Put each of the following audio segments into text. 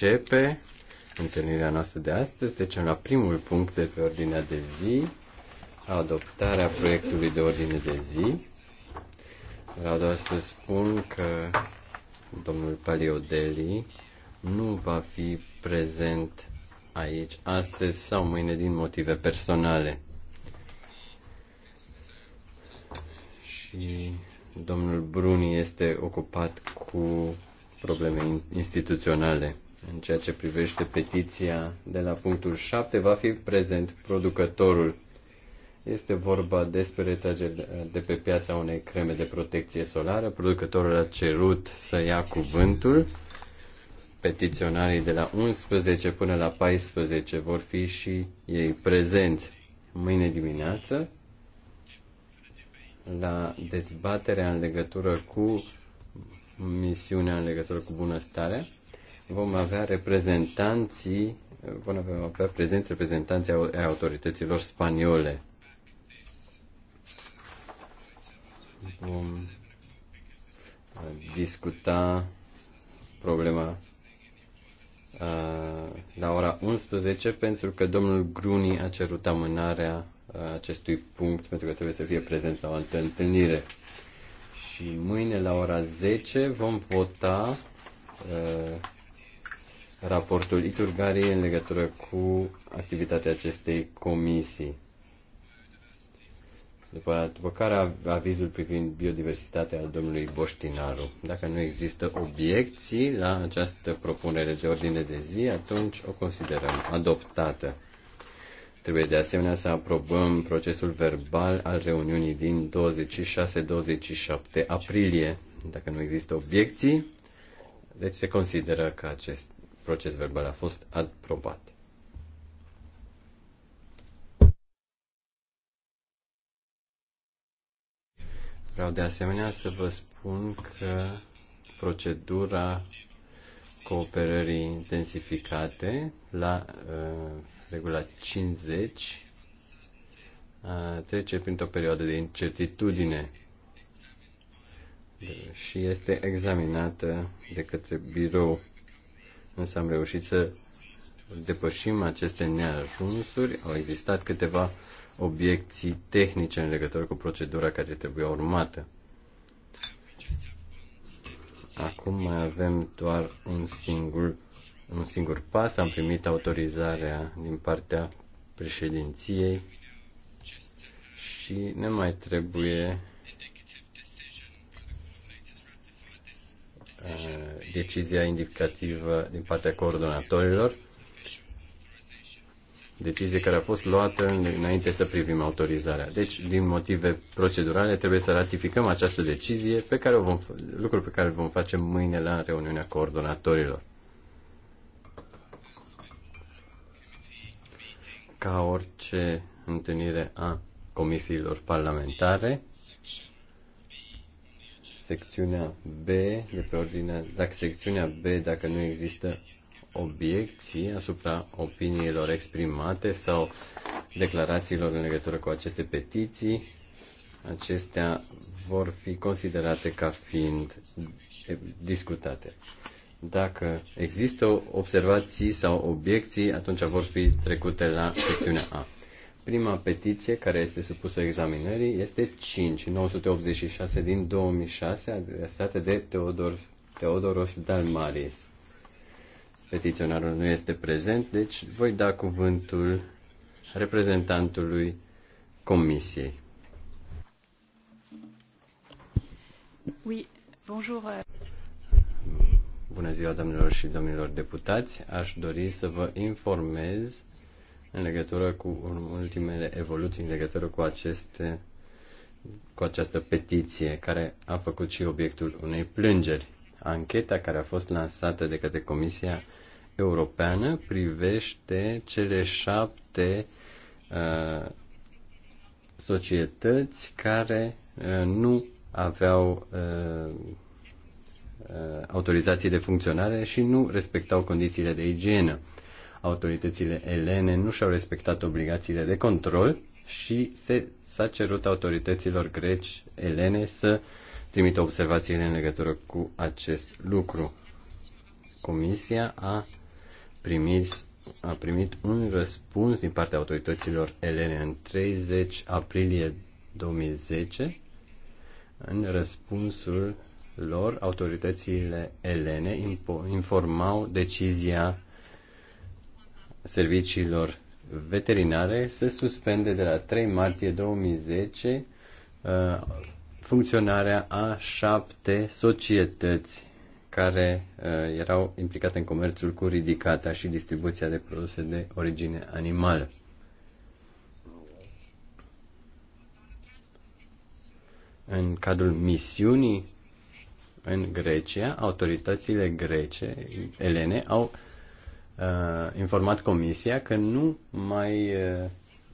începe întâlnirea noastră de astăzi. Trecem la primul punct de pe ordinea de zi, adoptarea proiectului de ordine de zi. Vreau doar să spun că domnul Paliodeli nu va fi prezent aici astăzi sau mâine din motive personale. Și domnul Bruni este ocupat cu probleme instituționale. În ceea ce privește petiția de la punctul 7, va fi prezent producătorul. Este vorba despre retrageri de pe piața unei creme de protecție solară. Producătorul a cerut să ia cuvântul. Petiționarii de la 11 până la 14 vor fi și ei prezenți mâine dimineață la dezbaterea în legătură cu misiunea în legătură cu bunăstarea vom avea reprezentanții, vom avea prezent reprezentanții autorităților spaniole. Vom uh, discuta problema uh, la ora 11 pentru că domnul Gruni a cerut amânarea uh, acestui punct pentru că trebuie să fie prezent la o altă întâlnire. Și mâine la ora 10 vom vota uh, raportul Iturgari în legătură cu activitatea acestei comisii. După, după care avizul privind biodiversitatea al domnului Boștinaru. Dacă nu există obiecții la această propunere de ordine de zi, atunci o considerăm adoptată. Trebuie de asemenea să aprobăm procesul verbal al reuniunii din 26-27 aprilie. Dacă nu există obiecții, deci se consideră că acest proces verbal a fost aprobat. Vreau de asemenea să vă spun că procedura cooperării intensificate la uh, regula 50 uh, trece printr-o perioadă de incertitudine și este examinată de către birou. Însă am reușit să depășim aceste neajunsuri. Au existat câteva obiecții tehnice în legătură cu procedura care trebuia urmată. Acum mai avem doar un singur, un singur pas. Am primit autorizarea din partea președinției și ne mai trebuie Eh, decizia indicativă din partea coordonatorilor, decizie care a fost luată înainte să privim autorizarea. Deci, din motive procedurale, trebuie să ratificăm această decizie, pe care o vom, lucru pe care îl vom face mâine la reuniunea coordonatorilor. Ca orice întâlnire a comisiilor parlamentare, secțiunea B, de pe ordinea, dacă secțiunea B, dacă nu există obiecții asupra opiniilor exprimate sau declarațiilor în legătură cu aceste petiții, acestea vor fi considerate ca fiind discutate. Dacă există observații sau obiecții, atunci vor fi trecute la secțiunea A. Prima petiție care este supusă examinării este 5, 986 din 2006, adresată de Teodor, Teodoros Dalmaris. Petiționarul nu este prezent, deci voi da cuvântul reprezentantului Comisiei. Oui, bonjour. Bună ziua, domnilor și domnilor deputați. Aș dori să vă informez în legătură cu ultimele evoluții, în legătură cu aceste cu această petiție care a făcut și obiectul unei plângeri. Ancheta care a fost lansată de către Comisia Europeană privește cele șapte uh, societăți care uh, nu aveau uh, uh, autorizații de funcționare și nu respectau condițiile de igienă. Uh, autoritățile elene nu și-au respectat obligațiile de control și se, s-a cerut autorităților greci elene să trimită observațiile în legătură cu acest lucru. Comisia a primit, a primit un răspuns din partea autorităților elene în 30 aprilie 2010. În răspunsul lor, autoritățile elene informau decizia serviciilor veterinare se suspende de la 3 martie 2010 uh, funcționarea a șapte societăți care uh, erau implicate în comerțul cu ridicata și distribuția de produse de origine animală. În cadrul misiunii în Grecia, autoritățile grece, elene, au uh, informat Comisia că nu mai uh,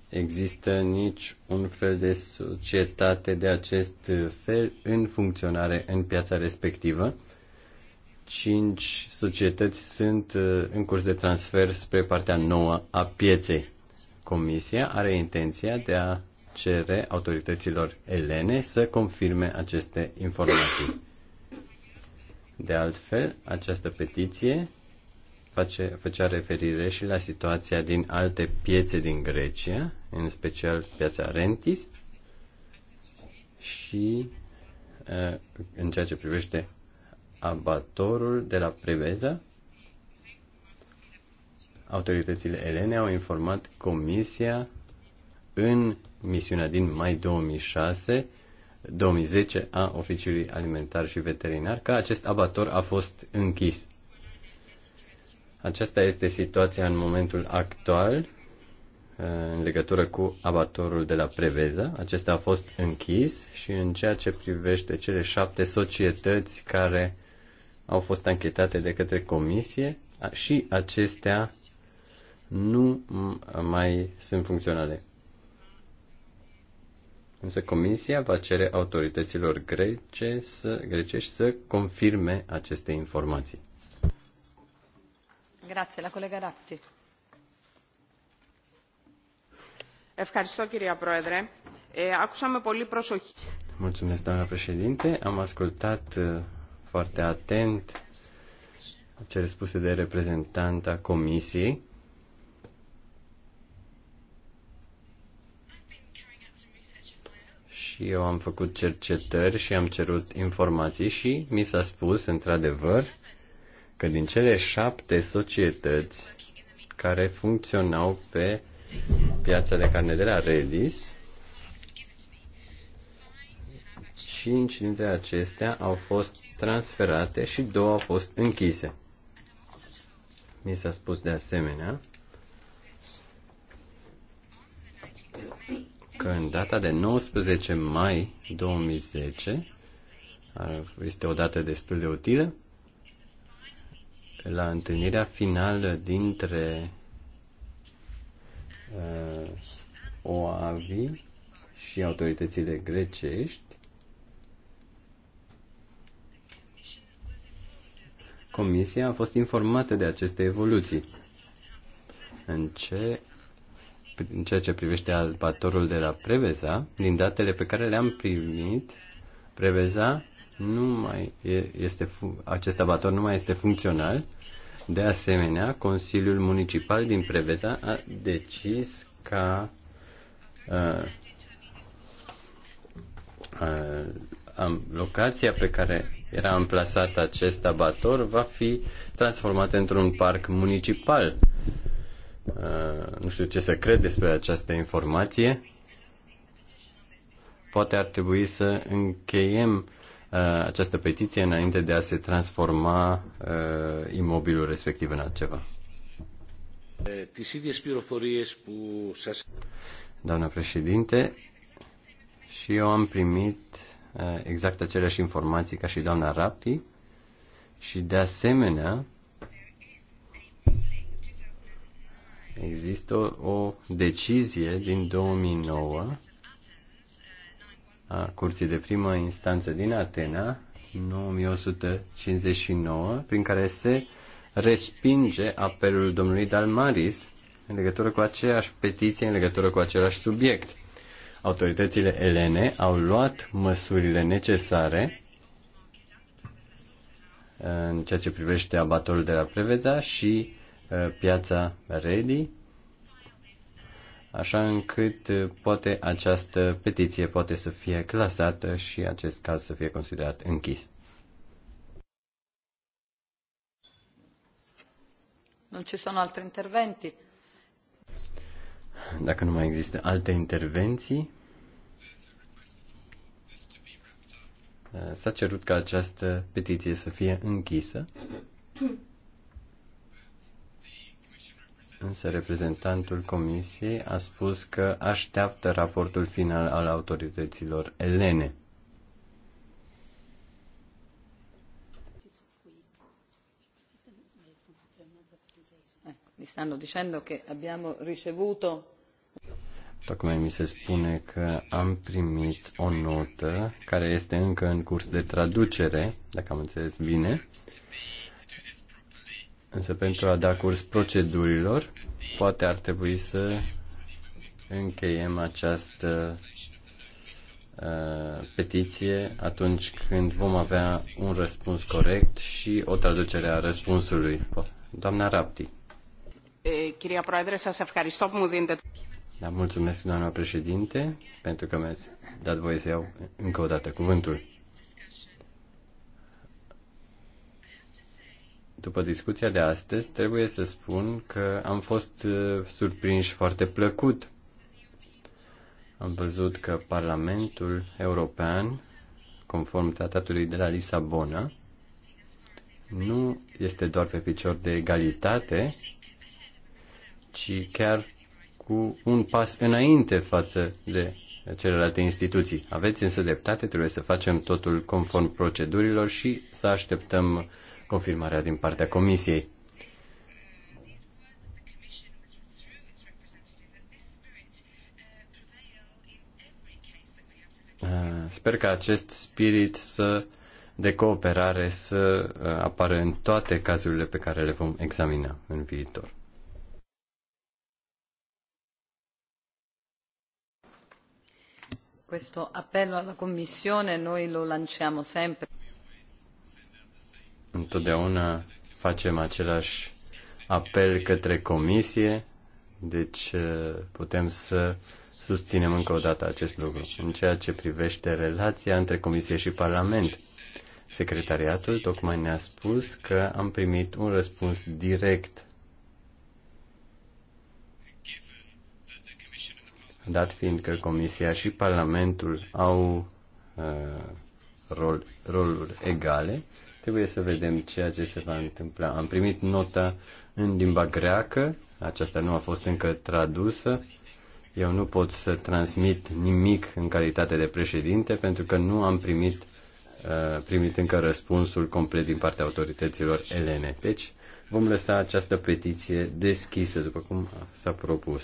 există nici un fel de societate de acest fel în funcționare în piața respectivă. Cinci societăți sunt uh, în curs de transfer spre partea nouă a pieței. Comisia are intenția de a cere autorităților elene să confirme aceste informații. De altfel, această petiție face, făcea referire și la situația din alte piețe din Grecia, în special piața Rentis, și în ceea ce privește abatorul de la Preveza, autoritățile elene au informat Comisia în misiunea din mai 2006 2010 a Oficiului Alimentar și Veterinar că acest abator a fost închis. Aceasta este situația în momentul actual eh, în legătură cu abatorul de la Preveza. Acesta a fost închis și în ceea ce privește cele șapte societăți care au fost anchetate de către comisie și acestea nu mai sunt funcționale. Însă comisia va cere autorităților grece să, grecești să confirme aceste informații doamnă Mulțumesc, președinte. Am ascultat uh, foarte atent cele spuse de reprezentanta comisiei. Și eu am făcut cercetări și am cerut informații și mi s-a spus, într-adevăr, că din cele șapte societăți care funcționau pe piața de carne de la Redis, cinci dintre acestea au fost transferate și două au fost închise. Mi s-a spus de asemenea că în data de 19 mai 2010 este o dată destul de utilă, la întâlnirea finală dintre uh, OAVI și autoritățile grecești, Comisia a fost informată de aceste evoluții. În, ce, în ceea ce privește albatorul de la Preveza, din datele pe care le-am primit, Preveza nu mai este, acest abator nu mai este funcțional de asemenea, Consiliul Municipal din Preveza a decis ca uh, uh, locația pe care era amplasat acest abator va fi transformată într-un parc municipal. Uh, nu știu ce să cred despre această informație. Poate ar trebui să încheiem Uh, această petiție înainte de a se transforma uh, imobilul respectiv în altceva. Doamna președinte, și eu am primit uh, exact aceleași informații ca și doamna Rapti și de asemenea există o, o decizie din 2009 a Curții de Primă Instanță din Atena, 9159, prin care se respinge apelul domnului Dalmaris în legătură cu aceeași petiție, în legătură cu același subiect. Autoritățile elene au luat măsurile necesare uh, în ceea ce privește abatorul de la Preveza și uh, piața Redi, așa încât poate această petiție poate să fie clasată și acest caz să fie considerat închis. Nu ci sono altri interventi. Dacă nu mai există alte intervenții, s-a cerut ca această petiție să fie închisă. Însă reprezentantul Comisiei a spus că așteaptă raportul final al autorităților elene. Mi stanno dicendo che abbiamo ricevuto Tocmai mi se spune că am primit o notă care este încă în curs de traducere, dacă am înțeles bine, Însă pentru a da curs procedurilor, poate ar trebui să încheiem această uh, petiție atunci când vom avea un răspuns corect și o traducere a răspunsului. Doamna Rapti. Eh, să se Da, mulțumesc, doamna președinte, pentru că mi-ați dat voie să iau încă o dată cuvântul. După discuția de astăzi, trebuie să spun că am fost uh, surprinși foarte plăcut. Am văzut că Parlamentul European, conform tratatului de la Lisabona, nu este doar pe picior de egalitate, ci chiar cu un pas înainte față de celelalte instituții. Aveți însă dreptate, trebuie să facem totul conform procedurilor și să așteptăm confirmarea din partea Comisiei. Ah, sper că acest spirit să, de cooperare să ah, apară în toate cazurile pe care le vom examina în viitor. Questo appello alla Commissione noi lo lanciamo sempre. Întotdeauna facem același apel către comisie, deci uh, putem să susținem încă o dată acest lucru. În ceea ce privește relația între comisie și Parlament, secretariatul tocmai ne-a spus că am primit un răspuns direct dat fiind că Comisia și Parlamentul au uh, rol, roluri egale, Trebuie să vedem ceea ce se va întâmpla. Am primit nota în limba greacă, aceasta nu a fost încă tradusă. Eu nu pot să transmit nimic în calitate de președinte pentru că nu am primit, uh, primit încă răspunsul complet din partea autorităților elene. Deci vom lăsa această petiție deschisă, după cum s-a propus.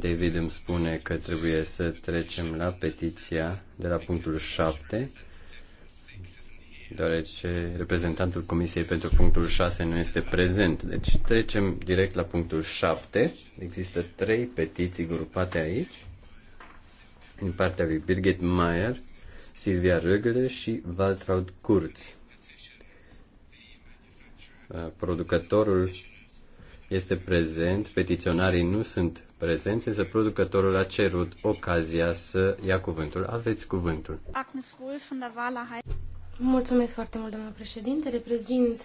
David îmi spune că trebuie să trecem la petiția de la punctul 7, deoarece reprezentantul Comisiei pentru punctul 6 nu este prezent. Deci trecem direct la punctul 7. Există trei petiții grupate aici, din partea lui Birgit Mayer, Silvia Rögele și Waltraud Kurz. Producătorul este prezent, petiționarii nu sunt prezenți, însă producătorul a cerut ocazia să ia cuvântul. Aveți cuvântul. Agnes Wolf, der Vala Mulțumesc foarte mult, domnule președinte. Reprezint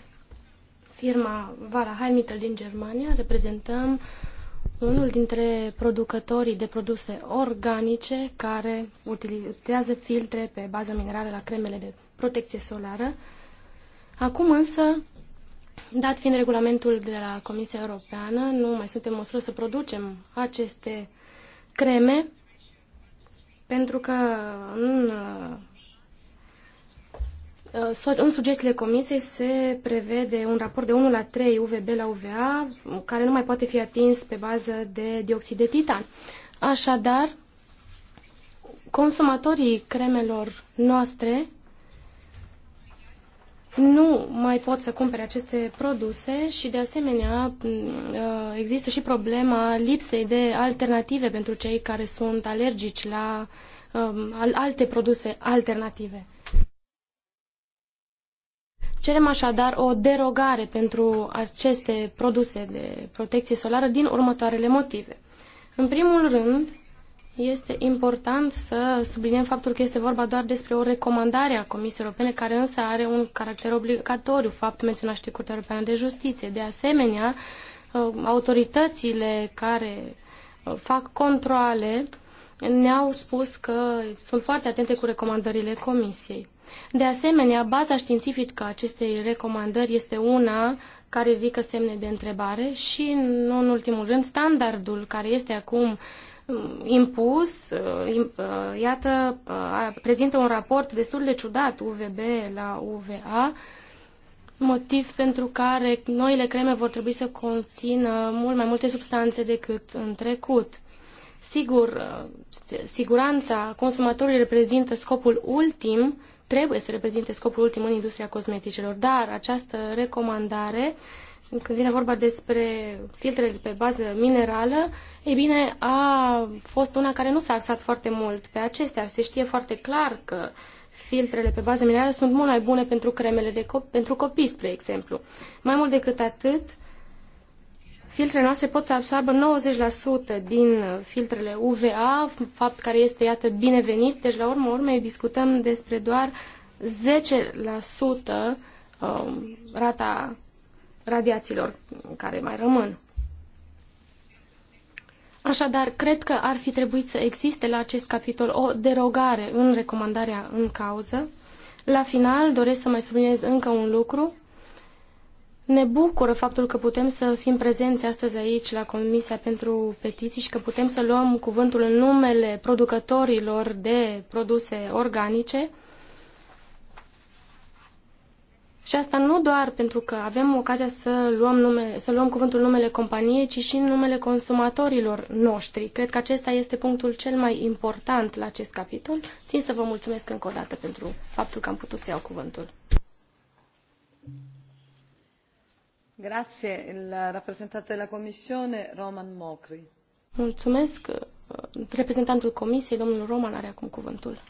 firma Vala Heimittel din Germania. Reprezentăm unul dintre producătorii de produse organice care utilizează filtre pe bază minerală la cremele de protecție solară. Acum însă Dat fiind regulamentul de la Comisia Europeană, nu mai suntem măsură să producem aceste creme, pentru că în, uh, în sugestiile Comisiei se prevede un raport de 1 la 3 UVB la UVA, care nu mai poate fi atins pe bază de dioxid de titan. Așadar, consumatorii cremelor noastre nu mai pot să cumpere aceste produse și, de asemenea, uh, există și problema lipsei de alternative pentru cei care sunt alergici la um, alte produse alternative. Cerem așadar o derogare pentru aceste produse de protecție solară din următoarele motive. În primul rând, este important să subliniem faptul că este vorba doar despre o recomandare a Comisiei Europene, care însă are un caracter obligatoriu, fapt menționat și de Curtea Europeană de Justiție. De asemenea, uh, autoritățile care uh, fac controle ne-au spus că sunt foarte atente cu recomandările Comisiei. De asemenea, baza științifică a acestei recomandări este una care ridică semne de întrebare și, nu în ultimul rând, standardul care este acum uh, impus, uh, uh, iată, uh, prezintă un raport destul de ciudat UVB la UVA, motiv pentru care noile creme vor trebui să conțină mult mai multe substanțe decât în trecut. Sigur, siguranța consumatorului reprezintă scopul ultim, trebuie să reprezinte scopul ultim în industria cosmeticelor, dar această recomandare când vine vorba despre filtrele pe bază minerală, e bine, a fost una care nu s-a axat foarte mult pe acestea. Se știe foarte clar că filtrele pe bază minerală sunt mult mai bune pentru cremele de co- pentru copii, spre exemplu. Mai mult decât atât, filtrele noastre pot să absorbă 90% din filtrele UVA, fapt care este, iată, binevenit. Deci, la urmă urmei, discutăm despre doar 10% um, rata radiațiilor care mai rămân. Așadar, cred că ar fi trebuit să existe la acest capitol o derogare în recomandarea în cauză. La final, doresc să mai subliniez încă un lucru. Ne bucură faptul că putem să fim prezenți astăzi aici la Comisia pentru Petiții și că putem să luăm cuvântul în numele producătorilor de produse organice și asta nu doar pentru că avem ocazia să luăm, nume, să luăm cuvântul numele companiei, ci și numele consumatorilor noștri. Cred că acesta este punctul cel mai important la acest capitol. Țin să vă mulțumesc încă o dată pentru faptul că am putut să iau cuvântul. Grazie, il rappresentante della Commissione, Roman Mocri. Mulțumesc. Reprezentantul Comisiei, domnul Roman, are acum cuvântul.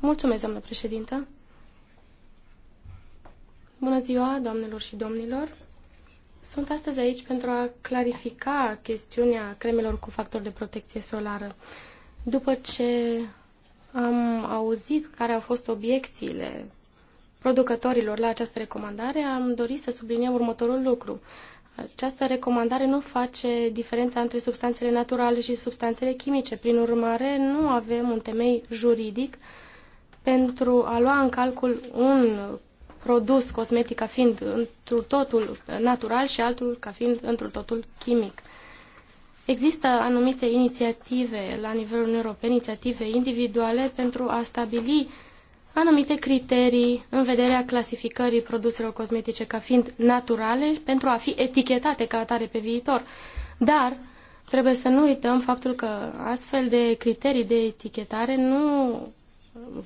Mulțumesc, doamnă președintă. Bună ziua, doamnelor și domnilor! Sunt astăzi aici pentru a clarifica chestiunea cremelor cu factor de protecție solară. După ce am auzit care au fost obiecțiile producătorilor la această recomandare, am dorit să subliniem următorul lucru. Această recomandare nu face diferența între substanțele naturale și substanțele chimice. Prin urmare, nu avem un temei juridic pentru a lua în calcul un produs cosmetic ca fiind într totul natural și altul ca fiind într totul chimic. Există anumite inițiative la nivelul european, inițiative individuale pentru a stabili anumite criterii în vederea clasificării produselor cosmetice ca fiind naturale pentru a fi etichetate ca atare pe viitor. Dar trebuie să nu uităm faptul că astfel de criterii de etichetare nu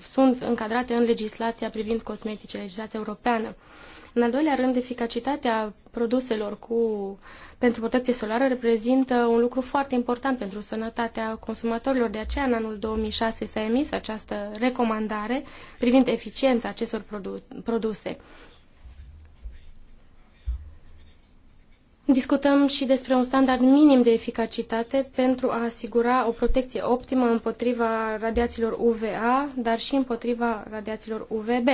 sunt încadrate în legislația privind cosmetice, legislația europeană. În al doilea rând, eficacitatea produselor cu, pentru protecție solară reprezintă un lucru foarte important pentru sănătatea consumatorilor. De aceea, în anul 2006 s-a emis această recomandare privind eficiența acestor produ- produse. Discutăm și despre un standard minim de eficacitate pentru a asigura o protecție optimă împotriva radiațiilor UVA, dar și împotriva radiațiilor UVB.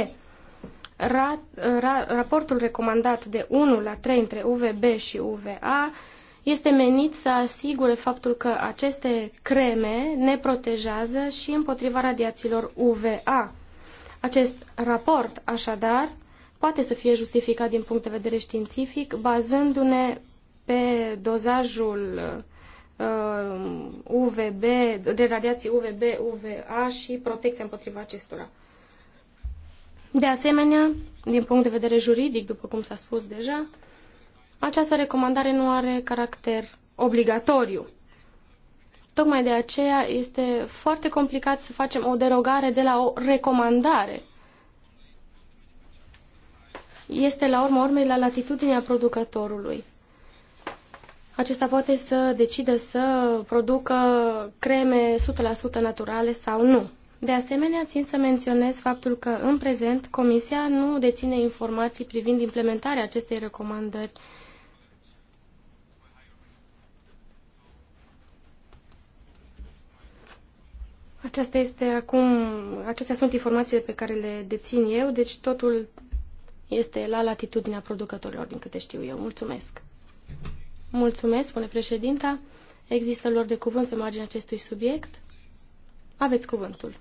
Ra ra raportul recomandat de 1 la 3 între UVB și UVA este menit să asigure faptul că aceste creme ne protejează și împotriva radiațiilor UVA. Acest raport, așadar, poate să fie justificat din punct de vedere științific, bazându-ne pe dozajul uh, UVB, de radiații UVB, UVA și protecția împotriva acestora. De asemenea, din punct de vedere juridic, după cum s-a spus deja, această recomandare nu are caracter obligatoriu. Tocmai de aceea este foarte complicat să facem o derogare de la o recomandare este la urma urmei la latitudinea producătorului. Acesta poate să decide să producă creme 100% naturale sau nu. De asemenea, țin să menționez faptul că, în prezent, Comisia nu deține informații privind implementarea acestei recomandări. Aceasta este acum, acestea sunt informațiile pe care le dețin eu, deci totul este la latitudinea producătorilor, din câte știu eu. Mulțumesc! Mulțumesc, spune președinta. Există lor de cuvânt pe marginea acestui subiect? Aveți cuvântul.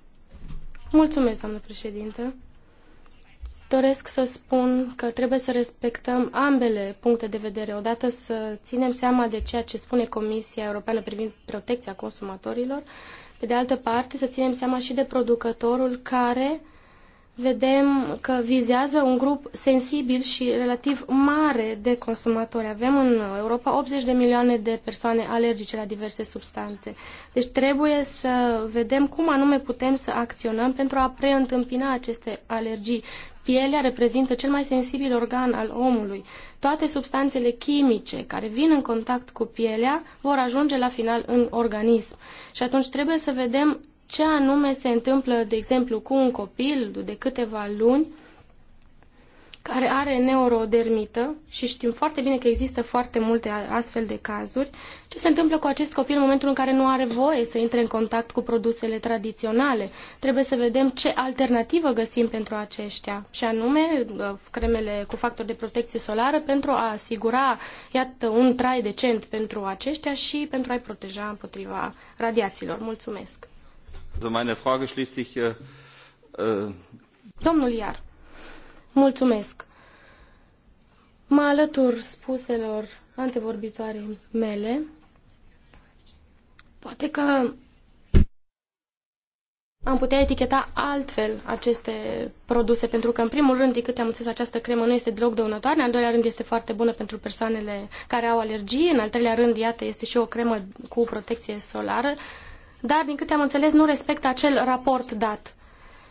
Mulțumesc, doamnă președintă. Doresc să spun că trebuie să respectăm ambele puncte de vedere. Odată să ținem seama de ceea ce spune Comisia Europeană privind protecția consumatorilor, pe de altă parte să ținem seama și de producătorul care vedem că vizează un grup sensibil și relativ mare de consumatori. Avem în Europa 80 de milioane de persoane alergice la diverse substanțe. Deci trebuie să vedem cum anume putem să acționăm pentru a preîntâmpina aceste alergii. Pielea reprezintă cel mai sensibil organ al omului. Toate substanțele chimice care vin în contact cu pielea vor ajunge la final în organism. Și atunci trebuie să vedem ce anume se întâmplă, de exemplu, cu un copil de câteva luni care are neurodermită și știm foarte bine că există foarte multe astfel de cazuri, ce se întâmplă cu acest copil în momentul în care nu are voie să intre în contact cu produsele tradiționale. Trebuie să vedem ce alternativă găsim pentru aceștia, și anume uh, cremele cu factor de protecție solară pentru a asigura, iată, un trai decent pentru aceștia și pentru a-i proteja împotriva radiațiilor. Mulțumesc! Äh, äh, Domnul Iar, mulțumesc. Mă alătur spuselor antevorbitoare mele. Poate că am putea eticheta altfel aceste produse, pentru că, în primul rând, din câte am înțeles, această cremă nu este deloc dăunătoare, în al doilea rând este foarte bună pentru persoanele care au alergii, în al treilea rând, iată, este și o cremă cu protecție solară, dar, din câte am înțeles, nu respectă acel raport dat.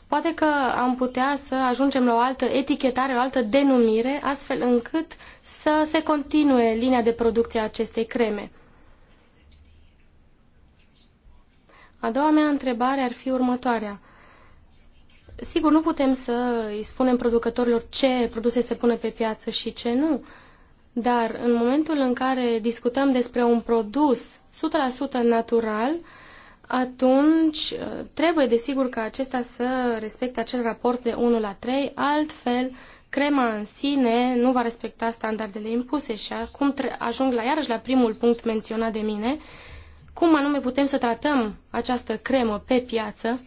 Poate că am putea să ajungem la o altă etichetare, o altă denumire, astfel încât să se continue linia de producție a acestei creme. A doua mea întrebare ar fi următoarea. Sigur, nu putem să îi spunem producătorilor ce produse se pune pe piață și ce nu, dar în momentul în care discutăm despre un produs 100% natural, atunci uh, trebuie desigur ca acesta să respecte acel raport de 1 la 3, altfel crema în sine nu va respecta standardele impuse și acum ajung la iarăși la primul punct menționat de mine, cum anume putem să tratăm această cremă pe piață.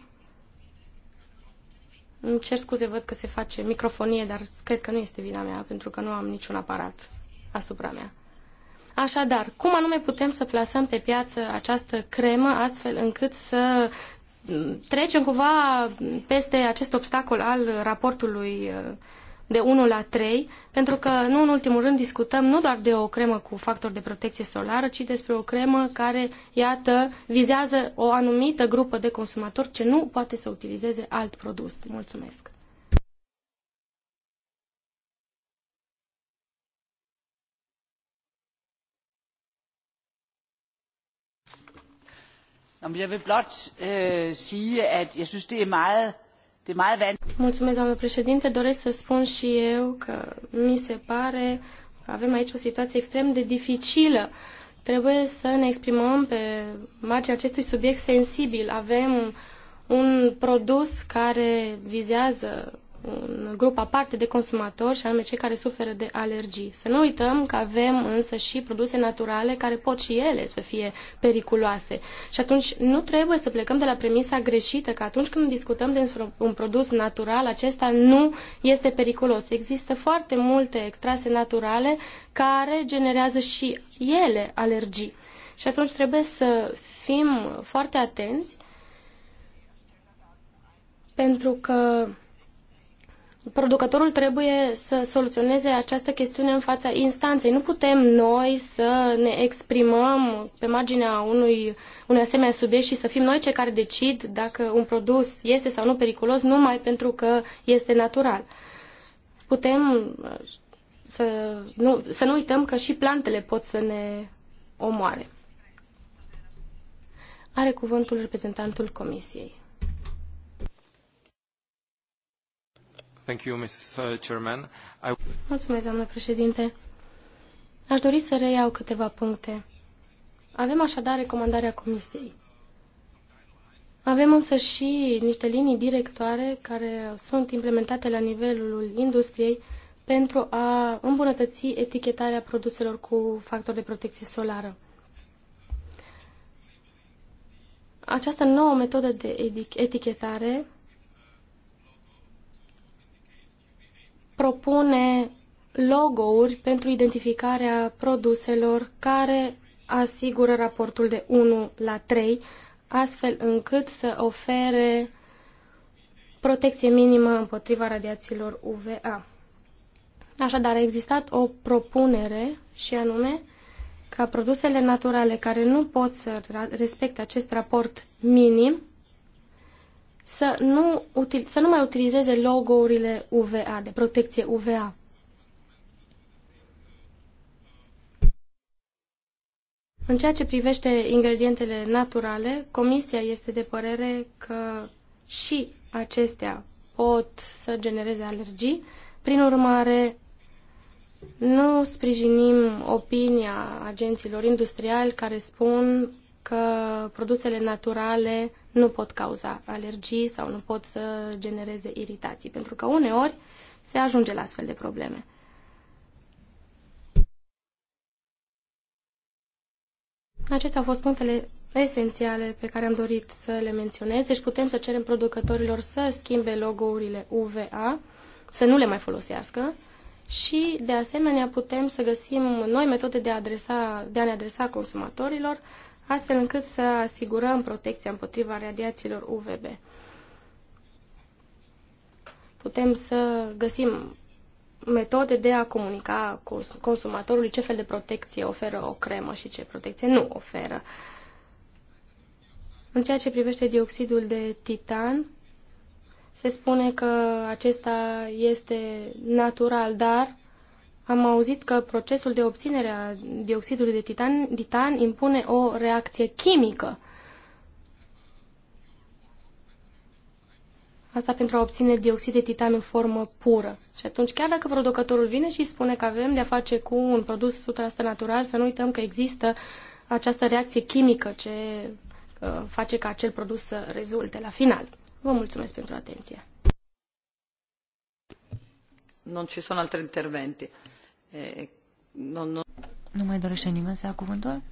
Îmi cer scuze, văd că se face microfonie, dar cred că nu este vina mea, pentru că nu am niciun aparat asupra mea. Așadar, cum anume putem să plasăm pe piață această cremă astfel încât să mm, trecem cumva peste acest obstacol al raportului uh, de 1 la 3, pentru că nu în ultimul rând discutăm nu doar de o cremă cu factor de protecție solară, ci despre o cremă care, iată, vizează o anumită grupă de consumatori ce nu poate să utilizeze alt produs. Mulțumesc! Jeg vil blot øh, sige, at jeg synes, det er meget det er meget Mulțumesc, doamnă președinte. Doresc să spun și eu că mi se pare că avem aici o situație extrem de dificilă. Trebuie să ne exprimăm pe marginea acestui subiect sensibil. Avem un produs care vizează un grup aparte de consumatori, și anume cei care suferă de alergii. Să nu uităm că avem însă și produse naturale care pot și ele să fie periculoase. Și atunci nu trebuie să plecăm de la premisa greșită că atunci când discutăm de un produs natural, acesta nu este periculos. Există foarte multe extrase naturale care generează și ele alergii. Și atunci trebuie să fim foarte atenți pentru că producătorul trebuie să soluționeze această chestiune în fața instanței. Nu putem noi să ne exprimăm pe marginea unui, unui asemenea subiect și să fim noi cei care decid dacă un produs este sau nu periculos numai pentru că este natural. Putem uh, să nu, să nu uităm că și plantele pot să ne omoare. Are cuvântul reprezentantul Comisiei. Uh, Mulțumesc, președinte. Aș dori să reiau câteva puncte. Avem așadar recomandarea Comisiei. Avem însă și niște linii directoare care sunt implementate la nivelul industriei pentru a îmbunătăți etichetarea produselor cu factor de protecție solară. Această nouă metodă de etichetare propune logo-uri pentru identificarea produselor care asigură raportul de 1 la 3, astfel încât să ofere protecție minimă împotriva radiațiilor UVA. Așadar, a existat o propunere și anume ca produsele naturale care nu pot să respecte acest raport minim să nu, să nu mai utilizeze logourile UVA, de protecție UVA. În ceea ce privește ingredientele naturale, Comisia este de părere că și acestea pot să genereze alergii. Prin urmare, nu sprijinim opinia agenților industriali care spun că produsele naturale nu pot cauza alergii sau nu pot să genereze iritații, pentru că uneori se ajunge la astfel de probleme. Acestea au fost punctele esențiale pe care am dorit să le menționez. Deci putem să cerem producătorilor să schimbe logourile UVA, să nu le mai folosească și, de asemenea, putem să găsim noi metode de, adresa, de a ne adresa consumatorilor astfel încât să asigurăm protecția împotriva radiațiilor UVB. Putem să găsim metode de a comunica cu consumatorului ce fel de protecție oferă o cremă și ce protecție nu oferă. În ceea ce privește dioxidul de titan, se spune că acesta este natural, dar am auzit că procesul de obținere a dioxidului de titan, titan impune o reacție chimică. Asta pentru a obține dioxid de titan în formă pură. Și atunci, chiar dacă producătorul vine și spune că avem de-a face cu un produs 100% natural, să nu uităm că există această reacție chimică ce uh, face ca acel produs să rezulte la final. Vă mulțumesc pentru atenție. Non ci sono altri interventi. Eh, nu mai dorește nimeni să ia cuvântul?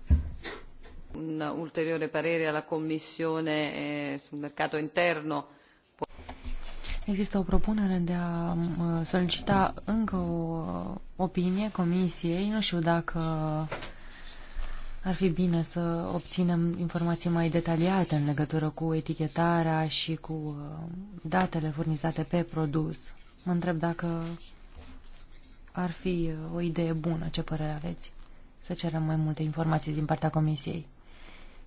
Un ulteriore parere alla Commissione eh, sul mercato interno. Există o propunere de a solicita încă o opinie Comisiei. Nu știu dacă ar fi bine să obținem informații mai detaliate în legătură cu etichetarea și cu eh, datele furnizate pe produs. Mă întreb dacă ar fi uh, o idee bună. Ce părere aveți? Să cerem mai multe informații din partea Comisiei,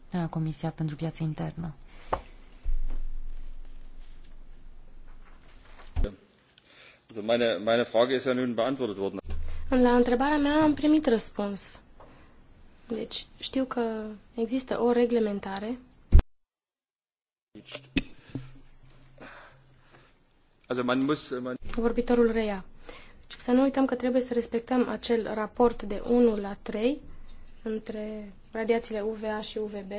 de la Comisia pentru Piața Internă. La întrebarea mea am primit răspuns. Deci știu că există o reglementare. Vorbitorul reia și să nu uităm că trebuie să respectăm acel raport de 1 la 3 între radiațiile UVA și UVB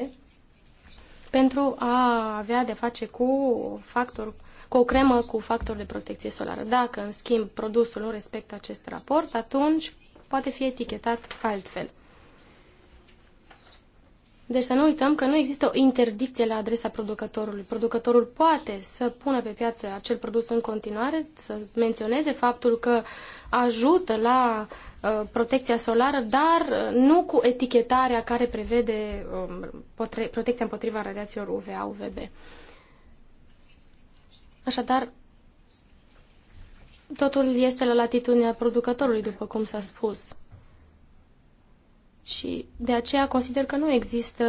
pentru a avea de face cu factor, cu o cremă cu factor de protecție solară. Dacă, în schimb, produsul nu respectă acest raport, atunci poate fi etichetat altfel. Deci să nu uităm că nu există o interdicție la adresa producătorului. Producătorul poate să pună pe piață acel produs în continuare, să menționeze faptul că ajută la uh, protecția solară, dar uh, nu cu etichetarea care prevede um, protecția împotriva radiațiilor UVA, UVB. Așadar, totul este la latitudinea producătorului, după cum s-a spus. Și de aceea consider că nu există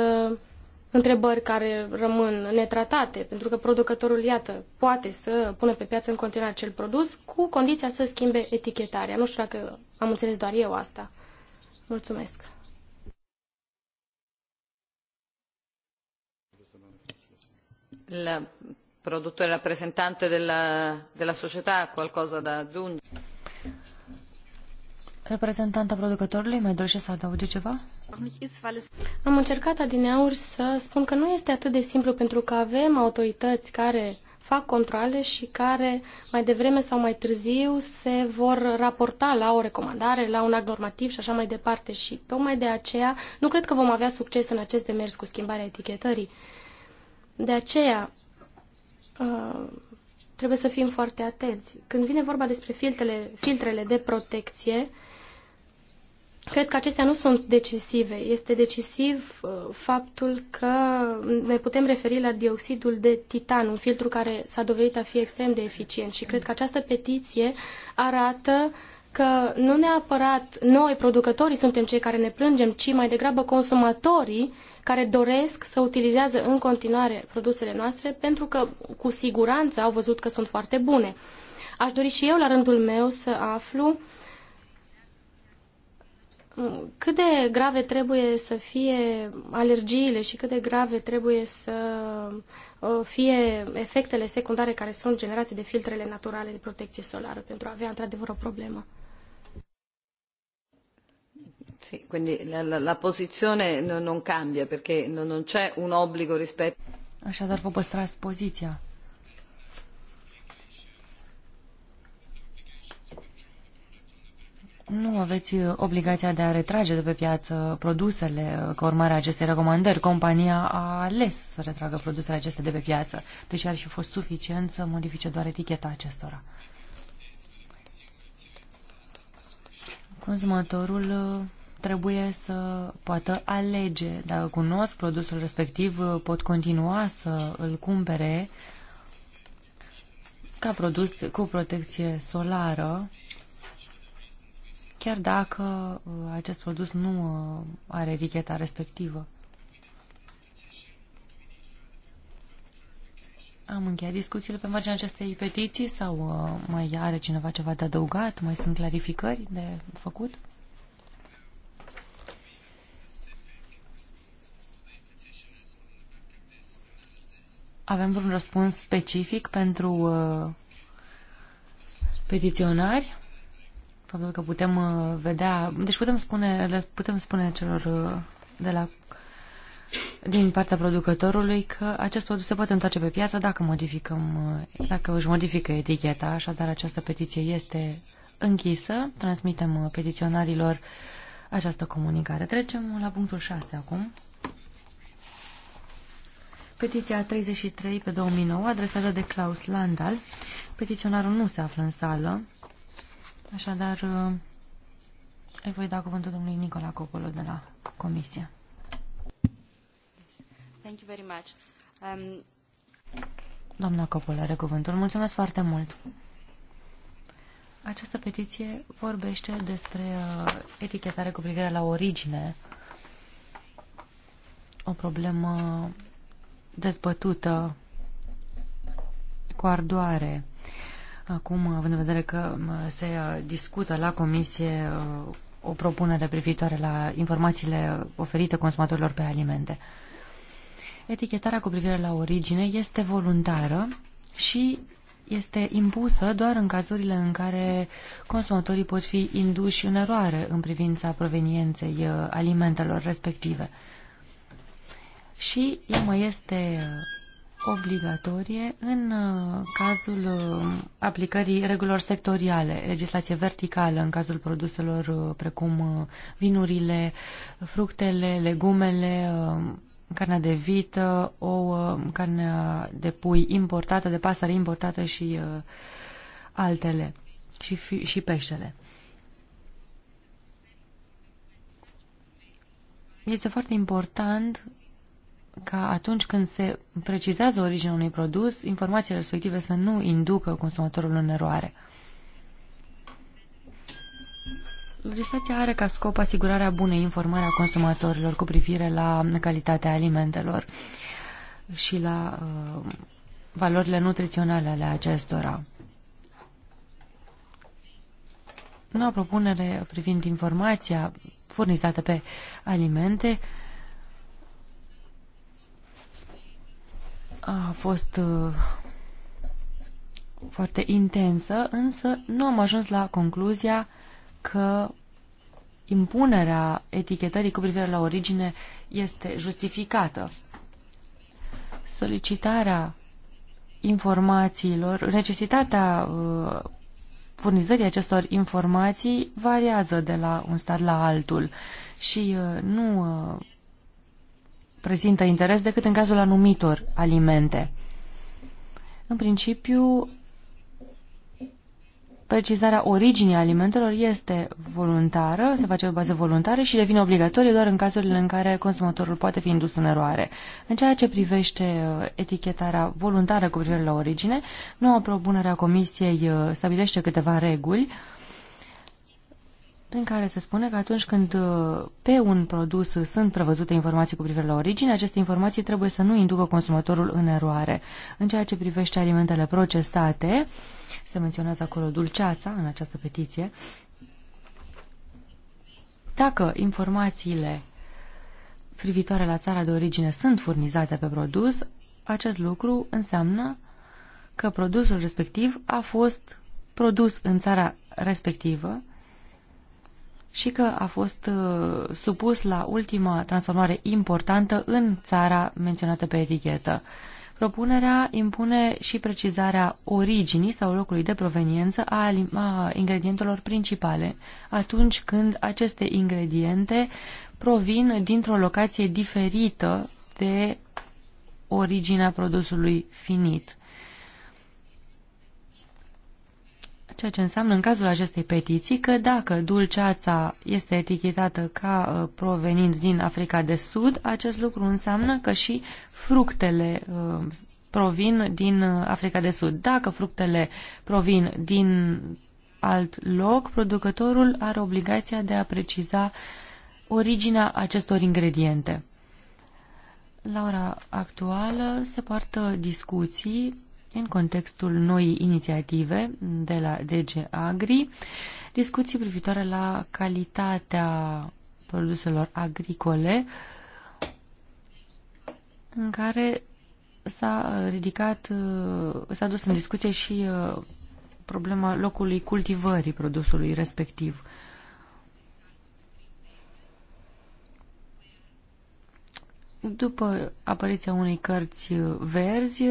întrebări care rămân netratate, pentru că producătorul, iată, poate să pună pe piață în continuare acel produs cu condiția să schimbe etichetarea. Nu știu dacă am înțeles doar eu asta. Mulțumesc. La produttore rappresentante della, della società ha qualcosa da aggiungere? Reprezentanta producătorului mai dorește să adauge ceva? Am încercat adineauri să spun că nu este atât de simplu pentru că avem autorități care fac controle și care mai devreme sau mai târziu se vor raporta la o recomandare, la un act normativ și așa mai departe. Și tocmai de aceea nu cred că vom avea succes în acest demers cu schimbarea etichetării. De aceea ă, trebuie să fim foarte atenți. Când vine vorba despre filtrele, filtrele de protecție, Cred că acestea nu sunt decisive. Este decisiv uh, faptul că ne putem referi la dioxidul de titan, un filtru care s-a dovedit a fi extrem de eficient și cred că această petiție arată că nu neapărat noi, producătorii, suntem cei care ne plângem, ci mai degrabă consumatorii care doresc să utilizează în continuare produsele noastre pentru că cu siguranță au văzut că sunt foarte bune. Aș dori și eu, la rândul meu, să aflu uh, cât de grave trebuie să fie alergiile și cât de grave trebuie să uh, fie efectele secundare care sunt generate de filtrele naturale de protecție solară pentru a avea într-adevăr o problemă. Sì, quindi la, la, la posizione non, non cambia perché non, non c'è un obbligo rispetto. Așadar, vă păstrați poziția. nu aveți uh, obligația de a retrage de pe piață produsele uh, ca urmare a acestei recomandări. Compania a ales să retragă produsele acestea de pe piață, deși ar fi fost suficient să modifice doar eticheta acestora. Consumatorul uh, trebuie să poată alege. Dacă cunosc produsul respectiv, pot continua să îl cumpere ca produs cu protecție solară chiar dacă uh, acest produs nu uh, are eticheta respectivă. Am încheiat discuțiile pe marginea acestei petiții sau uh, mai are cineva ceva de adăugat? Mai sunt clarificări de făcut? Avem un răspuns specific pentru uh, petiționari? faptul că putem uh, vedea, deci putem spune, le putem spune celor uh, de la, din partea producătorului că acest produs se poate întoarce pe piață dacă modificăm, uh, dacă își modifică eticheta, așadar această petiție este închisă, transmitem petiționarilor această comunicare. Trecem la punctul 6 acum. Petiția 33 pe 2009, adresată de Klaus Landal. Petiționarul nu se află în sală, Așadar, uh, îi voi da cuvântul domnului Nicola Copolo de la Comisia. Thank you very much. Um... Doamna Copolo are cuvântul. Mulțumesc foarte mult. Această petiție vorbește despre uh, etichetare cu privire la origine, o problemă dezbătută cu ardoare. Uh, Acum, având în vedere că se uh, discută la comisie uh, o propunere privitoare la informațiile oferite consumatorilor pe alimente. Etichetarea cu privire la origine este voluntară și este impusă doar în cazurile în care consumatorii pot fi induși în eroare în privința provenienței uh, alimentelor respective. Și ea mai este obligatorie în uh, cazul uh, aplicării regulilor sectoriale, legislație verticală în cazul produselor uh, precum vinurile, fructele, legumele, carnea de vită, ouă, carnea de pui importată, de pasăre importată și altele și, și peștele. Este foarte important ca atunci când se precizează originea unui produs, informațiile respective să nu inducă consumatorul în eroare. Legislația are ca scop asigurarea bunei informări a consumatorilor cu privire la calitatea alimentelor și la uh, valorile nutriționale ale acestora. Noua propunere privind informația furnizată pe alimente uh, a fost uh, foarte intensă, însă nu am ajuns la concluzia că impunerea etichetării cu privire la origine este justificată. Solicitarea informațiilor, necesitatea uh, furnizării acestor informații variază de la un stat la altul și uh, nu prezintă interes decât în cazul anumitor alimente. În principiu, precizarea originii alimentelor este voluntară, se face pe bază voluntară și devine obligatorie doar în cazurile în care consumatorul poate fi indus în eroare. În ceea ce privește uh, etichetarea voluntară cu privire la origine, noua propunere a Comisiei uh, stabilește câteva reguli uh, în care se spune că atunci când uh, pe un produs sunt prevăzute informații cu privire la origine, aceste informații trebuie să nu inducă consumatorul în eroare. În ceea ce privește alimentele procesate, se menționează acolo dulceața în această petiție, dacă informațiile privitoare la țara de origine sunt furnizate pe produs, acest lucru înseamnă că produsul respectiv a fost produs în țara respectivă și că a fost uh, supus la ultima transformare importantă în țara menționată pe etichetă. Propunerea impune și precizarea originii sau locului de proveniență a, ingredientelor principale, atunci când aceste ingrediente provin dintr-o locație diferită de originea produsului finit. Ceea ce înseamnă în cazul acestei petiții că dacă dulceața este etichetată ca uh, provenind din Africa de Sud, acest lucru înseamnă că și fructele uh, provin din uh, Africa de Sud. Dacă fructele provin din alt loc, producătorul are obligația de a preciza originea acestor ingrediente. La ora actuală se poartă discuții în contextul noii inițiative de la DG Agri, discuții privitoare la calitatea produselor agricole, în care s-a ridicat, uh, s-a dus în discuție și uh, problema locului cultivării produsului respectiv. După apariția unei cărți uh, verzi,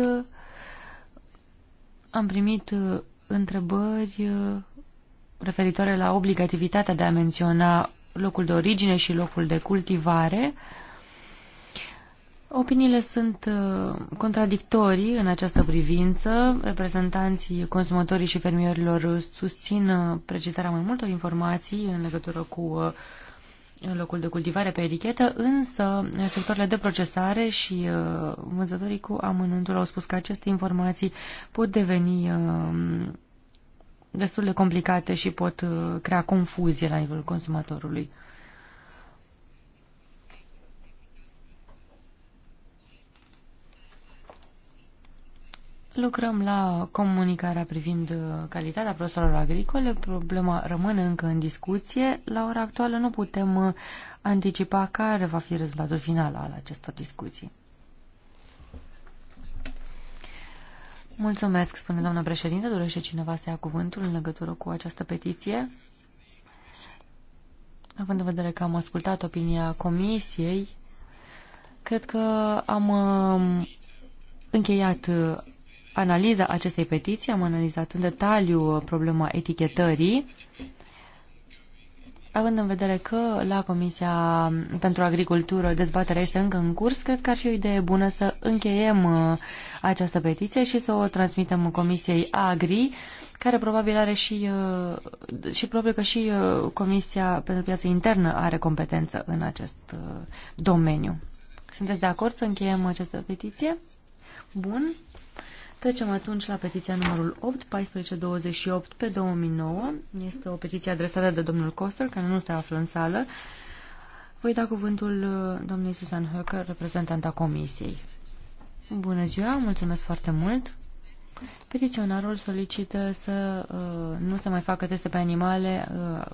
am primit uh, întrebări uh, referitoare la obligativitatea de a menționa locul de origine și locul de cultivare. Opiniile sunt uh, contradictorii în această privință. Reprezentanții consumatorii și fermierilor susțin precizarea mai multor informații în legătură cu în locul de cultivare pe etichetă, însă sectoarele de procesare și uh, vânzătorii cu amănuntul au spus că aceste informații pot deveni uh, destul de complicate și pot uh, crea confuzie la nivelul consumatorului. Lucrăm la comunicarea privind uh, calitatea produselor agricole. Problema rămâne încă în discuție. La ora actuală nu putem uh, anticipa care va fi rezultatul final al acestor discuții. Mulțumesc, spune doamna președinte. Dorește cineva să ia cuvântul în legătură cu această petiție? Având în vedere că am ascultat opinia comisiei, cred că am uh, încheiat analiza acestei petiții, am analizat în detaliu uh, problema etichetării, având în vedere că la Comisia pentru Agricultură dezbaterea este încă în curs, cred că ar fi o idee bună să încheiem uh, această petiție și să o transmitem Comisiei Agri, care probabil are și, uh, și probabil că și Comisia pentru Piață Internă are competență în acest domeniu. Sunteți de acord să încheiem această petiție? Bun. Trecem atunci la petiția numărul 8, 1428 pe 2009. Este o petiție adresată de domnul Coster, care nu se află în sală. Voi da cuvântul uh, domnului Susan Höcker, reprezentanta comisiei. Bună ziua, mulțumesc foarte mult. Petiționarul solicită să uh, nu se mai facă teste pe animale uh,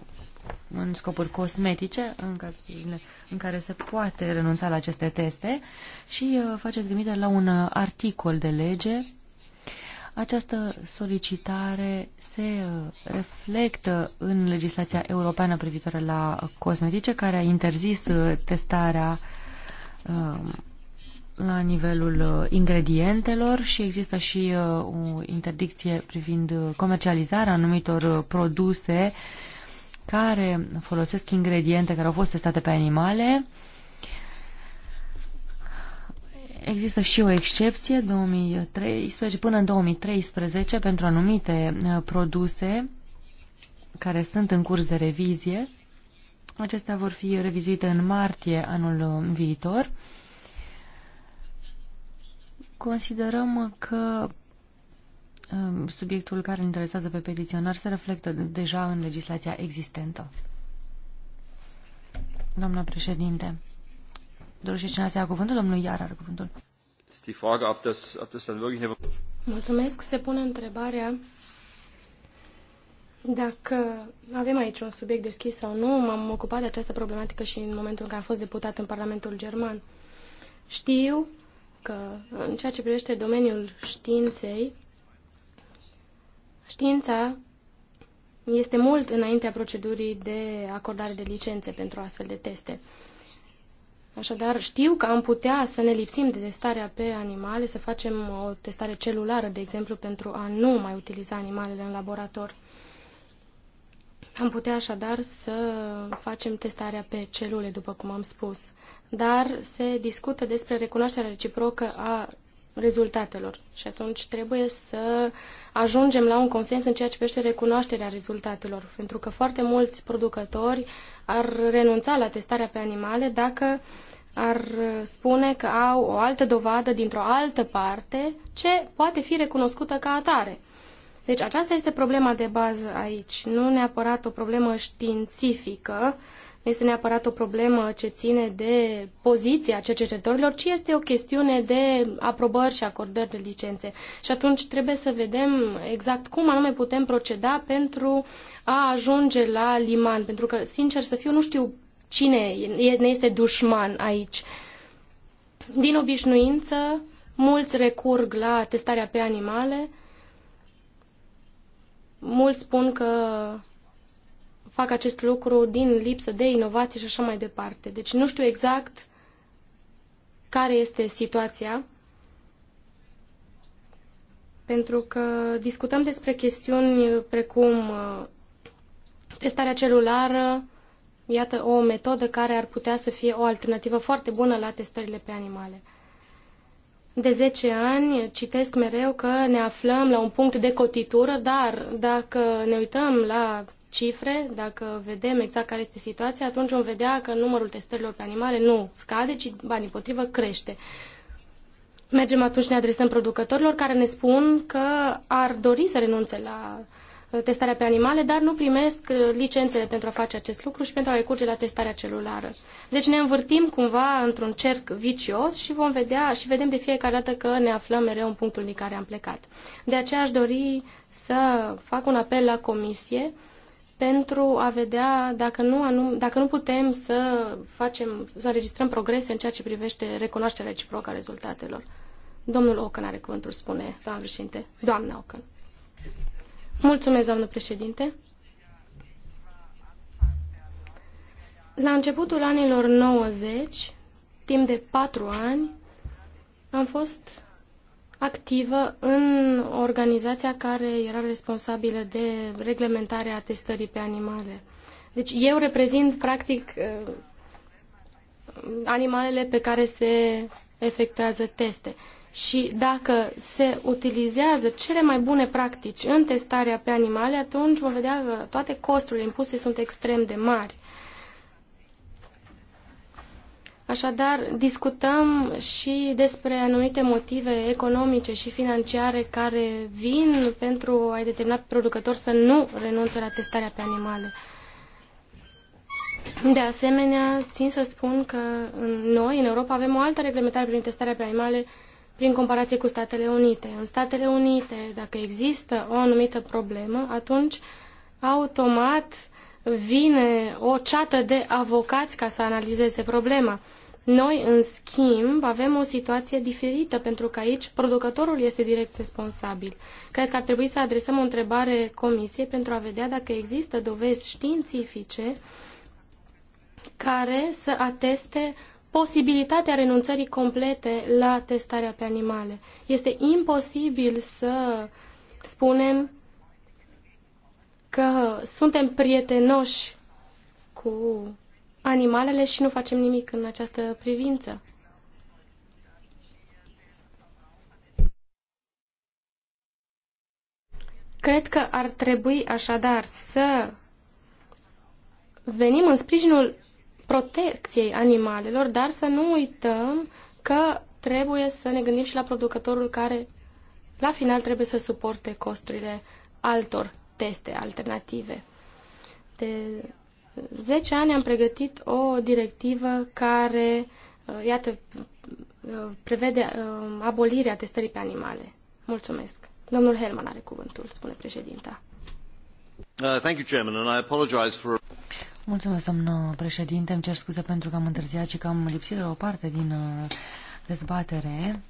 în scopuri cosmetice, în cazurile în care se poate renunța la aceste teste și uh, face trimitere la un uh, articol de lege această solicitare se uh, reflectă în legislația europeană privitoare la cosmetice, care a interzis uh, testarea um, la nivelul uh, ingredientelor și există și o interdicție privind comercializarea anumitor produse care folosesc ingrediente care au fost testate pe animale Există și o excepție 2013, până în 2013 pentru anumite uh, produse care sunt în curs de revizie. Acestea vor fi revizuite în martie anul uh, viitor. Considerăm că um, subiectul care îl interesează pe petiționar se reflectă deja în legislația existentă. Doamna președinte, Dorește cineva să ia cuvântul? Domnul Iar are cuvântul. Mulțumesc. Se pune întrebarea dacă avem aici un subiect deschis sau nu. M-am ocupat de această problematică și în momentul în care am fost deputat în Parlamentul German. Știu că în ceea ce privește domeniul științei, știința este mult înaintea procedurii de acordare de licențe pentru astfel de teste. Așadar, știu că am putea să ne lipsim de testarea pe animale, să facem o testare celulară, de exemplu, pentru a nu mai utiliza animalele în laborator. Am putea așadar să facem testarea pe celule, după cum am spus. Dar se discută despre recunoașterea reciprocă a rezultatelor. Și atunci trebuie să ajungem la un consens în ceea ce privește recunoașterea rezultatelor, pentru că foarte mulți producători ar renunța la testarea pe animale dacă ar spune că au o altă dovadă dintr-o altă parte ce poate fi recunoscută ca atare. Deci aceasta este problema de bază aici, nu neapărat o problemă științifică, uh, este neapărat o problemă ce ține de poziția cercetătorilor, ci este o chestiune de aprobări și acordări de licențe. Și atunci trebuie să vedem exact cum anume putem proceda pentru a ajunge la liman, pentru că, sincer să fiu, nu știu cine ne este dușman aici. Din obișnuință, mulți recurg la testarea pe animale, mulți spun că fac acest lucru din lipsă de inovație și așa mai departe. Deci nu știu exact care este situația, pentru că discutăm despre chestiuni precum uh, testarea celulară, iată o metodă care ar putea să fie o alternativă foarte bună la testările pe animale. De 10 ani citesc mereu că ne aflăm la un punct de cotitură, dar dacă ne uităm la cifre, dacă vedem exact care este situația, atunci vom vedea că numărul testărilor pe animale nu scade, ci, ba, potrivă, crește. Mergem atunci, ne adresăm producătorilor care ne spun că ar dori să renunțe la uh, testarea pe animale, dar nu primesc uh, licențele pentru a face acest lucru și pentru a recurge la testarea celulară. Deci ne învârtim cumva într-un cerc vicios și vom vedea și vedem de fiecare dată că ne aflăm mereu în punctul din care am plecat. De aceea aș dori să fac un apel la comisie pentru a vedea dacă nu, anum, dacă nu putem să facem, să înregistrăm progrese în ceea ce privește recunoașterea reciprocă a rezultatelor. Domnul Ocan are cuvântul, spune doamnă președinte. Doamna Ocan. Mulțumesc, doamnă președinte. La începutul anilor 90, timp de patru ani, am fost activă în organizația care era responsabilă de reglementarea testării pe animale. Deci eu reprezint, practic, eh, animalele pe care se efectuează teste. Și dacă se utilizează cele mai bune practici în testarea pe animale, atunci vom vedea că toate costurile impuse sunt extrem de mari. Uh, Așadar, discutăm și despre anumite motive economice și financiare care vin pentru a-i determina pe producători să nu renunțe la testarea pe animale. De asemenea, țin să spun că noi, în Europa, avem o altă reglementare prin testarea pe animale prin comparație cu Statele Unite. În Statele Unite, dacă există o anumită problemă, atunci automat vine o ceată de avocați ca să analizeze problema. Noi, în schimb, avem o situație diferită, pentru că aici producătorul este direct responsabil. Cred că ar trebui să adresăm o întrebare comisiei pentru a vedea dacă există dovezi științifice care să ateste posibilitatea renunțării complete la testarea pe animale. Este imposibil să spunem că suntem prietenoși cu animalele și nu facem nimic în această privință. Cred că ar trebui așadar să venim în sprijinul protecției animalelor, dar să nu uităm că trebuie să ne gândim și la producătorul care la final trebuie să suporte costurile altor teste alternative. De 10 ani am pregătit o directivă care, uh, iată, uh, prevede uh, abolirea testării pe animale. Mulțumesc. Domnul Helman are cuvântul, spune președinta. Uh, thank you, Chairman, and I apologize for... Mulțumesc, domnul președinte. Îmi cer scuze pentru că am întârziat și că am lipsit o parte din dezbatere.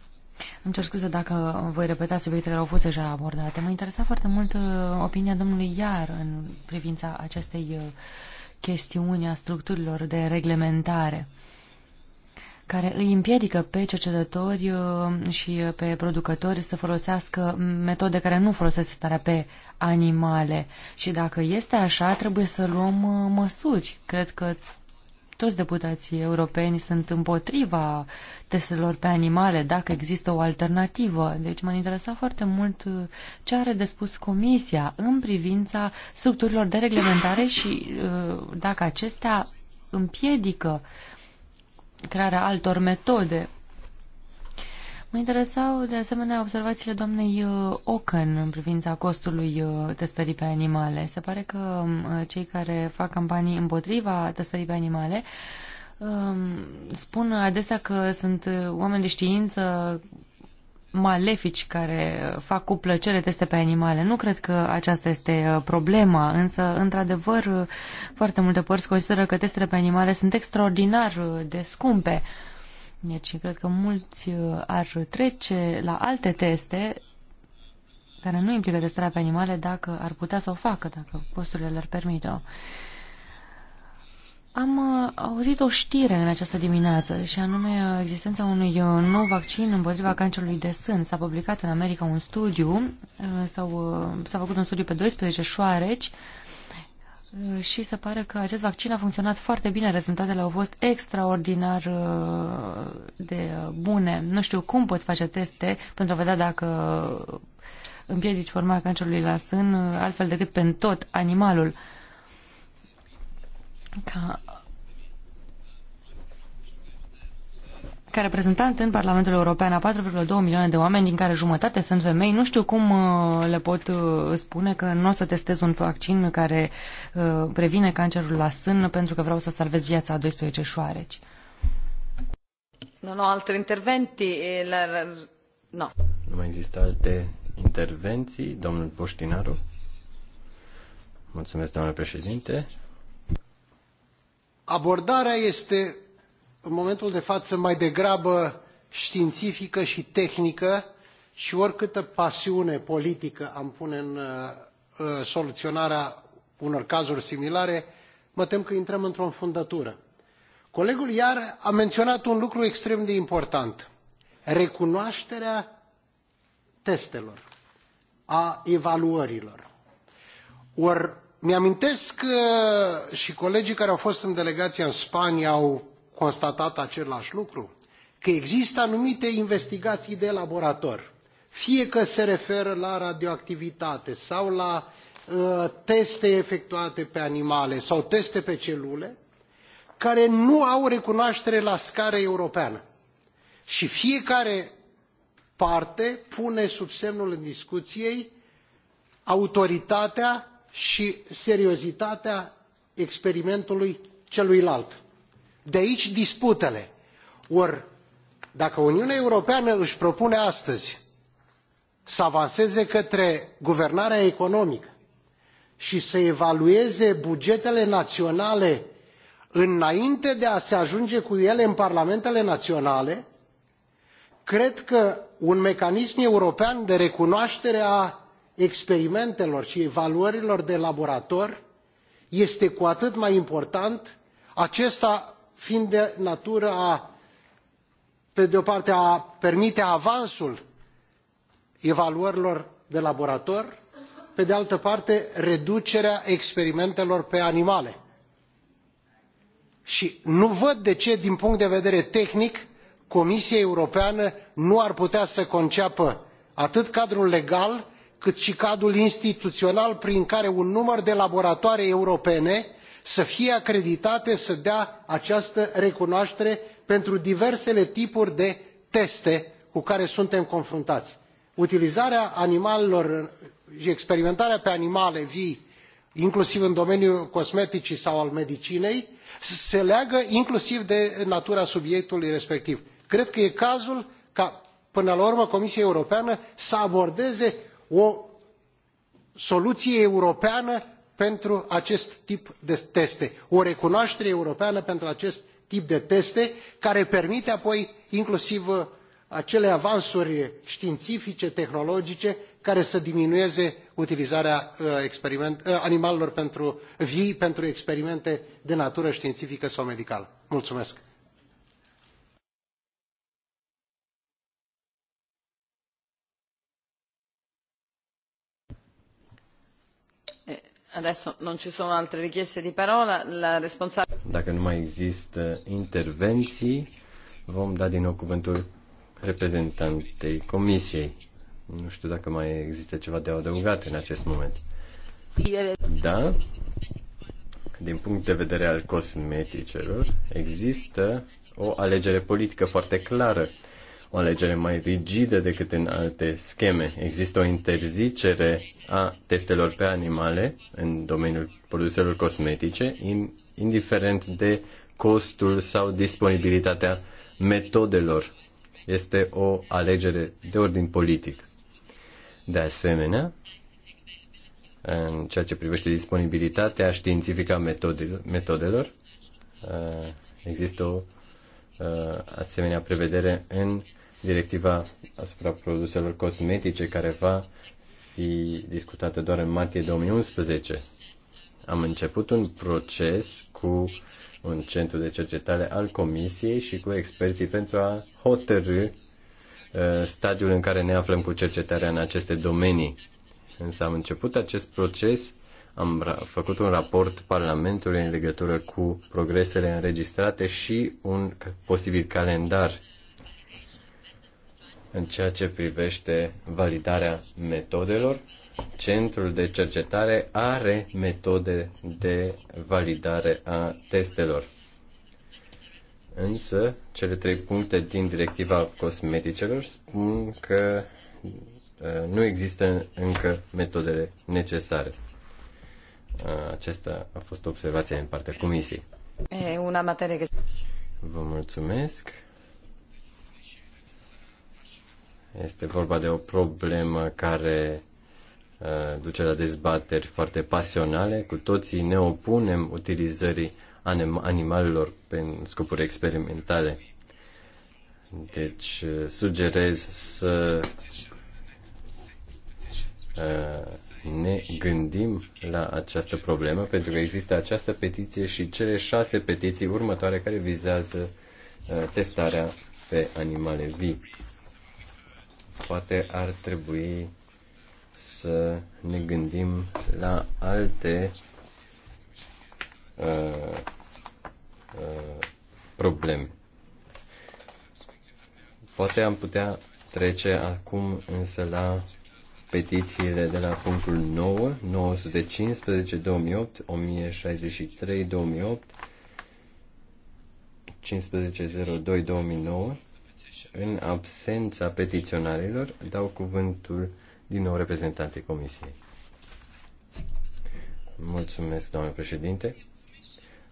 Îmi cer scuze dacă voi repeta subiectele care au fost deja abordate. Mă interesa foarte mult opinia domnului Iar în privința acestei uh, chestiunea structurilor de reglementare care îi împiedică pe cercetători uh, și uh, pe producători să folosească metode care nu folosesc starea pe animale. Și dacă este așa, trebuie să luăm uh, măsuri. Cred că toți deputații europeni sunt împotriva testelor pe animale, dacă există o alternativă. Deci m-a interesat foarte mult uh, ce are de spus Comisia în privința structurilor de reglementare și uh, dacă acestea împiedică crearea altor metode Mă interesau de asemenea observațiile doamnei uh, Ocan în privința costului uh, testării pe animale. Se pare că um, cei care fac campanii împotriva testării pe animale um, spun adesea că sunt uh, oameni de știință malefici care fac cu plăcere teste pe animale. Nu cred că aceasta este problema, însă, într-adevăr, foarte multe părți consideră că testele pe animale sunt extraordinar de scumpe. Uh, deci cred că mulți uh, ar trece la alte teste care nu implică testarea pe animale dacă ar putea să o facă, dacă posturile le-ar permite-o. Am uh, auzit o știre în această dimineață și anume uh, existența unui nou vaccin împotriva cancerului de sân. S-a publicat în America un studiu, s-a făcut un studiu pe 12 șoareci și se pare că acest vaccin a funcționat foarte bine, rezultatele au fost extraordinar uh, de uh, bune. Nu știu cum poți face teste pentru a vedea dacă împiedici forma cancerului la sân, uh, altfel decât pentru tot animalul. Ca Ca reprezentant în Parlamentul European a 4,2 milioane de oameni, din care jumătate sunt femei, nu știu cum uh, le pot uh, spune că nu o să testez un vaccin care uh, previne cancerul la sân pentru că vreau să salvez viața a 12 șoareci. Nu nu, alte intervenții? La... No. Nu mai există alte intervenții. Domnul Poștinaru. Mulțumesc, domnule președinte. Abordarea este în momentul de faă mai degrabă științifică și tehnică și oricâtă pasiune politică am pune în uh, uh, soluționarea unor cazuri similare, mă tem că intrăm într-o înfundătură. Colegul Iar a menționat un lucru extrem de important. Recunoașterea testelor, a evaluărilor. Or mi-amintesc uh, și colegii care au fost în delegaia în Spania au constatat același lucru? Că există anumite investigații de laborator, fie că se referă la radioactivitate sau la uh, teste efectuate pe animale sau teste pe celule, care nu au recunoaștere la scară europeană. Și fiecare parte pune sub semnul în discuției autoritatea și seriozitatea experimentului celuilalt. De aici disputele. Ori, dacă Uniunea Europeană își propune astăzi să avanseze către guvernarea economică și să evalueze bugetele naționale înainte de a se ajunge cu ele în parlamentele naționale, cred că un mecanism european de recunoaștere a experimentelor și evaluărilor de laborator este cu atât mai important acesta fiind de natură a, pe de o parte, a permite avansul evaluărilor de laborator, pe de altă parte, reducerea experimentelor pe animale. Și nu văd de ce, din punct de vedere tehnic, Comisia Europeană nu ar putea să conceapă atât cadrul legal, cât și cadrul instituțional prin care un număr de laboratoare europene să fie acreditate să dea această recunoaștere pentru diversele tipuri de teste cu care suntem confruntați. Utilizarea animalelor și experimentarea pe animale vii, inclusiv în domeniul cosmeticii sau al medicinei, se leagă inclusiv de natura subiectului respectiv. Cred că e cazul ca, până la urmă, Comisia Europeană să abordeze o soluție europeană pentru acest tip de teste o recunoaștere europeană pentru acest tip de teste care permite apoi inclusiv uh, acele avansuri științifice tehnologice care să diminueze utilizarea uh, uh, animalelor pentru, vii pentru experimente de natură științifică sau medicală. Mulțumesc! Adesso non ci sono altre richieste di parola, la responsabile... Dacă nu mai există intervenții, vom da din nou cuvântul reprezentantei Comisiei. Nu știu dacă mai există ceva de adăugat în acest moment. Da? Din punct de vedere al cosmeticelor, există o alegere politică foarte clară o alegere mai rigidă decât în alte scheme. Există o interzicere a testelor pe animale în domeniul produselor cosmetice, indiferent de costul sau disponibilitatea metodelor. Este o alegere de ordin politic. De asemenea, în ceea ce privește disponibilitatea științifică a metodelor, uh, există o uh, asemenea prevedere în directiva asupra produselor cosmetice care va fi discutată doar în martie 2011. Am început un proces cu un centru de cercetare al Comisiei și cu experții pentru a hotărâ uh, stadiul în care ne aflăm cu cercetarea în aceste domenii. Însă am început acest proces, am făcut un raport Parlamentului în legătură cu progresele înregistrate și un posibil calendar în ceea ce privește validarea metodelor. Centrul de cercetare are metode de validare a testelor. Însă, cele trei puncte din directiva cosmeticelor spun că uh, nu există încă metodele necesare. Uh, acesta a fost observația din partea comisiei. E una materie. Vă mulțumesc. Este vorba de o problemă care uh, duce la dezbateri foarte pasionale. Cu toții ne opunem utilizării anim animalelor în scopuri experimentale. Deci uh, sugerez să uh, ne gândim la această problemă, pentru că există această petiție și cele șase petiții următoare care vizează testarea pe animale vii poate ar trebui să ne gândim la alte uh, uh, probleme. Poate am putea trece acum însă la petițiile de la punctul 9, 915, 2008, 1063, 2008, 1502, 2009 în absența petiționarilor, dau cuvântul din nou reprezentantei Comisiei. Mulțumesc, doamne președinte.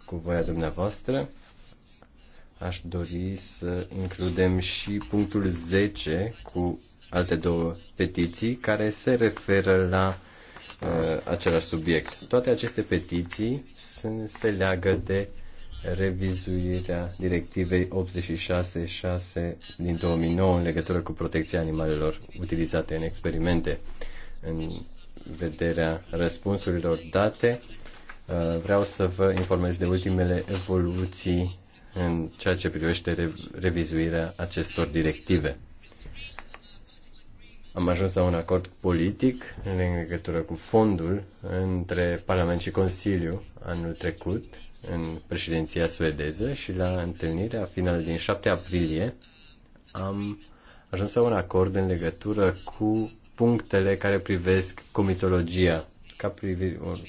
Cu voia dumneavoastră, aș dori să includem și punctul 10 cu alte două petiții care se referă la uh, același subiect. Toate aceste petiții sunt, se leagă de uh, revizuirea directivei 86.6 din 2009 în legătură cu protecția animalelor utilizate în experimente. În vederea răspunsurilor date, uh, vreau să vă informez de ultimele evoluții în ceea ce privește revizuirea acestor directive. Am ajuns la un acord politic în legătură cu fondul între Parlament și Consiliu anul trecut în președinția suedeză și la întâlnirea finală din 7 aprilie am ajuns la un acord în legătură cu punctele care privesc comitologia ca, privi, or,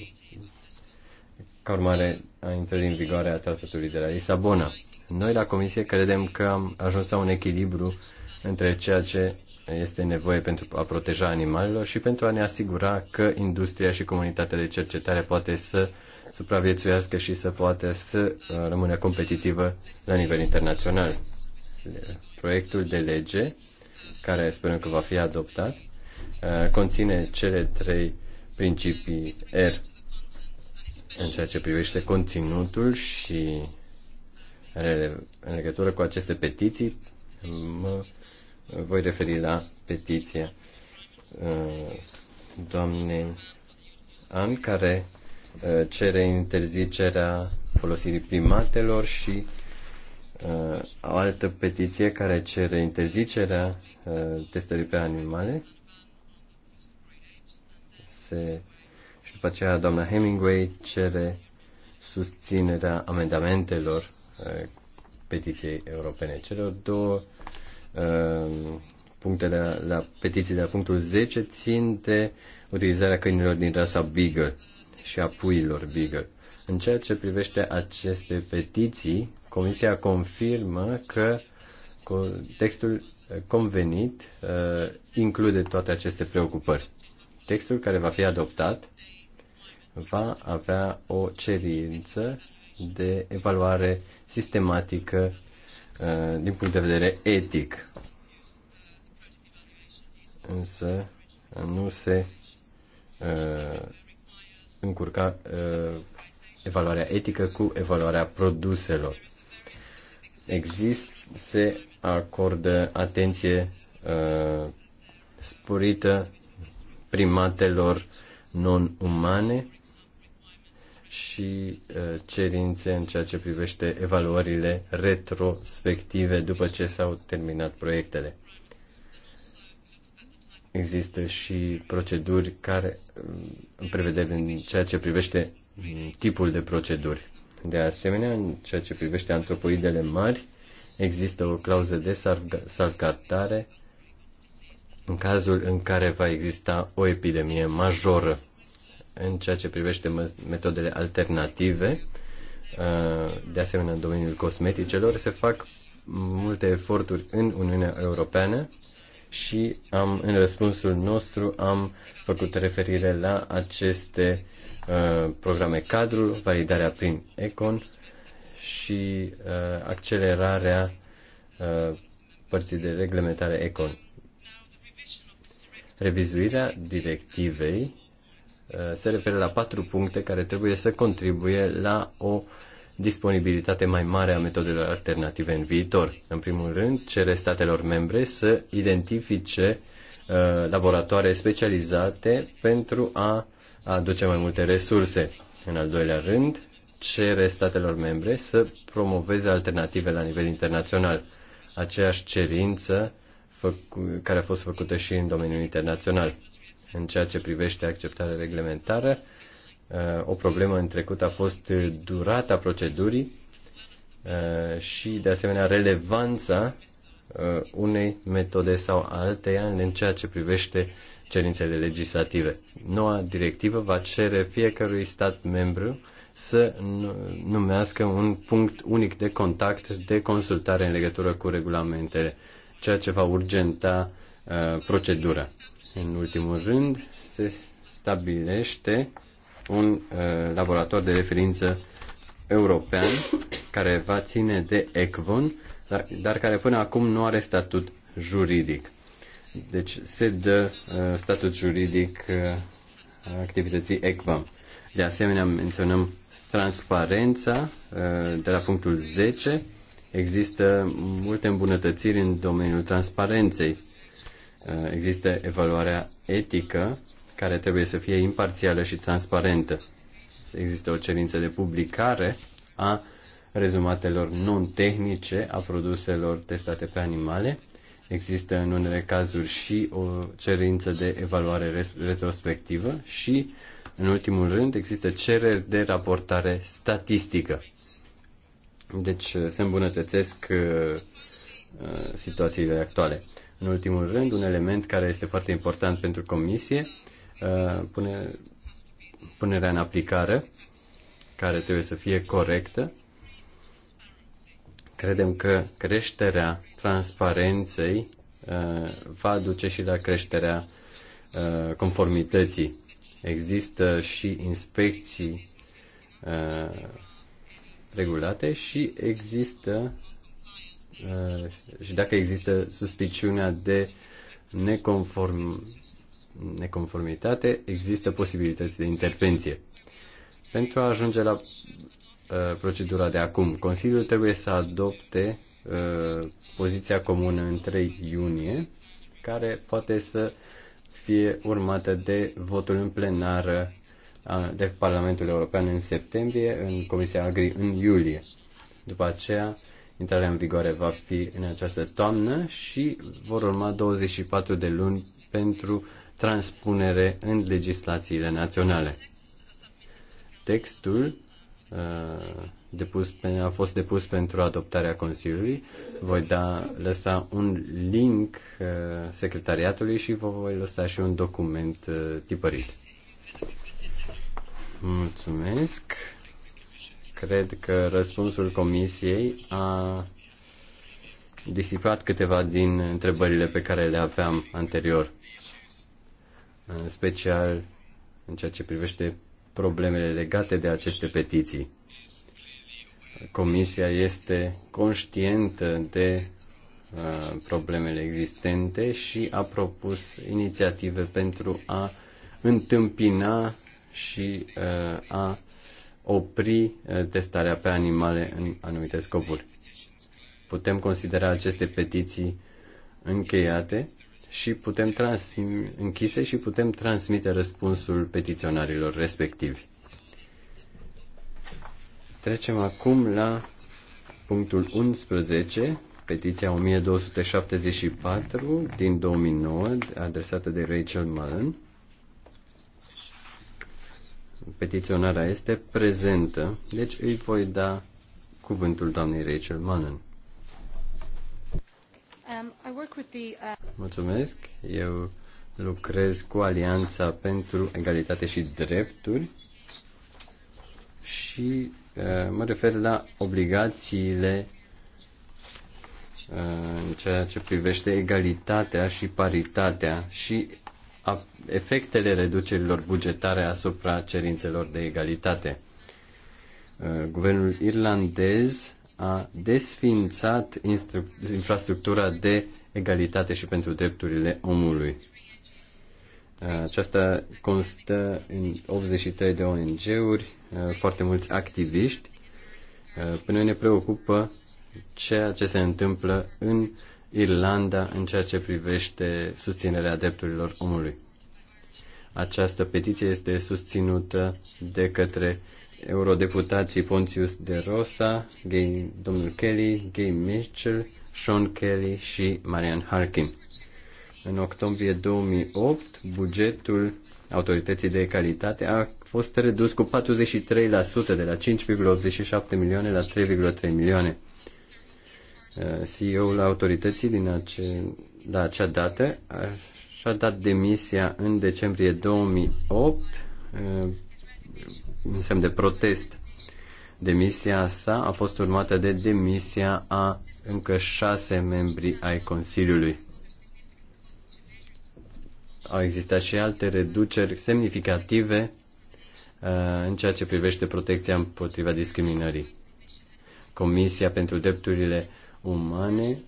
ca urmare a intrării în vigoare a tratatului de la Lisabona. Noi la comisie credem că am ajuns la un echilibru între ceea ce este nevoie pentru a proteja animalelor și pentru a ne asigura că industria și comunitatea de cercetare poate să uh, supraviețuiască și să poată să uh, rămână competitivă la nivel internațional. Proiectul de lege, care sperăm că va fi adoptat, uh, conține cele trei principii R în ceea ce privește conținutul și în legătură cu aceste petiții, mă voi referi la petiția uh, doamnei An, care Eh, cere interzicerea folosirii primatelor și uh, o altă petiție care cere interzicerea uh, testării pe animale. Se, și după aceea doamna Hemingway cere susținerea amendamentelor uh, petiției europene. Celor două uh, puncte la, la petiții de la punctul 10 țin de utilizarea câinilor din rasa Beagle și a puilor Beagle. În ceea ce privește aceste petiții, Comisia confirmă că textul convenit uh, include toate aceste preocupări. Textul care va fi adoptat va avea o cerință de evaluare sistematică uh, din punct de vedere etic. Însă nu se uh, încurca uh, evaluarea etică cu evaluarea produselor. Exist, se acordă atenție uh, sporită primatelor non-umane și uh, cerințe în ceea ce privește evaluările retrospective după ce s-au terminat proiectele. Există și proceduri care, mm, în prevedere în ceea ce privește mm, tipul de proceduri. De asemenea, în ceea ce privește antropoidele mari, există o clauză de salvgardare în cazul în care va exista o epidemie majoră. În ceea ce privește metodele alternative, uh, de asemenea în domeniul cosmeticelor, se fac multe eforturi în Uniunea Europeană și am, în răspunsul nostru am făcut referire la aceste uh, programe cadru, validarea prin ECON și uh, accelerarea uh, părții de reglementare ECON. Revizuirea directivei uh, se referă la patru puncte care trebuie să contribuie la o uh, disponibilitate mai mare a metodelor alternative în viitor. În primul rând, cere statelor membre să identifice uh, laboratoare specializate pentru a aduce mai multe resurse. În al doilea rând, cere statelor membre să promoveze alternative la nivel internațional. Aceeași cerință care a fost făcută și în domeniul internațional. În ceea ce privește acceptarea reglementară, Uh, o problemă în trecut a fost durata procedurii uh, și, de asemenea, relevanța uh, unei metode sau alteia în ceea ce privește cerințele legislative. Noua directivă va cere fiecărui stat membru să numească un punct unic de contact de consultare în legătură cu regulamentele, ceea ce va urgenta uh, procedura. În ultimul rând, se stabilește uh, un uh, laborator de referință european care va ține de ECVON, dar care până acum nu are statut juridic. Deci se dă uh, statut juridic uh, activității ECVON. De asemenea, menționăm transparența de la punctul 10. Există multe îmbunătățiri în domeniul transparenței. Există evaluarea etică care trebuie să fie imparțială și transparentă. Există o cerință de publicare a rezumatelor non-tehnice a produselor testate pe animale. Există în unele cazuri și o cerință de evaluare retrospectivă și, în ultimul rând, există cereri de raportare statistică. Deci uh, se îmbunătățesc uh, uh, situațiile actuale. În ultimul rând, un element care este foarte important pentru comisie Uh, pune, punerea în aplicare, care trebuie să fie corectă. Credem că creșterea transparenței uh, va duce și la creșterea uh, conformității. Există și inspecții regulate și există și dacă există suspiciunea de neconform neconformitate, există posibilități de intervenție. Pentru a ajunge la uh, procedura de acum, Consiliul trebuie să adopte uh, poziția comună în 3 iunie, care poate să fie urmată de votul în plenară de Parlamentul European în septembrie, în Comisia Agri în iulie. După aceea, intrarea în vigoare va fi în această toamnă și vor urma 24 de luni pentru transpunere în legislațiile naționale. Textul uh, depus, a fost depus pentru adoptarea Consiliului. Voi da, lăsa un link uh, secretariatului și vă voi lăsa și un document uh, tipărit. Mulțumesc. Cred că răspunsul comisiei a disipat câteva din întrebările pe care le aveam anterior în special în ceea ce privește problemele legate de aceste petiții. Comisia este conștientă de uh, problemele existente și a propus inițiative pentru a întâmpina și uh, a opri uh, testarea pe animale în anumite scopuri. Putem considera aceste petiții încheiate și putem trans- închise și putem transmite răspunsul petiționarilor respectivi. Trecem acum la punctul 11, petiția 1274 din 2009, adresată de Rachel Mullen. Petiționarea este prezentă, deci îi voi da cuvântul doamnei Rachel Mullen. Um, uh, Mulțumesc. Eu lucrez cu Alianța pentru Egalitate și Drepturi și uh, mă refer la obligațiile uh, în ceea ce privește egalitatea și paritatea și efectele reducerilor bugetare asupra cerințelor de egalitate. Guvernul irlandez a desfințat infrastructura de egalitate și pentru drepturile omului. Aceasta constă în 83 de ONG-uri, foarte mulți activiști. Pe noi ne preocupă ceea ce se întâmplă în Irlanda în ceea ce privește susținerea drepturilor omului. Această petiție este susținută de către eurodeputații Pontius de Rosa, Gay, domnul Kelly, Gay Mitchell, Sean Kelly și Marian Harkin. În octombrie 2008, bugetul autorității de calitate a fost redus cu 43% de la 5,87 milioane la 3,3 milioane. Uh, CEO-ul autorității din ace, la acea dată și-a dat demisia în decembrie 2008 în semn de protest. Demisia sa a fost urmată de demisia a încă șase membri ai Consiliului. Au existat și alte reduceri semnificative uh, în ceea ce privește protecția împotriva discriminării. Comisia pentru Drepturile Umane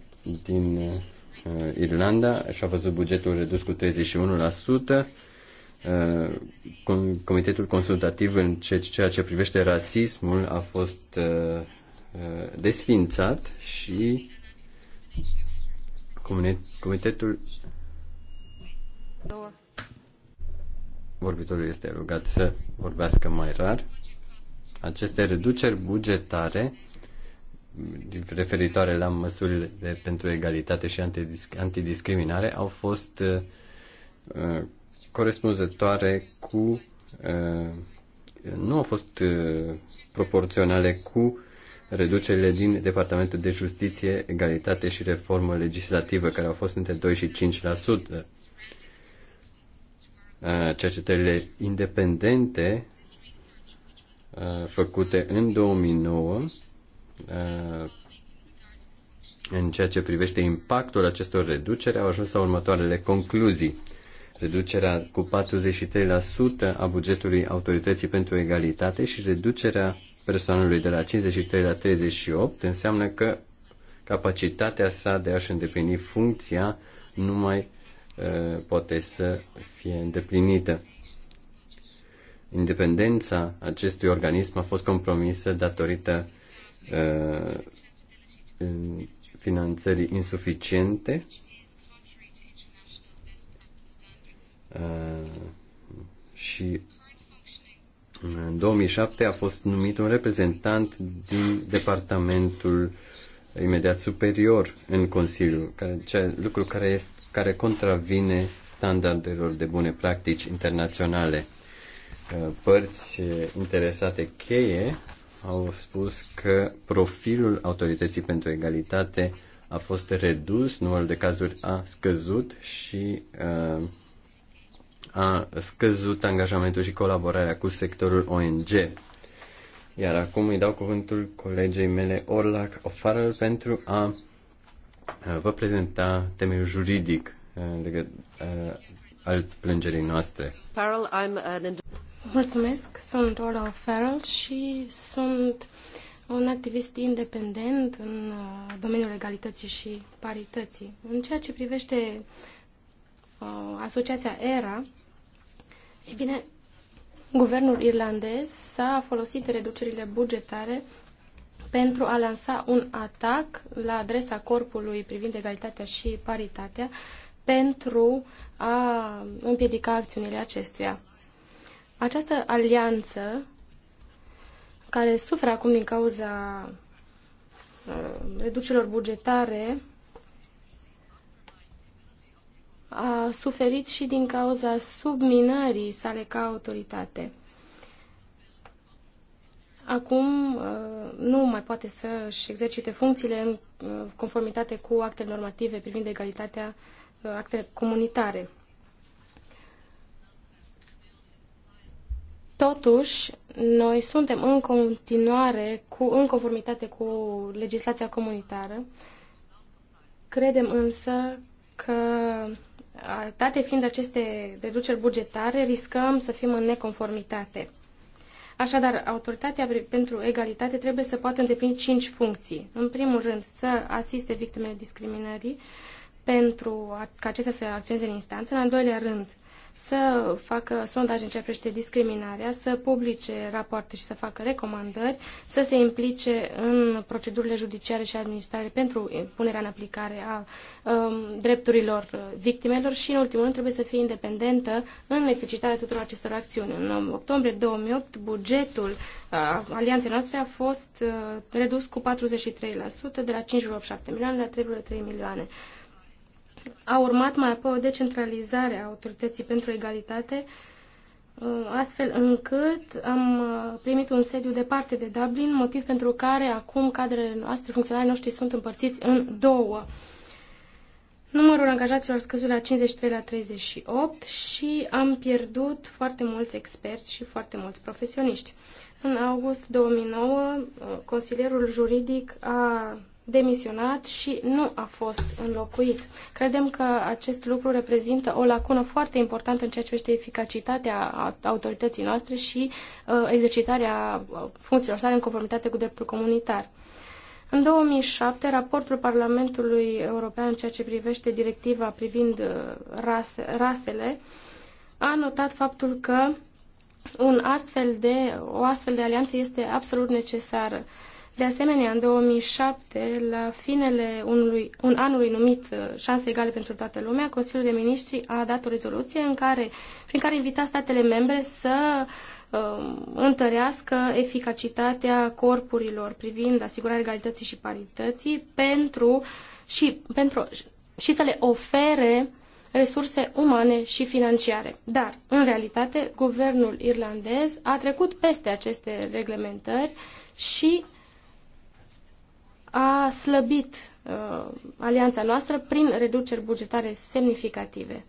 din uh, Irlanda și-a văzut bugetul redus cu 31%, Uh, comitetul Consultativ în ceea ce privește rasismul a fost uh, uh, desfințat și Comitetul Vorbitorul este rugat să vorbească mai rar. Aceste reduceri bugetare referitoare la măsurile pentru egalitate și antidiscriminare au fost corespunzătoare cu uh, nu au fost uh, proporționale cu reducerile din Departamentul de Justiție, Egalitate și Reformă Legislativă, care au fost între 2 și 5%. Uh, cercetările independente făcute în 2009 în ceea ce privește impactul acestor reduceri au ajuns la următoarele concluzii reducerea cu 43% a bugetului Autorității pentru Egalitate și reducerea personalului de la 53 la 38 înseamnă că capacitatea sa de a-și îndeplini funcția nu mai uh, poate să fie îndeplinită. Independența acestui organism a fost compromisă datorită uh, finanțării insuficiente Uh, și în uh, 2007 a fost numit un reprezentant din departamentul imediat superior în Consiliu, care, ce, lucru care, este, care contravine standardelor de bune practici internaționale. Uh, părți interesate cheie au spus că profilul Autorității pentru Egalitate a fost redus, numărul de cazuri a scăzut și uh, a scăzut angajamentul și colaborarea cu sectorul ONG. Iar acum îi dau cuvântul colegei mele Orlac O'Farrell pentru a vă prezenta temeiul juridic al plângerii noastre. Farrell, I'm an... Mulțumesc, sunt Orla O'Farrell și sunt un activist independent în uh, domeniul legalității și parității. În ceea ce privește uh, asociația ERA, ei bine, guvernul irlandez s-a folosit de reducerile bugetare pentru a lansa un atac la adresa corpului privind egalitatea și paritatea pentru a împiedica acțiunile acestuia. Această alianță, care suferă acum din cauza uh, reducerilor bugetare, a suferit și din cauza subminării sale ca autoritate. Acum uh, nu mai poate să își exercite funcțiile în uh, conformitate cu actele normative privind egalitatea uh, actele comunitare. Totuși, noi suntem în continuare cu, în conformitate cu legislația comunitară. Credem însă că Date fiind aceste reduceri bugetare, riscăm să fim în neconformitate. Așadar, autoritatea pentru egalitate trebuie să poată îndeplini cinci funcții. În primul rând, să asiste victimele discriminării pentru ca acestea să acționeze în instanță. În al doilea rând, să facă sondaj în ceea ce privește discriminarea, să publice rapoarte și să facă recomandări, să se implice în procedurile judiciare și administrare pentru punerea în aplicare a um, drepturilor victimelor și, în ultimul rând, trebuie să fie independentă în exercitarea tuturor acestor acțiuni. În octombrie 2008, bugetul uh, alianței noastre a fost uh, redus cu 43%, de la 5,7 milioane la 3,3 milioane. Uh, a urmat mai apoi o decentralizare a Autorității pentru Egalitate, uh, astfel încât am uh, primit un sediu departe de Dublin, motiv pentru care acum cadrele noastre, funcționarii noștri sunt împărțiți în două. Numărul angajaților a scăzut la 53 la 38 și am pierdut foarte mulți experți și foarte mulți profesioniști. În august 2009, uh, consilierul juridic a demisionat și nu a fost înlocuit. Credem că acest lucru reprezintă o lacună foarte importantă în ceea ce privește eficacitatea autorității noastre și uh, exercitarea uh, funcțiilor sale în conformitate cu dreptul comunitar. În 2007, raportul Parlamentului European în ceea ce privește directiva privind uh, rase, rasele a notat faptul că un astfel de, o astfel de alianță este absolut necesară. De asemenea, în 2007, la finele unui, un anului numit uh, Șanse egale pentru toată lumea, Consiliul de Ministri a dat o rezoluție în care, prin care invita statele membre să uh, întărească eficacitatea corpurilor privind asigurarea egalității și parității pentru, și, pentru, și să le ofere resurse umane și financiare. Dar, în realitate, guvernul irlandez a trecut peste aceste reglementări și a slăbit uh, alianța noastră prin reduceri bugetare semnificative.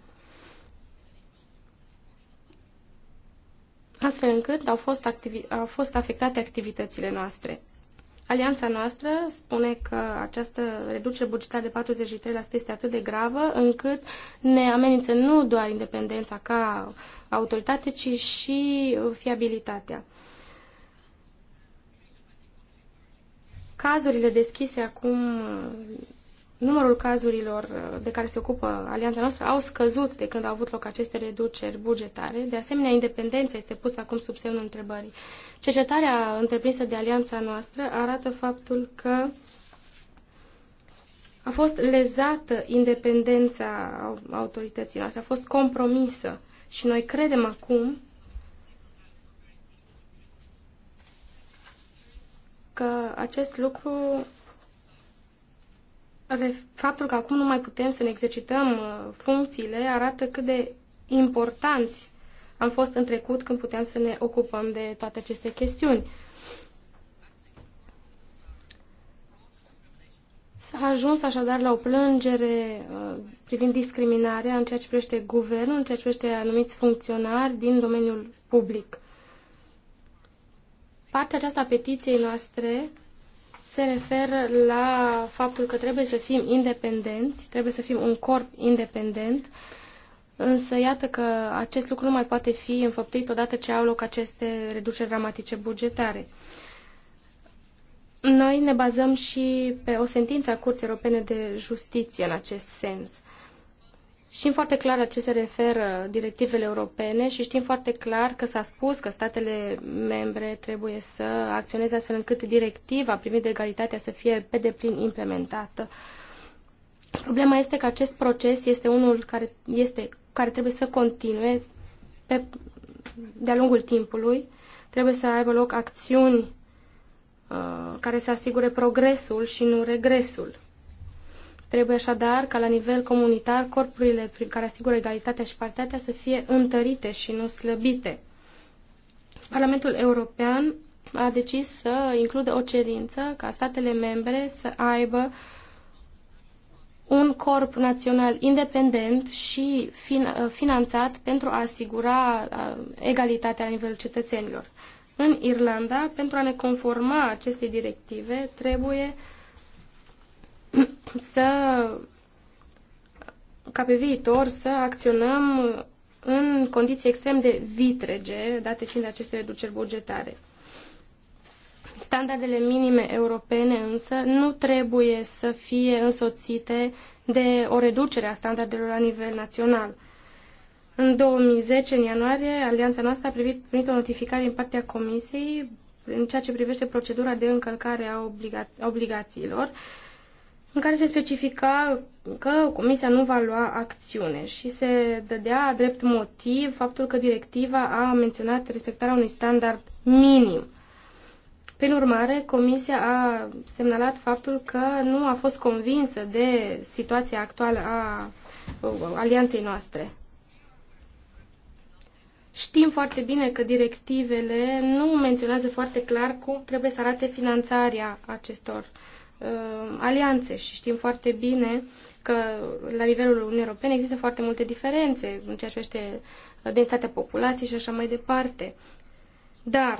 Astfel încât au fost, activi- au fost afectate activitățile noastre. Alianța noastră spune că această reducere bugetară de 43% este atât de gravă încât ne amenință nu doar independența ca autoritate, ci și fiabilitatea. Cazurile deschise acum, numărul cazurilor uh, de care se ocupă alianța noastră au scăzut de când au avut loc aceste reduceri bugetare. De asemenea, independența este pusă acum sub semnul întrebării. Cercetarea întreprinsă de alianța noastră arată faptul că a fost lezată independența autorității noastre, a fost compromisă. Și noi credem acum că acest lucru, faptul că acum nu mai putem să ne exercităm uh, funcțiile, arată cât de importanți am fost în trecut când puteam să ne ocupăm de toate aceste chestiuni. S-a ajuns așadar la o plângere uh, privind discriminarea în ceea ce privește guvernul, în ceea ce privește anumiți funcționari din domeniul public. Partea aceasta a petiției noastre se referă la faptul că trebuie să fim independenți, trebuie să fim un corp independent, însă iată că acest lucru nu mai poate fi înfăptuit odată ce au loc aceste reduceri dramatice bugetare. Noi ne bazăm și pe o sentință a Curții Europene de Justiție în acest sens. Știm foarte clar la ce se referă directivele europene și știm foarte clar că s-a spus că statele membre trebuie să acționeze astfel încât directiva privind egalitatea să fie pe deplin implementată. Problema este că acest proces este unul care, este, care trebuie să continue pe, de-a lungul timpului. Trebuie să aibă loc acțiuni uh, care să asigure progresul și nu regresul. Trebuie așadar ca la nivel comunitar corpurile prin care asigură egalitatea și paritatea să fie întărite și nu slăbite. Parlamentul European a decis să includă o cerință ca statele membre să aibă un corp național independent și fin, uh, finanțat pentru a asigura uh, egalitatea la nivelul cetățenilor. În Irlanda, pentru a ne conforma acestei directive, trebuie uh, să ca pe viitor să acționăm în condiții extrem de vitrege, date fiind aceste reduceri bugetare. Standardele minime europene însă nu trebuie să fie însoțite de o reducere a standardelor la nivel național. În 2010, în ianuarie, alianța noastră a primit, primit o notificare din partea Comisiei în ceea ce privește procedura de încălcare a, obliga- obligațiilor în care se specifica că Comisia nu va lua acțiune și se dădea drept motiv faptul că directiva a menționat respectarea unui standard minim. Prin urmare, Comisia a semnalat faptul că nu a fost convinsă de situația actuală a alianței noastre. Știm foarte bine că directivele nu menționează foarte clar cum trebuie să arate finanțarea acestor uh, uh, alianțe și știm foarte bine că la nivelul Uniunii Europene există foarte multe diferențe în ceea ce este densitatea populației și așa mai departe. Dar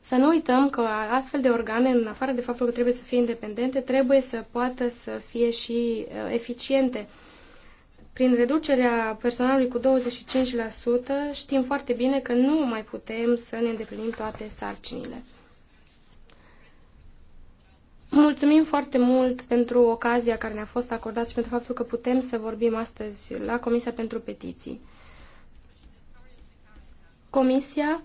să nu uităm că astfel de organe, în afară de faptul că trebuie să fie independente, trebuie să poată să fie și uh, eficiente. Prin reducerea personalului cu 25%, știm foarte bine că nu mai putem să ne îndeplinim toate sarcinile. Mulțumim foarte mult pentru ocazia care ne-a fost acordată și pentru faptul că putem să vorbim astăzi la Comisia pentru Petiții. Comisia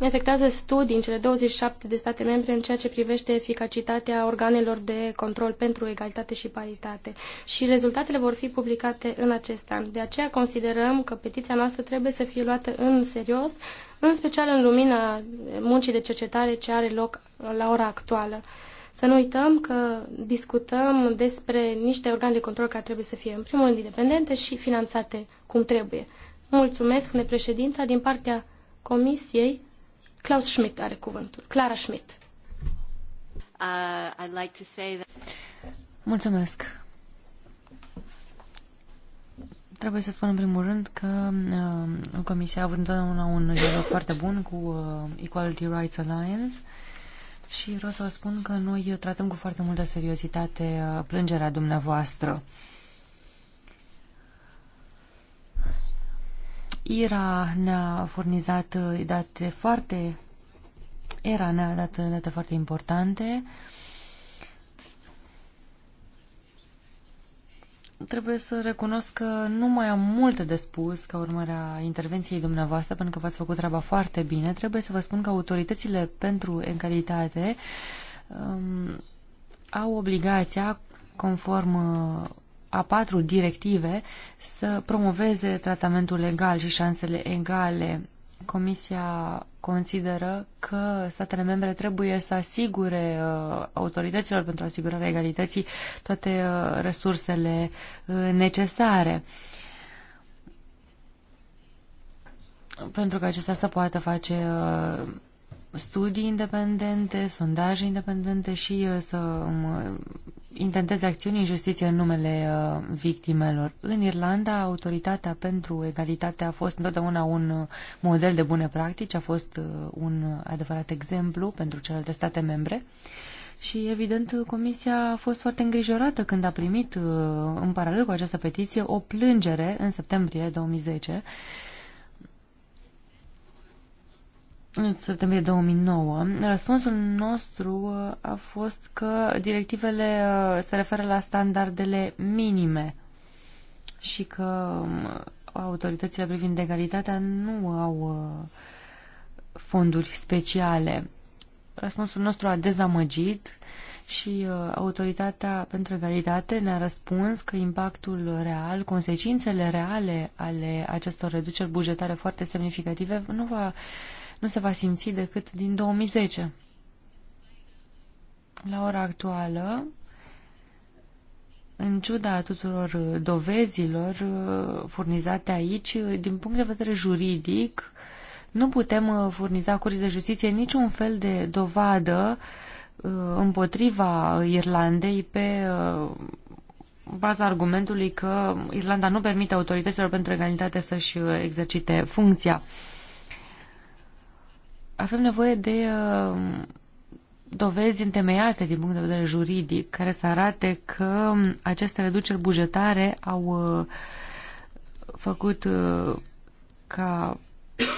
efectuează studii în cele 27 de state membre în ceea ce privește eficacitatea organelor de control pentru egalitate și paritate și rezultatele vor fi publicate în acest an. De aceea considerăm că petiția noastră trebuie să fie luată în serios în special în lumina muncii de cercetare ce are loc la ora actuală. Să nu uităm că discutăm despre niște organe de control care trebuie să fie, în primul rând, independente și finanțate cum trebuie. Mulțumesc, spune președinta, din partea Comisiei, Klaus Schmidt are cuvântul. Clara Schmidt. Uh, I'd like to say that... Mulțumesc. Trebuie să spun în primul rând că uh, Comisia a avut întotdeauna un dialog foarte bun cu uh, Equality Rights Alliance și vreau să vă spun că noi tratăm cu foarte multă seriozitate uh, plângerea dumneavoastră. IRA ne-a furnizat uh, date foarte... ERA ne-a dat date foarte importante uh, Trebuie să recunosc că nu mai am multe de spus ca urmare a intervenției dumneavoastră, pentru că v-ați făcut treaba foarte bine. Trebuie să vă spun că autoritățile pentru egalitate um, au obligația, conform uh, a patru directive, să promoveze tratamentul legal și șansele egale Comisia consideră că statele membre trebuie să asigure uh, autorităților pentru asigurarea egalității toate uh, resursele uh, necesare. Pentru că acesta să poată face studii independente, sondaje independente și uh, să um, intenteze acțiuni în justiție în numele uh, victimelor. În Irlanda, Autoritatea pentru Egalitate a fost întotdeauna un uh, model de bune practici, a fost un adevărat exemplu pentru celelalte state membre. Și, evident, Comisia a fost foarte îngrijorată când a primit, în paralel cu această petiție, o plângere în septembrie 2010 în septembrie 2009, răspunsul nostru uh, a fost că directivele uh, se referă la standardele minime și că um, autoritățile privind egalitatea nu au uh, fonduri speciale. Răspunsul nostru a dezamăgit și autoritatea pentru egalitate ne-a răspuns că impactul real, consecințele reale ale acestor reduceri bugetare foarte semnificative nu va nu se va simți decât din 2010. La ora actuală, în ciuda tuturor dovezilor uh, furnizate aici, uh, din punct de vedere juridic, nu putem uh, furniza curții de justiție niciun fel de dovadă împotriva Irlandei pe baza argumentului că Irlanda nu permite autorităților pentru egalitate să-și exercite funcția avem nevoie de uh, dovezi întemeiate din punct de vedere juridic, care să arate că um, aceste reduceri bugetare au uh, făcut uh, ca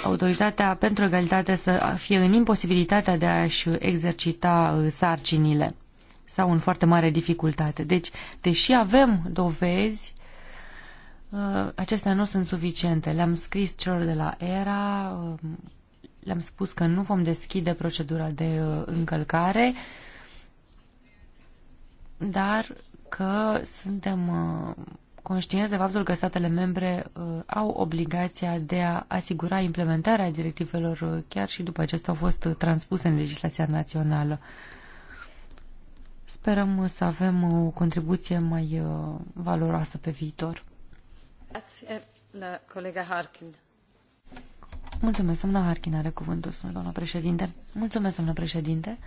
autoritatea pentru egalitate să fie în imposibilitatea de a-și exercita sarcinile sau în foarte mare dificultate. Deci, deși avem dovezi, acestea nu sunt suficiente. Le-am scris celor de la ERA, um, le-am spus că nu vom deschide procedura de uh, încălcare, dar că suntem uh, conștienți de faptul că statele membre uh, au obligația de a asigura implementarea directivelor chiar și după acestea au fost transpuse în legislația națională. Sperăm să avem o contribuție mai valoroasă pe viitor. Grazie, la colega Harkin. Mulțumesc, doamna Harkin are cuvântul, spune doamna președinte. Mulțumesc, doamna președinte.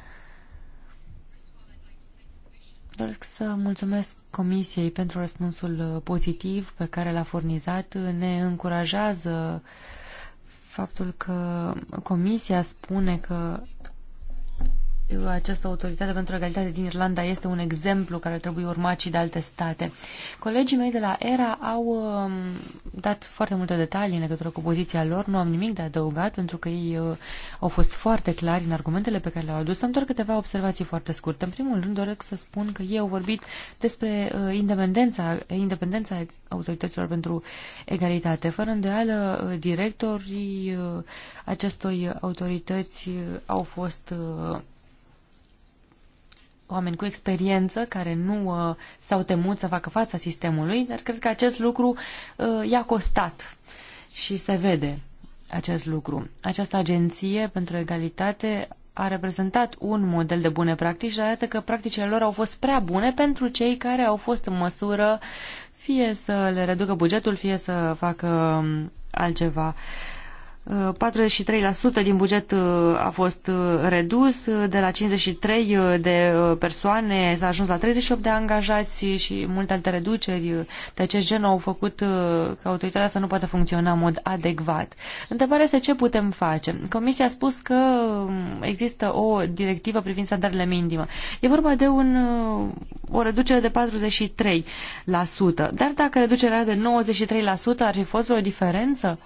Doresc să mulțumesc Comisiei pentru răspunsul uh, pozitiv pe care l-a furnizat. Ne încurajează faptul că Comisia spune că această autoritate pentru egalitate din Irlanda este un exemplu care trebuie urmat și de alte state. Colegii mei de la ERA au um, dat foarte multe detalii în legătură cu poziția lor, nu am nimic de adăugat pentru că ei uh, au fost foarte clari în argumentele pe care le-au adus. Am doar câteva observații foarte scurte. În primul rând doresc să spun că ei au vorbit despre uh, independența, independența autorităților pentru egalitate. Fără îndoială, uh, directorii acestor autorități au fost oameni cu experiență care nu uh, s-au temut să facă fața sistemului, dar cred că acest lucru uh, i-a costat și se vede acest lucru. Această agenție pentru egalitate a reprezentat un model de bune practici și arată că practicile lor au fost prea bune pentru cei care au fost în măsură fie să le reducă bugetul, fie să facă um, altceva 43% din buget uh, a fost uh, redus, uh, de la 53 de persoane s-a ajuns la 38 de angajați și multe alte reduceri de acest gen au făcut ca autoritatea să nu poată funcționa în mod adecvat. Întrebarea este ce putem face. Comisia a spus că um, există o directivă privind standardele minime. E vorba de un, o reducere de 43%, dar dacă reducerea de 93% ar fi fost o diferență?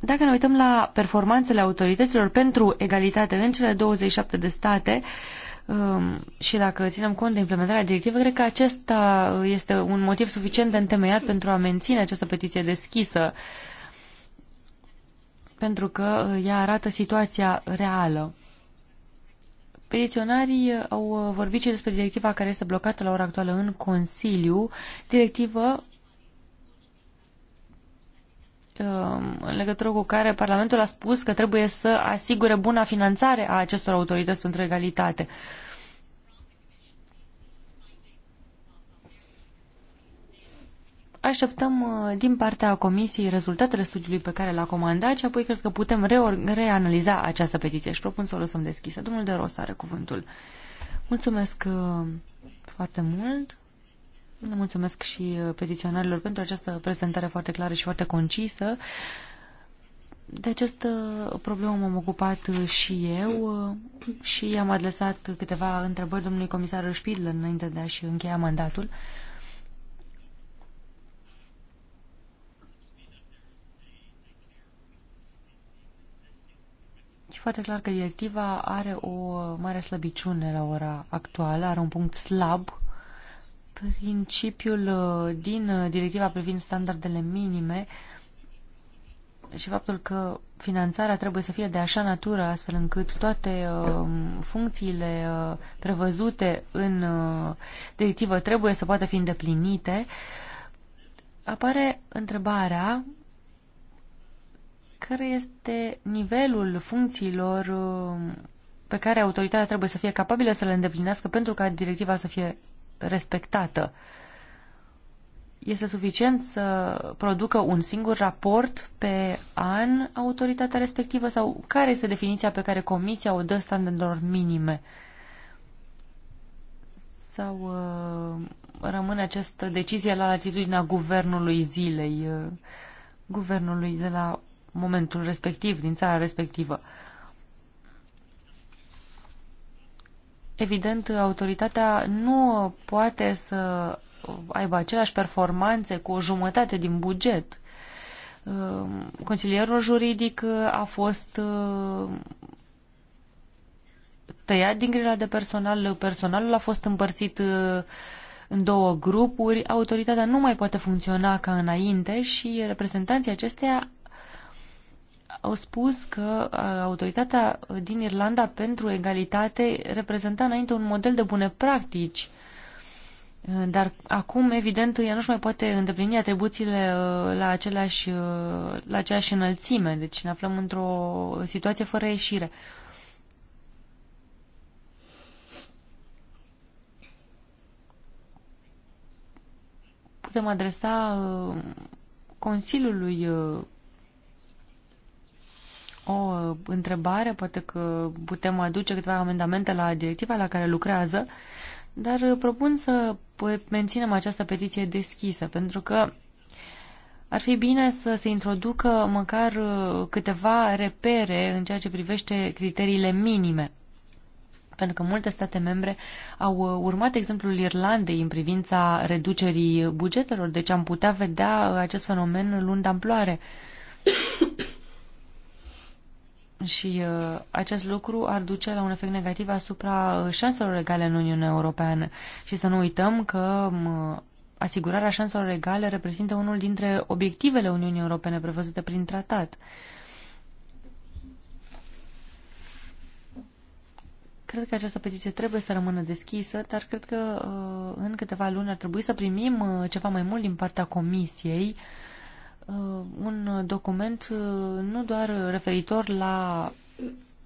Dacă ne uităm la performanțele autorităților pentru egalitate în cele 27 de state um, și dacă ținem cont de implementarea directivă, cred că acesta este un motiv suficient de întemeiat pentru a menține această petiție deschisă, pentru că uh, ea arată situația reală. Petiționarii uh, au vorbit și despre directiva care este blocată la ora actuală în Consiliu, directivă Um, în legătură cu care Parlamentul a spus că trebuie să asigure buna finanțare a acestor autorități pentru egalitate. Așteptăm uh, din partea Comisiei rezultatele studiului pe care l-a comandat și apoi cred că putem reanaliza această petiție și propun să o lăsăm deschisă. Domnul de Ros are cuvântul. Mulțumesc uh, foarte mult. Le mulțumesc și uh, petiționarilor pentru această prezentare foarte clară și foarte concisă. De această uh, problemă m-am ocupat uh, și eu și am adresat câteva întrebări domnului comisar Spidler înainte de a-și încheia mandatul. Și foarte clar că directiva are o mare slăbiciune la ora actuală, are un punct slab principiul uh, din uh, directiva privind standardele minime și faptul că finanțarea trebuie să fie de așa natură, astfel încât toate uh, funcțiile uh, prevăzute în uh, directivă trebuie să poată fi îndeplinite, apare întrebarea care este nivelul funcțiilor uh, pe care autoritatea trebuie să fie capabilă să le îndeplinească pentru ca directiva să fie respectată. Este suficient să producă un singur raport pe an autoritatea respectivă sau care este definiția pe care Comisia o dă standardelor minime? Sau uh, rămâne această decizie la latitudinea guvernului zilei, uh, guvernului de la momentul respectiv, din țara respectivă? Uh, Evident, autoritatea nu poate să aibă aceleași performanțe cu o jumătate din buget. Ehm, consilierul juridic a fost ehm, tăiat din grila de personal, personalul a fost împărțit ehm, în două grupuri, autoritatea nu mai poate funcționa ca înainte și reprezentanții acesteia au spus că uh, autoritatea din Irlanda pentru egalitate reprezenta înainte un model de bune practici, uh, dar acum, evident, ea nu-și mai poate îndeplini atribuțiile uh, la, aceleași, la aceeași înălțime, deci ne aflăm într-o situație fără ieșire. Putem adresa Consiliului o uh, întrebare, poate că putem aduce câteva amendamente la directiva la care lucrează, dar uh, propun să menținem această petiție deschisă, pentru că ar fi bine să se introducă măcar uh, câteva repere în ceea ce privește criteriile minime. Pentru că multe state membre au urmat exemplul Irlandei în privința reducerii bugetelor, deci am putea vedea acest fenomen luând amploare și uh, acest lucru ar duce la un efect negativ asupra uh, șanselor egale în Uniunea Europeană. Și să nu uităm că uh, asigurarea șanselor egale reprezintă unul dintre obiectivele Uniunii Europene prevăzute prin tratat. Cred că această petiție trebuie să rămână deschisă, dar cred că uh, în câteva luni ar trebui să primim uh, ceva mai mult din partea Comisiei uh, Uh, un document uh, nu doar referitor la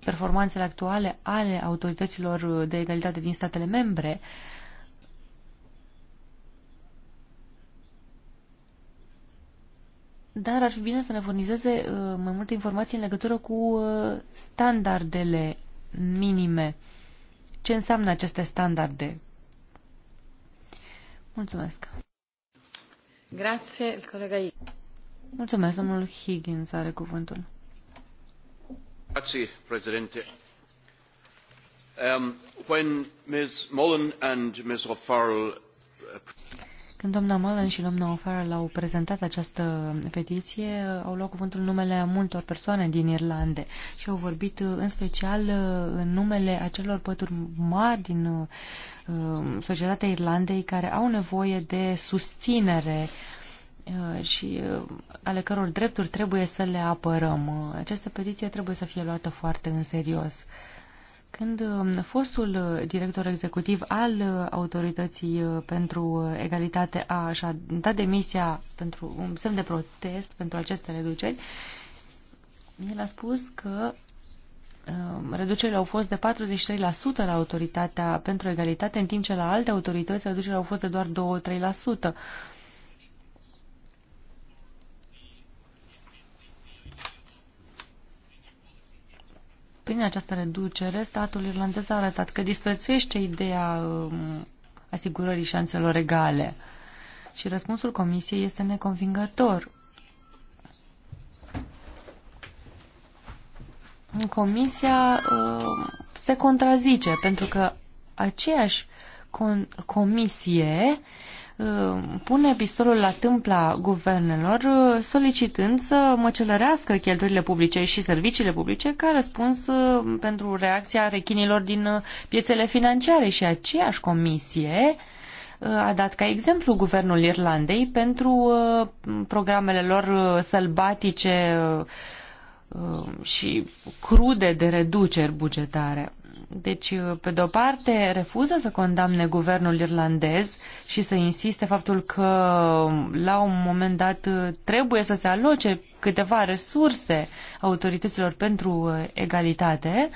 performanțele actuale ale autorităților de egalitate din statele membre, dar ar fi bine să ne furnizeze uh, mai multe informații în legătură cu standardele minime. Ce înseamnă aceste standarde? Mulțumesc! Grazie, collega I. Mulțumesc, domnul Higgins are cuvântul. președinte. Um, uh, când doamna Mullen și doamna O'Farrell au prezentat această petiție, au luat cuvântul numele multor persoane din Irlande și au vorbit uh, în special uh, în numele acelor pături mari din um, societatea Irlandei care au nevoie de susținere Uh, și uh, ale căror drepturi trebuie să le apărăm. Uh, această petiție trebuie să fie luată foarte în serios. Când fostul director executiv al Autorității pentru Egalitate a, a dat demisia pentru un semn de protest pentru aceste reduceri, el a spus că reducerile au fost de 43% la Autoritatea pentru Egalitate, în timp ce la alte autorități reducerile au fost de doar 2-3%. Prin această reducere, statul irlandez a arătat că disprețuiește ideea um, asigurării șanselor egale. Și răspunsul comisiei este neconvingător. Comisia uh, se contrazice pentru că aceeași con- comisie Uh, pune pistolul la tâmpla guvernelor uh, solicitând să măcelărească cheltuielile publice și serviciile publice ca răspuns uh, pentru reacția rechinilor din piețele financiare și aceeași comisie a dat ca exemplu guvernul Irlandei pentru programele lor sălbatice și crude de reduceri bugetare. Deci, uh, pe de-o parte, refuză să condamne guvernul irlandez și să insiste faptul că um, la un moment dat uh, trebuie să se aloce câteva resurse autorităților pentru uh, egalitate.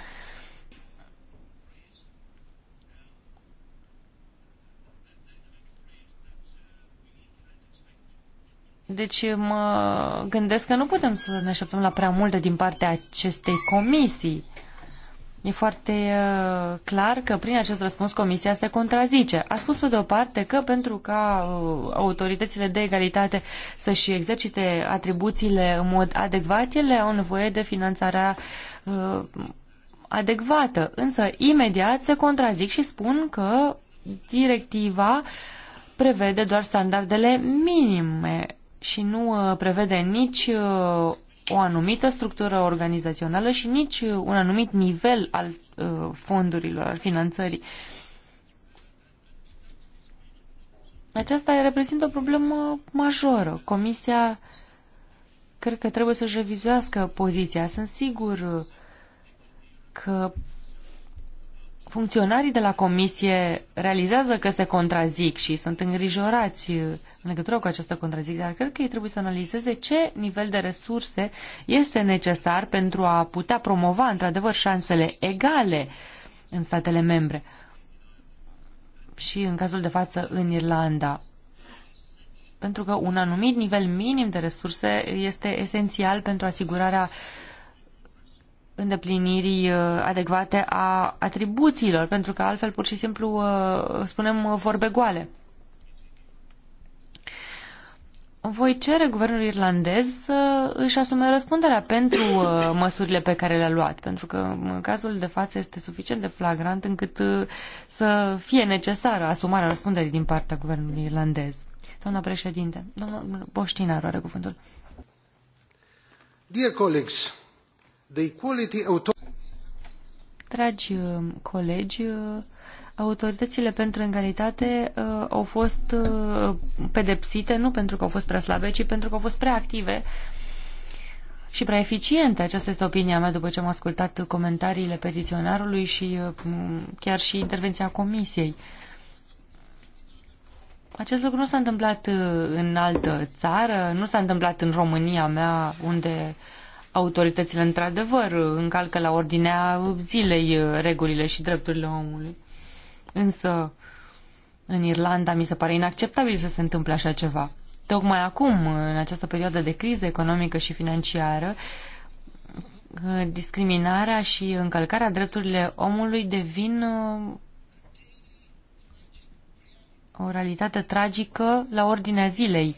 Deci mă gândesc că nu putem să ne așteptăm la prea multe din partea acestei comisii. E foarte uh, clar că prin acest răspuns Comisia se contrazice. A spus pe de o parte că pentru ca uh, autoritățile de egalitate să-și exercite atribuțiile în mod adecvat, ele au nevoie de finanțarea uh, adecvată. Însă, imediat se contrazic și spun că directiva prevede doar standardele minime și nu prevede nici o anumită structură organizațională și nici un anumit nivel al uh, fondurilor, al finanțării. Aceasta reprezintă o problemă majoră. Comisia cred că trebuie să-și revizuiască poziția. Sunt sigur uh, că funcționarii de la comisie realizează că se contrazic și sunt îngrijorați uh, în legătură cu această contradicție, dar cred că ei trebuie să analizeze ce nivel de resurse este necesar pentru a putea promova într-adevăr șansele egale în statele membre și în cazul de față în Irlanda. Pentru că un anumit nivel minim de resurse este esențial pentru asigurarea îndeplinirii uh, adecvate a atribuțiilor, pentru că altfel pur și simplu uh, spunem uh, vorbe goale voi cere guvernului irlandez să își asume răspunderea pentru uh, măsurile pe care le-a luat, pentru că în uh, cazul de față este suficient de flagrant încât uh, să fie necesară asumarea răspunderii din partea guvernului irlandez. Doamna președinte, domnul Boștinaru are cuvântul. Dear colleagues, the equality Dragi colegi, autoritățile pentru egalitate uh, au fost uh, pedepsite nu pentru că au fost prea slabe, ci pentru că au fost prea active și prea eficiente. Aceasta este opinia mea după ce am ascultat comentariile petiționarului și uh, chiar și intervenția comisiei. Acest lucru nu s-a întâmplat uh, în altă țară, nu s-a întâmplat în România mea, unde autoritățile într-adevăr încalcă la ordinea zilei uh, regulile și drepturile omului. Însă, în Irlanda mi se pare inacceptabil să se întâmple așa ceva. Tocmai acum, în această perioadă de criză economică și financiară, discriminarea și încălcarea drepturile omului devin uh, o realitate tragică la ordinea zilei.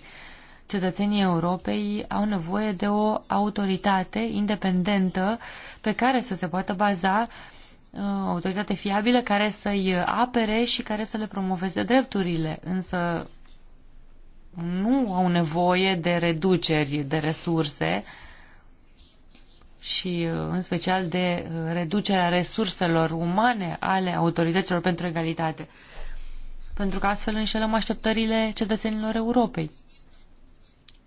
Cetățenii Europei au nevoie de o autoritate independentă pe care să se poată baza uh, o uh, autoritate fiabilă care să-i apere și care să le promoveze drepturile, însă nu au nevoie de reduceri de resurse și uh, în special de uh, reducerea resurselor umane ale autorităților pentru egalitate, pentru că astfel înșelăm așteptările cetățenilor Europei.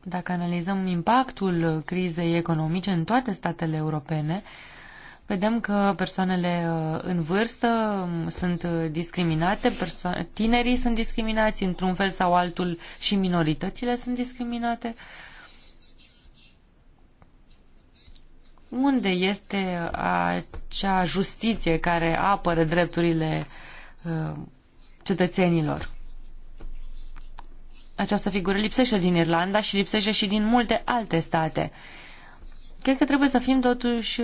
Dacă analizăm impactul crizei economice în toate statele europene, Vedem că persoanele uh, în vârstă um, sunt uh, discriminate, perso- tinerii sunt discriminați într-un fel sau altul și minoritățile sunt discriminate. Unde este uh, acea justiție care apără drepturile cetățenilor? Această figură lipsește din Irlanda și lipsește și din multe alte state. Cred că trebuie să fim totuși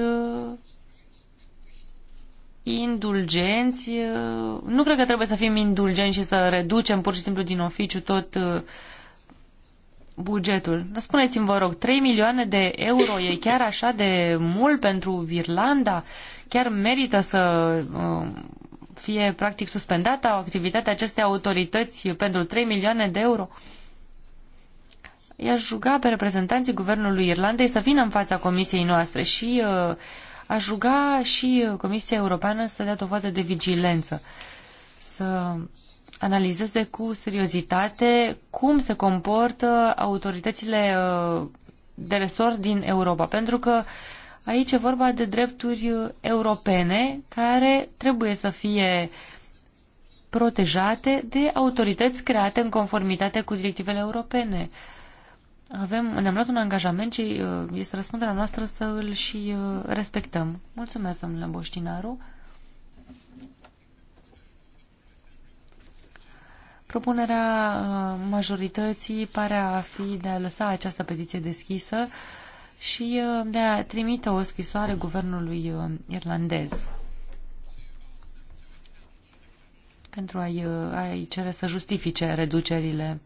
indulgenți. Uh, nu cred că trebuie să fim indulgenți și să reducem pur și simplu din oficiu tot uh, bugetul. Dar spuneți-mi, vă rog, 3 milioane de euro e chiar așa de mult pentru Irlanda? Chiar merită să uh, fie practic suspendată activitatea acestei autorități pentru 3 milioane de euro? I-aș ruga pe reprezentanții Guvernului Irlandei să vină în fața comisiei noastre și uh, Aș ruga și Comisia Europeană să dea dovadă de vigilență, să analizeze cu seriozitate cum se comportă autoritățile uh, de resort din Europa, pentru că aici e vorba de drepturi uh, europene care trebuie să fie protejate de autorități create în conformitate cu directivele europene avem, ne-am luat un angajament și uh, este răspunderea noastră să îl și uh, respectăm. Mulțumesc, domnule Boștinaru. Propunerea uh, majorității pare a fi de a lăsa această petiție deschisă și de a trimite o scrisoare guvernului irlandez pentru a-i, a, -i, a -i cere să justifice reducerile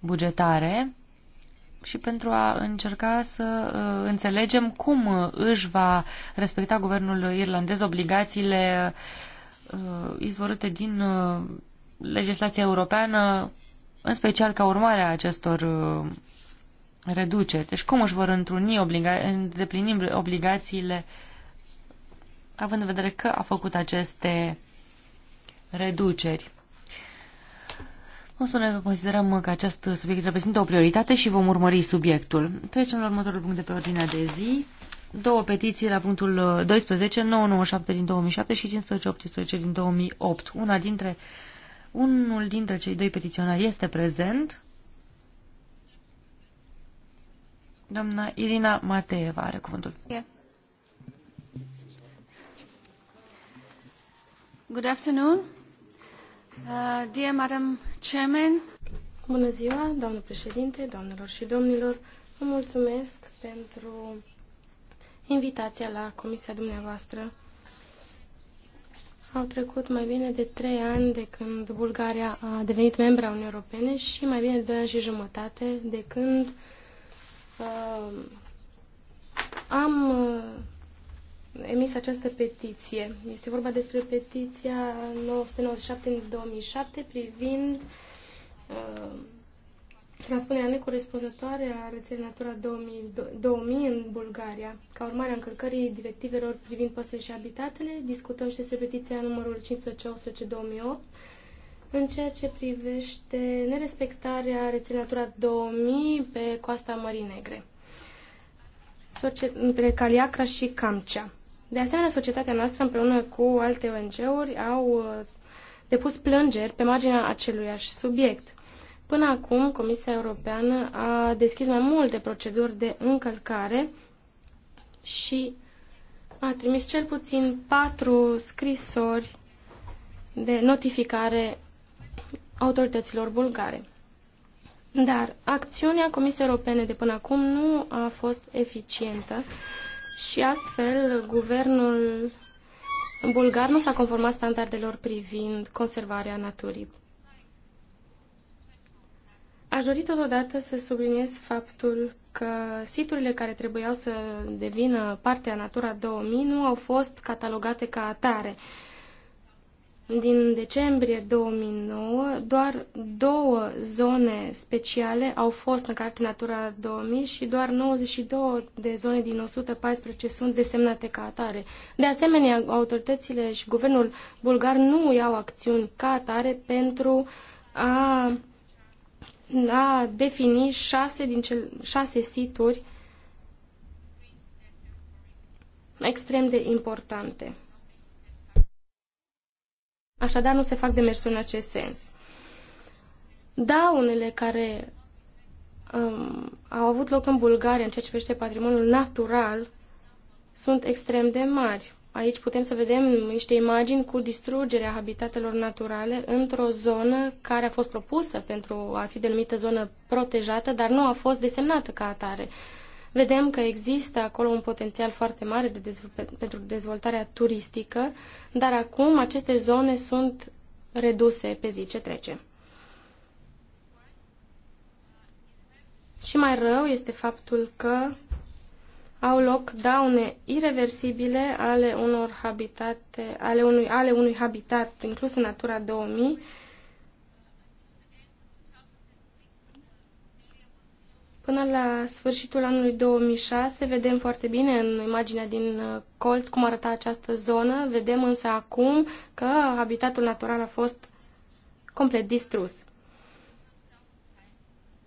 bugetare și pentru a încerca să uh, înțelegem cum uh, își va respecta guvernul irlandez obligațiile uh, izvorâte din legislația europeană, în special ca urmare a acestor reduceri. Deci cum își vor întruni obliga- îndeplini obligațiile având în vedere că a făcut aceste reduceri. Vă spune că considerăm că acest subiect reprezintă o prioritate și vom urmări subiectul. Trecem la următorul punct de pe ordinea de zi. Două petiții la punctul 12, uh, 997 din 2007 și 1518 din 2008. Una dintre, unul dintre cei doi petiționari este prezent. Doamna Irina Mateeva are cuvântul. Good afternoon. Uh, dear Madam Chairman. Bună ziua, doamnă președinte, doamnelor și domnilor. Vă mulțumesc pentru invitația la comisia dumneavoastră. Au trecut mai bine de trei ani de când Bulgaria a devenit membra a Uniunii Europene și mai bine de doi ani și jumătate de când uh, am uh, emis această petiție. Este vorba despre petiția 997-2007 privind uh, transpunerea necorespunzătoare a rețelei Natura 2000, 2000 în Bulgaria. Ca urmare a încălcării directivelor privind păsările și habitatele, discutăm și despre petiția numărul 1518-2008 în ceea ce privește nerespectarea rețelei Natura 2000 pe coasta Mării Negre între Caliacra și Camcea. De asemenea, societatea noastră împreună cu alte ONG-uri au uh, depus plângeri pe marginea aceluiași subiect. Până acum, Comisia Europeană a deschis mai multe proceduri de încălcare și a trimis cel puțin patru scrisori de notificare autorităților bulgare. Dar acțiunea Comisiei Europene de până acum nu a fost eficientă și astfel guvernul bulgar nu s-a conformat standardelor privind conservarea naturii. Aș dori totodată să subliniez faptul că siturile care trebuiau să devină parte a Natura 2000 nu au fost catalogate ca atare. Din decembrie 2009, doar două zone speciale au fost în carte Natura 2000 și doar 92 de zone din 114 sunt desemnate ca atare. De asemenea, autoritățile și guvernul bulgar nu iau acțiuni ca atare pentru a, a defini șase, din cel, șase situri extrem de importante. Așadar, nu se fac demersuri în acest sens. Daunele care um, au avut loc în Bulgaria în ceea ce privește patrimoniul natural sunt extrem de mari. Aici putem să vedem niște imagini cu distrugerea habitatelor naturale într-o zonă care a fost propusă pentru a fi denumită zonă protejată, dar nu a fost desemnată ca atare vedem că există acolo un potențial foarte mare de dezv- pentru dezvoltarea turistică, dar acum aceste zone sunt reduse pe zi ce trece. Și mai rău este faptul că au loc daune irreversibile ale unor habitate, ale unui, ale unui habitat inclus în Natura 2000, Până la sfârșitul anului 2006 vedem foarte bine în imaginea din uh, colț cum arăta această zonă, vedem însă acum că habitatul natural a fost complet distrus.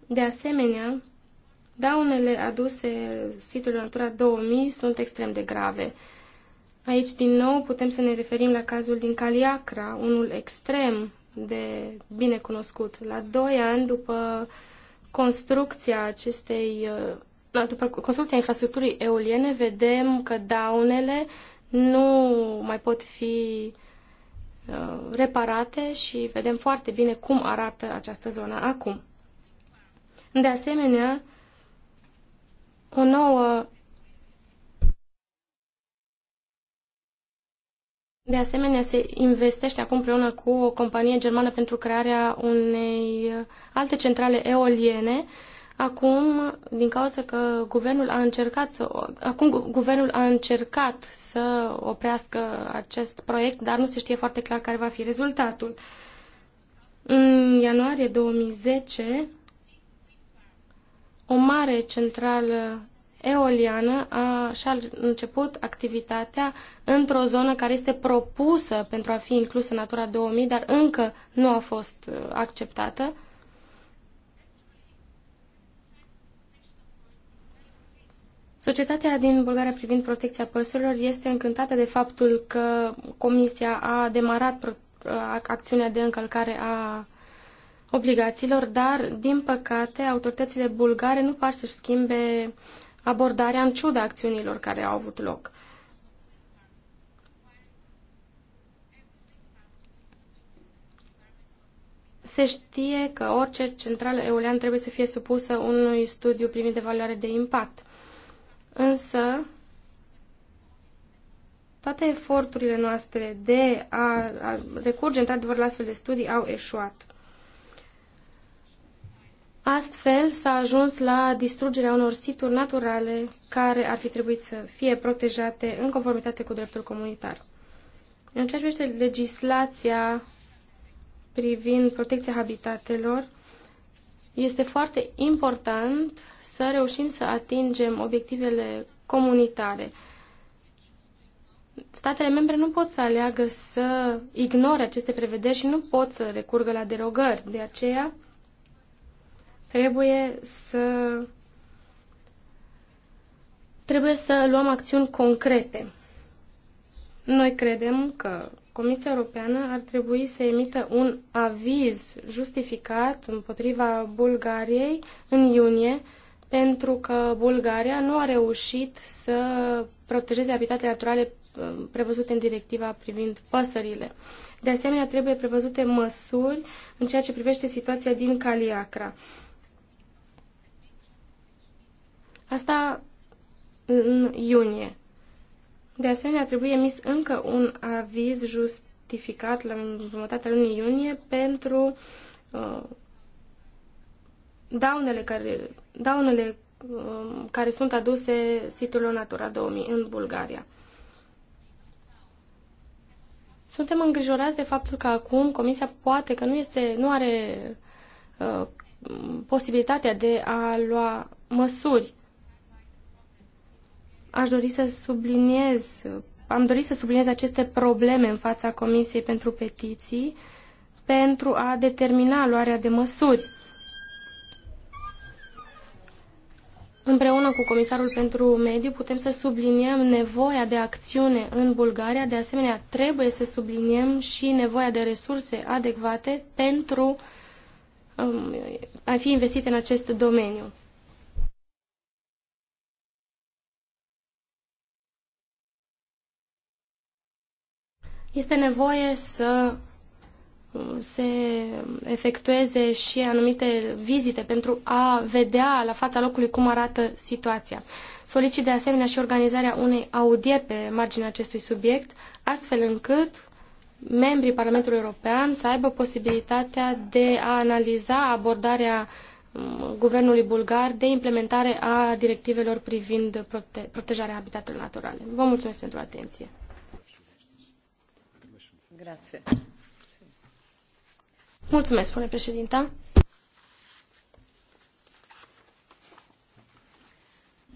De asemenea, daunele aduse sitului Natura 2000 sunt extrem de grave. Aici, din nou, putem să ne referim la cazul din Caliacra, unul extrem de bine cunoscut. La doi ani după uh, construcția acestei, uh, după construcția infrastructurii eoliene, vedem că daunele nu mai pot fi uh, reparate și vedem foarte bine cum arată această zonă acum. De asemenea, o nouă De asemenea, se investește acum împreună cu o companie germană pentru crearea unei uh, alte centrale eoliene. Acum, din cauza că guvernul a încercat să, acum guvernul a încercat să oprească acest proiect, dar nu se știe foarte clar care va fi rezultatul. În ianuarie 2010, o mare centrală eoliană a, și-a început activitatea într-o zonă care este propusă pentru a fi inclusă în Natura 2000, dar încă nu a fost uh, acceptată. Societatea din Bulgaria privind protecția păsărilor este încântată de faptul că Comisia a demarat acțiunea de încălcare a obligațiilor, dar, din păcate, autoritățile bulgare nu par să-și schimbe abordarea în ciuda acțiunilor care au avut loc. Se știe că orice centrală eoliană trebuie să fie supusă unui studiu primit de valoare de impact. Însă, toate eforturile noastre de a, a recurge într-adevăr la astfel de studii au eșuat. Astfel s-a ajuns la distrugerea unor situri naturale care ar fi trebuit să fie protejate în conformitate cu dreptul comunitar. În ceea ce privește legislația privind protecția habitatelor, este foarte important să reușim să atingem obiectivele comunitare. Statele membre nu pot să aleagă să ignore aceste prevederi și nu pot să recurgă la derogări. De aceea, Trebuie să trebuie să luăm acțiuni concrete. Noi credem că Comisia Europeană ar trebui să emită un aviz justificat împotriva Bulgariei în iunie, pentru că Bulgaria nu a reușit să protejeze habitatele naturale uh, prevăzute în directiva privind păsările. De asemenea, trebuie prevăzute măsuri în ceea ce privește situația din Caliacra. Asta în iunie. De asemenea, trebuie emis încă un aviz justificat la jumătatea lunii iunie pentru uh, daunele care, daunele, um, care sunt aduse sitului Natura 2000 în Bulgaria. Suntem îngrijorați de faptul că acum Comisia poate că nu, este, nu are uh, posibilitatea de a lua măsuri Aș dori să subliniez, am dorit să subliniez aceste probleme în fața Comisiei pentru Petiții pentru a determina luarea de măsuri. Împreună cu Comisarul pentru Mediu putem să subliniem nevoia de acțiune în Bulgaria, de asemenea trebuie să subliniem și nevoia de resurse adecvate pentru um, a fi investite în acest domeniu. este nevoie să uh, se efectueze și anumite vizite pentru a vedea la fața locului cum arată situația. Solicit de asemenea și organizarea unei audieri pe marginea acestui subiect, astfel încât membrii Parlamentului European să aibă posibilitatea de a analiza abordarea um, guvernului bulgar de implementare a directivelor privind prote protejarea habitatelor naturale. Vă mulțumesc pentru atenție. Mulțumesc, spune președinta.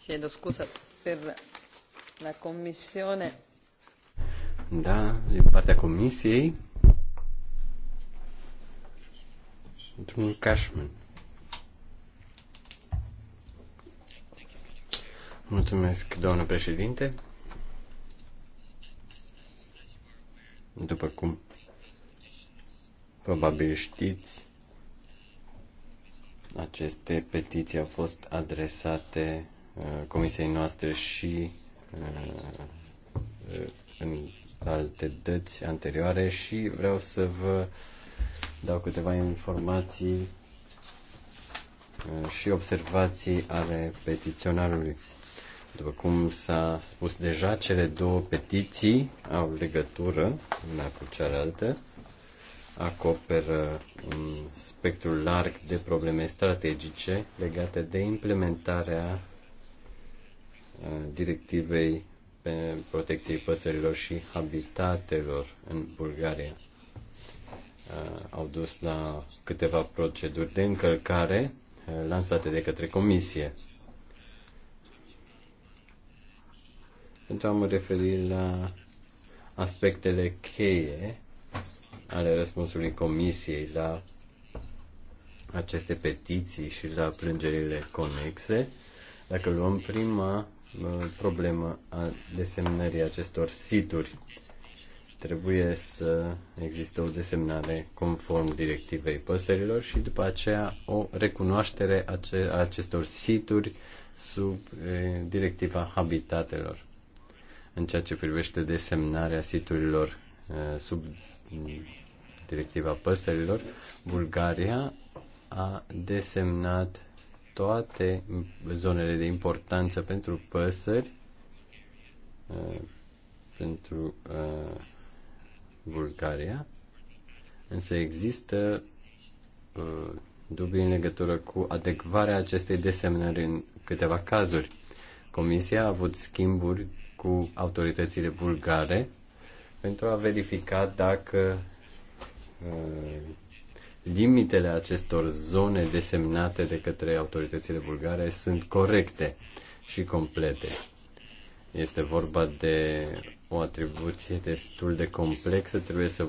Chiedo scuza per la Commissione. Da, din partea Comisiei. Domnul Cashman. Mulțumesc, doamnă președinte. După cum probabil știți, aceste petiții au fost adresate uh, comisiei noastre și uh, uh, în alte dăți anterioare și vreau să vă dau câteva informații și observații ale petiționarului. După cum s-a spus deja, cele două petiții au legătură una cu cealaltă, acoperă un spectru larg de probleme strategice legate de implementarea uh, directivei pe protecției păsărilor și habitatelor în Bulgaria. Uh, au dus la câteva proceduri de încălcare uh, lansate de către Comisie. pentru a mă referi la aspectele cheie ale răspunsului Comisiei la aceste petiții și la plângerile conexe. Dacă luăm prima problemă a desemnării acestor situri, trebuie să existe o desemnare conform directivei păsărilor și după aceea o recunoaștere a acestor situri sub eh, directiva habitatelor în ceea ce privește desemnarea siturilor uh, sub directiva păsărilor, Bulgaria a desemnat toate zonele de importanță pentru păsări uh, pentru uh, Bulgaria, însă există dubii în legătură cu adecvarea acestei desemnări în câteva cazuri. Comisia a avut schimburi cu autoritățile bulgare pentru a verifica dacă uh, limitele acestor zone desemnate de către autoritățile bulgare sunt corecte și complete. Este vorba de o atribuție destul de complexă, trebuie să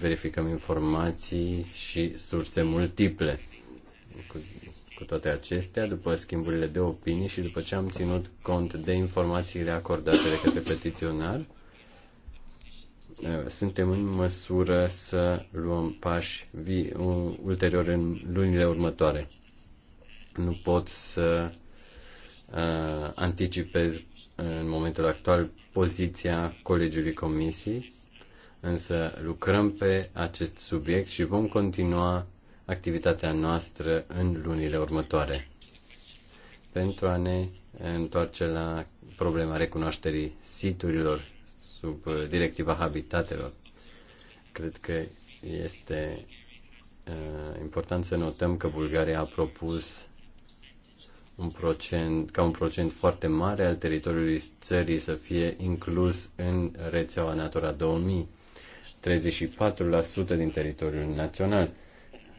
verificăm informații și surse multiple. Cu toate acestea, după schimburile de opinii și după ce am ținut cont de informațiile acordate de către petiționar, eh, suntem în măsură să luăm pași vi- ulterior în lunile următoare. Nu pot să uh, anticipez eh, în momentul actual poziția Colegiului Comisiei, însă lucrăm pe acest subiect și vom continua activitatea noastră în lunile următoare pentru a ne întoarce la problema recunoașterii siturilor sub directiva habitatelor. Cred că este uh, important să notăm că Bulgaria a propus un procent, ca un procent foarte mare al teritoriului țării să fie inclus în rețeaua Natura 2000, 34% din teritoriul național.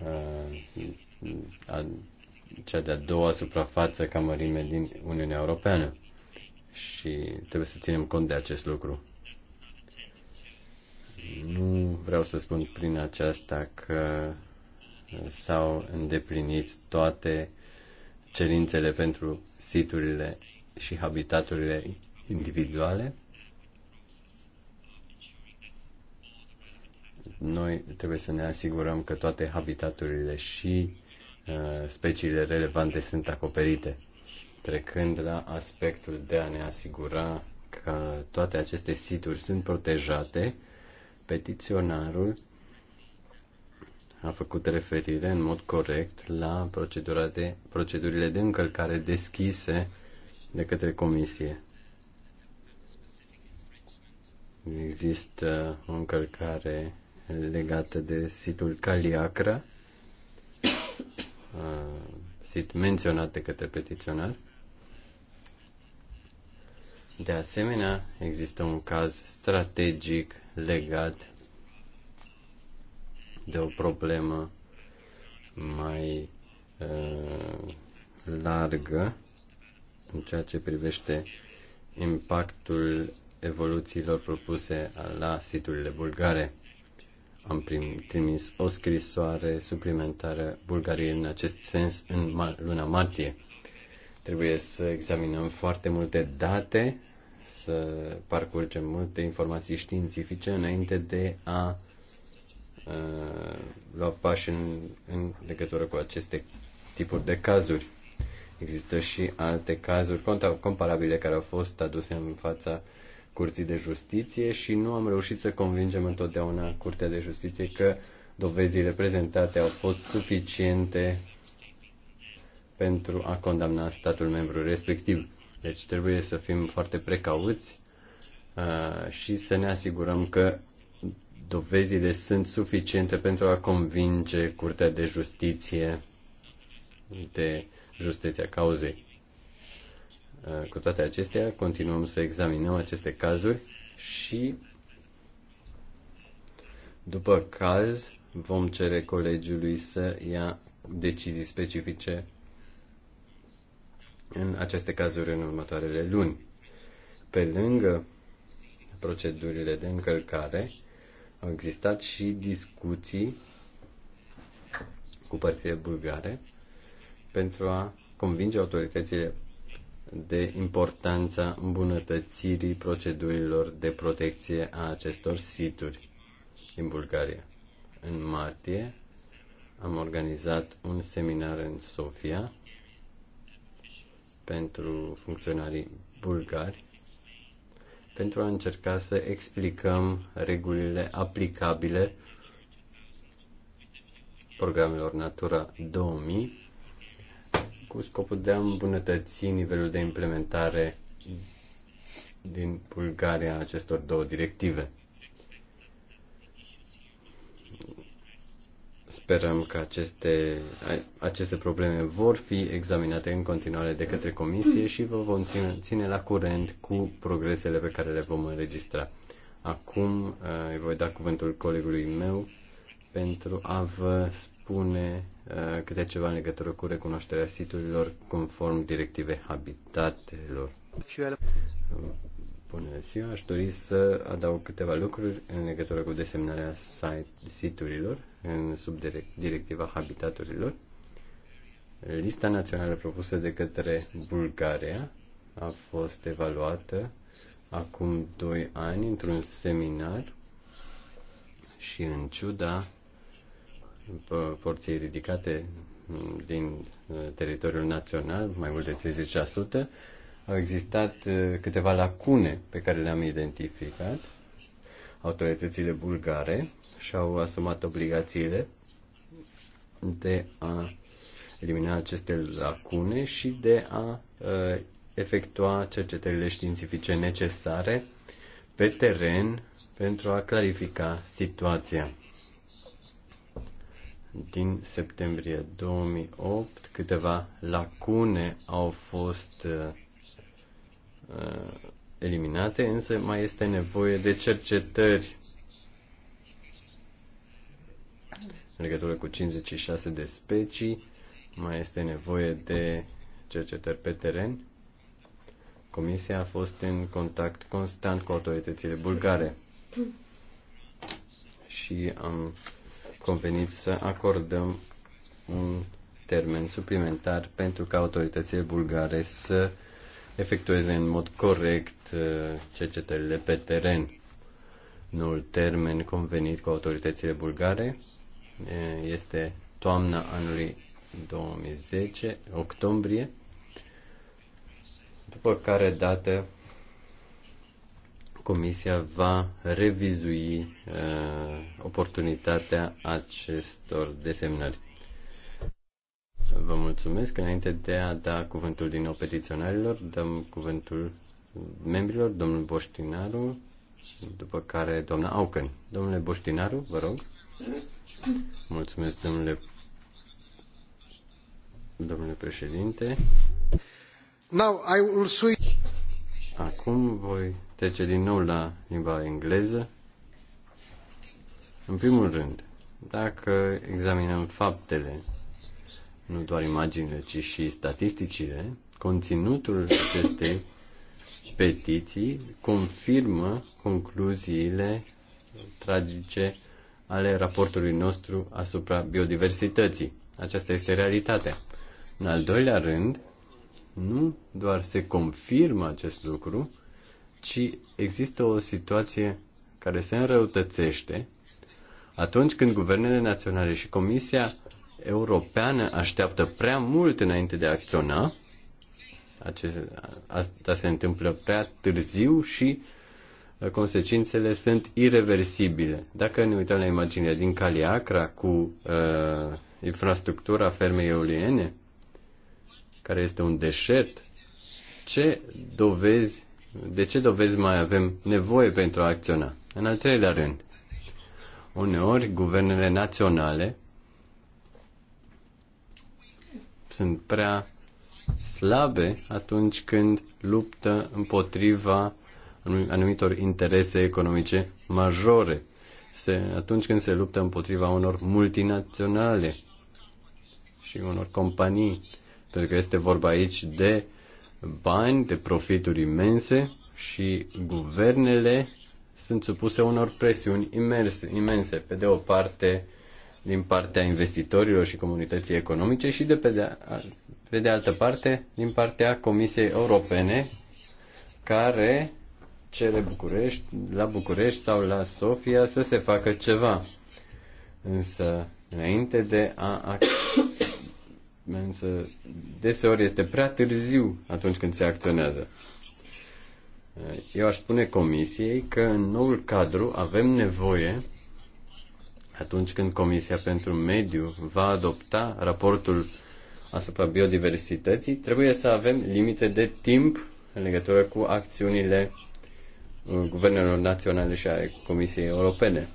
Uh, a, cea de-a doua suprafață ca mărime din Uniunea Europeană și trebuie să ținem cont de acest lucru. Nu vreau să spun prin aceasta că s-au îndeplinit toate cerințele pentru siturile și habitaturile individuale, Noi trebuie să ne asigurăm că toate habitaturile și uh, speciile relevante sunt acoperite, trecând la aspectul de a ne asigura că toate aceste situri sunt protejate, petiționarul a făcut referire în mod corect la procedura de, procedurile de încălcare deschise de către comisie. Există o încălcare legată de situl Caliacra, uh, sit menționat de către petiționar. De asemenea, există un caz strategic legat de o problemă mai uh, largă în ceea ce privește impactul evoluțiilor propuse la siturile bulgare. Am prim, trimis o scrisoare suplimentară Bulgariei în acest sens în ma- luna martie. Trebuie să examinăm foarte multe date, să parcurgem multe informații științifice înainte de a uh, lua pași în, în legătură cu aceste tipuri de cazuri. Există și alte cazuri comparabile care au fost aduse în fața uh, Curții de Justiție și nu am reușit să convingem întotdeauna Curtea de Justiție că dovezile prezentate au fost suficiente pentru a condamna statul membru respectiv. Deci trebuie să fim foarte precauți uh, și să ne asigurăm că dovezile sunt suficiente pentru a convinge Curtea de Justiție de justiția cauzei. Uh, cu toate acestea, continuăm să examinăm aceste cazuri și după caz vom cere colegiului să ia decizii specifice în aceste cazuri în următoarele luni. Pe lângă procedurile de încălcare, au existat și discuții cu părțile bulgare pentru a convinge autoritățile de importanța îmbunătățirii procedurilor de protecție a acestor situri din Bulgaria. În martie am organizat un seminar în Sofia pentru funcționarii bulgari pentru a încerca să explicăm regulile aplicabile programelor Natura 2000 cu scopul de a îmbunătăți nivelul de implementare din Bulgaria a acestor două directive. Sperăm că aceste, aceste probleme vor fi examinate în continuare de către Comisie și vă vom ține, ține la curent cu progresele pe care le vom înregistra. Acum îi voi da cuvântul colegului meu pentru a vă spune uh, câte ceva în legătură cu recunoașterea siturilor conform directivei habitatelor. Bună ziua, aș dori să adaug câteva lucruri în legătură cu desemnarea siturilor în sub directiva habitaturilor. Lista națională propusă de către Bulgaria a fost evaluată acum 2 ani într-un seminar și în ciuda porții ridicate din uh, teritoriul național, mai mult de 30%, au existat uh, câteva lacune pe care le-am identificat. Autoritățile bulgare și-au asumat obligațiile de a elimina aceste lacune și de a uh, efectua cercetările științifice necesare pe teren pentru a clarifica situația din septembrie 2008, câteva lacune au fost uh, uh, eliminate, însă mai este nevoie de cercetări în legătură cu 56 de specii, mai este nevoie de cercetări pe teren. Comisia a fost în contact constant cu autoritățile bulgare și am convenit să acordăm un termen suplimentar pentru ca autoritățile bulgare să efectueze în mod corect uh, cercetările pe teren. Noul termen convenit cu autoritățile bulgare uh, este toamna anului 2010, octombrie, după care dată Comisia va revizui uh, oportunitatea acestor desemnări. Vă mulțumesc. Înainte de a da cuvântul din nou petiționarilor, dăm cuvântul membrilor, domnul Boștinaru, după care doamna Aucăn. Domnule Boștinaru, vă rog. Mulțumesc, domnule, domnule președinte. Now I will switch Acum voi trece din nou la limba engleză. În primul rând, dacă examinăm faptele, nu doar imaginile, ci și statisticile, conținutul acestei petiții confirmă concluziile tragice ale raportului nostru asupra biodiversității. Aceasta este realitatea. În al doilea rând, nu doar se confirmă acest lucru, ci există o situație care se înrăutățește atunci când guvernele naționale și Comisia Europeană așteaptă prea mult înainte de a acționa, asta se întâmplă prea târziu și uh, consecințele sunt irreversibile. Dacă ne uităm la imaginea din Caliacra cu uh, infrastructura fermei eoliene, care este un deșert, ce dovezi, de ce dovezi mai avem nevoie pentru a acționa? În al treilea rând, uneori guvernele naționale sunt prea slabe atunci când luptă împotriva anumitor interese economice majore, se, atunci când se luptă împotriva unor multinaționale și unor companii pentru că este vorba aici de bani, de profituri imense și guvernele sunt supuse unor presiuni imense, imense pe de o parte din partea investitorilor și comunității economice și de pe de, pe de altă parte din partea Comisiei Europene care cere București, la București sau la Sofia să se facă ceva. Însă, înainte de a însă deseori este prea târziu atunci când se acționează. Eu aș spune Comisiei că în noul cadru avem nevoie, atunci când Comisia pentru Mediu va adopta raportul asupra biodiversității, trebuie să avem limite de timp în legătură cu acțiunile guvernelor naționale și a Comisiei Europene.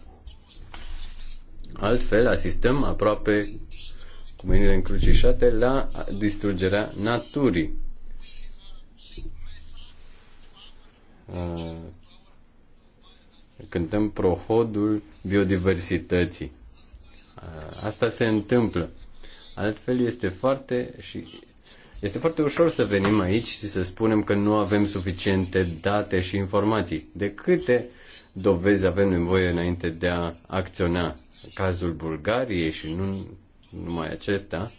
Altfel, asistăm aproape cu mâinile încrucișate la distrugerea naturii. Uh, cântăm prohodul biodiversității. Uh, asta se întâmplă. Altfel este foarte și este foarte ușor să venim aici și să spunem că nu avem suficiente date și informații. De câte dovezi avem nevoie înainte de a acționa? Cazul Bulgariei și nu numai acesta,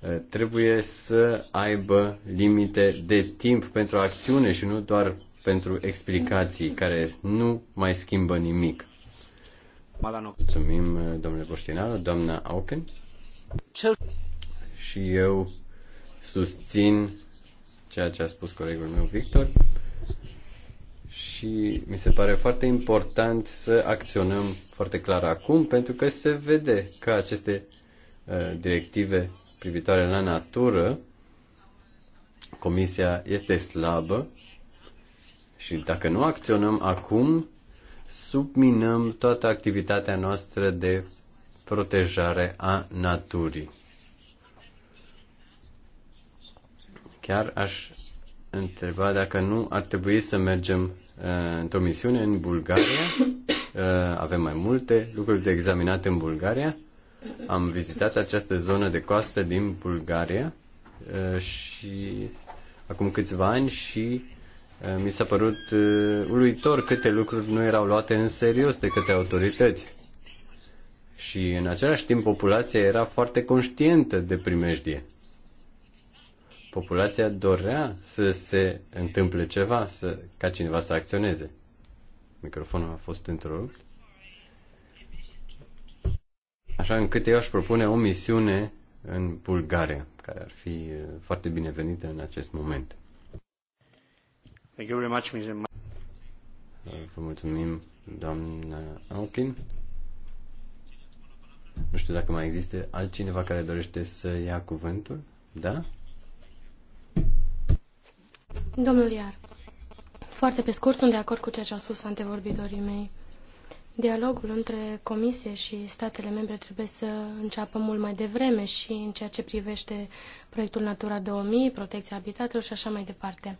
eh, trebuie să aibă limite de timp pentru acțiune și nu doar pentru explicații care nu mai schimbă nimic. Mulțumim, eh, domnule Boștinaru, doamna Auken. Și eu susțin ceea ce a spus colegul meu Victor și mi se pare foarte important să acționăm foarte clar acum pentru că se vede că aceste Uh, directive privitoare la natură, Comisia este slabă și dacă nu acționăm acum, subminăm toată activitatea noastră de protejare a naturii. Chiar aș întreba dacă nu ar trebui să mergem uh, într-o misiune în Bulgaria. Uh, avem mai multe lucruri de examinat în Bulgaria am vizitat această zonă de coastă din Bulgaria uh, și acum câțiva ani și uh, mi s-a părut uh, uluitor câte lucruri nu erau luate în serios de către autorități. Și în același timp populația era foarte conștientă de primejdie. Populația dorea să se întâmple ceva, să, ca cineva să acționeze. Microfonul a fost întrerupt. Așa încât eu aș propune o misiune în Bulgaria, care ar fi uh, foarte binevenită în acest moment. Thank you very much, Mr. Vă mulțumim, doamna Aukin. Nu știu dacă mai există altcineva care dorește să ia cuvântul. Da? Domnul Iar, foarte pe scurt, sunt de acord cu ceea ce au spus antevorbitorii mei. Dialogul între Comisie și statele membre trebuie să înceapă mult mai devreme și în ceea ce privește proiectul Natura 2000, protecția habitatelor și așa mai departe.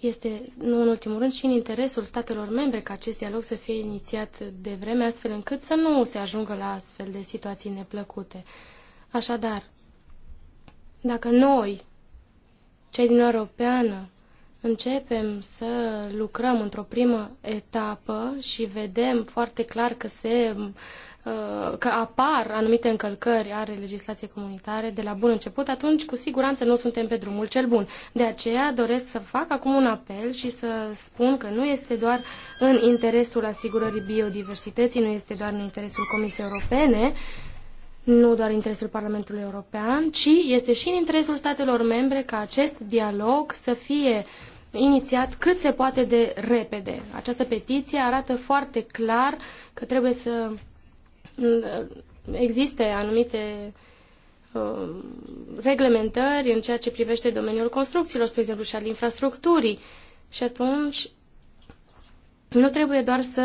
Este, nu în ultimul rând, și în interesul statelor membre ca acest dialog să fie inițiat devreme, astfel încât să nu se ajungă la astfel de situații neplăcute. Așadar, dacă noi, cei din Europeană, începem să lucrăm într-o primă etapă și vedem foarte clar că se uh, că apar anumite încălcări ale legislației comunitare de la bun început, atunci cu siguranță nu suntem pe drumul cel bun. De aceea doresc să fac acum un apel și să spun că nu este doar în interesul asigurării biodiversității, nu este doar în interesul Comisiei Europene, nu doar în interesul Parlamentului European, ci este și în interesul statelor membre ca acest dialog să fie uh, inițiat cât se poate de repede. Această petiție arată foarte clar că trebuie să mm, existe anumite um, reglementări în ceea ce privește domeniul construcțiilor, spre exemplu, și al infrastructurii. Și atunci nu trebuie doar să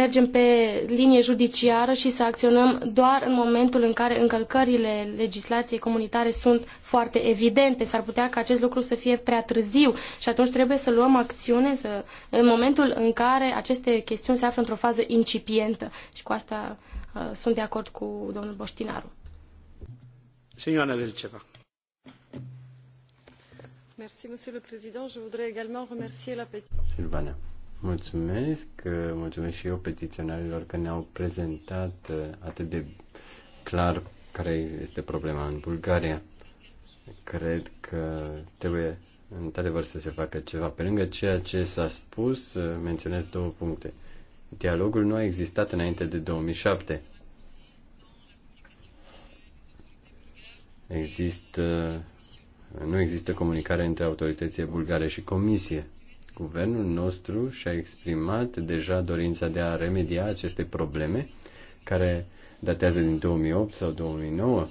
mergem pe linie judiciară și să acționăm doar în momentul în care încălcările legislației comunitare sunt foarte evidente. S-ar putea ca acest lucru să fie prea târziu și atunci trebuie să luăm acțiune să, în momentul în care aceste chestiuni se află într-o fază incipientă. Și cu asta uh, sunt de acord cu domnul Boștinaru. Señora Delceva. Merci, Monsieur le Président. Je voudrais également remercier la pétition. Mulțumesc, mulțumesc și eu petiționarilor că ne-au prezentat uh, atât de clar care este problema în Bulgaria. Cred că trebuie într-adevăr să se facă ceva. Pe lângă ceea ce s-a spus, uh, menționez două puncte. Dialogul nu a existat înainte de 2007. Există, nu există comunicare între autoritățile bulgare și comisie. Guvernul nostru și-a exprimat deja dorința de a remedia aceste probleme care datează din 2008 sau 2009.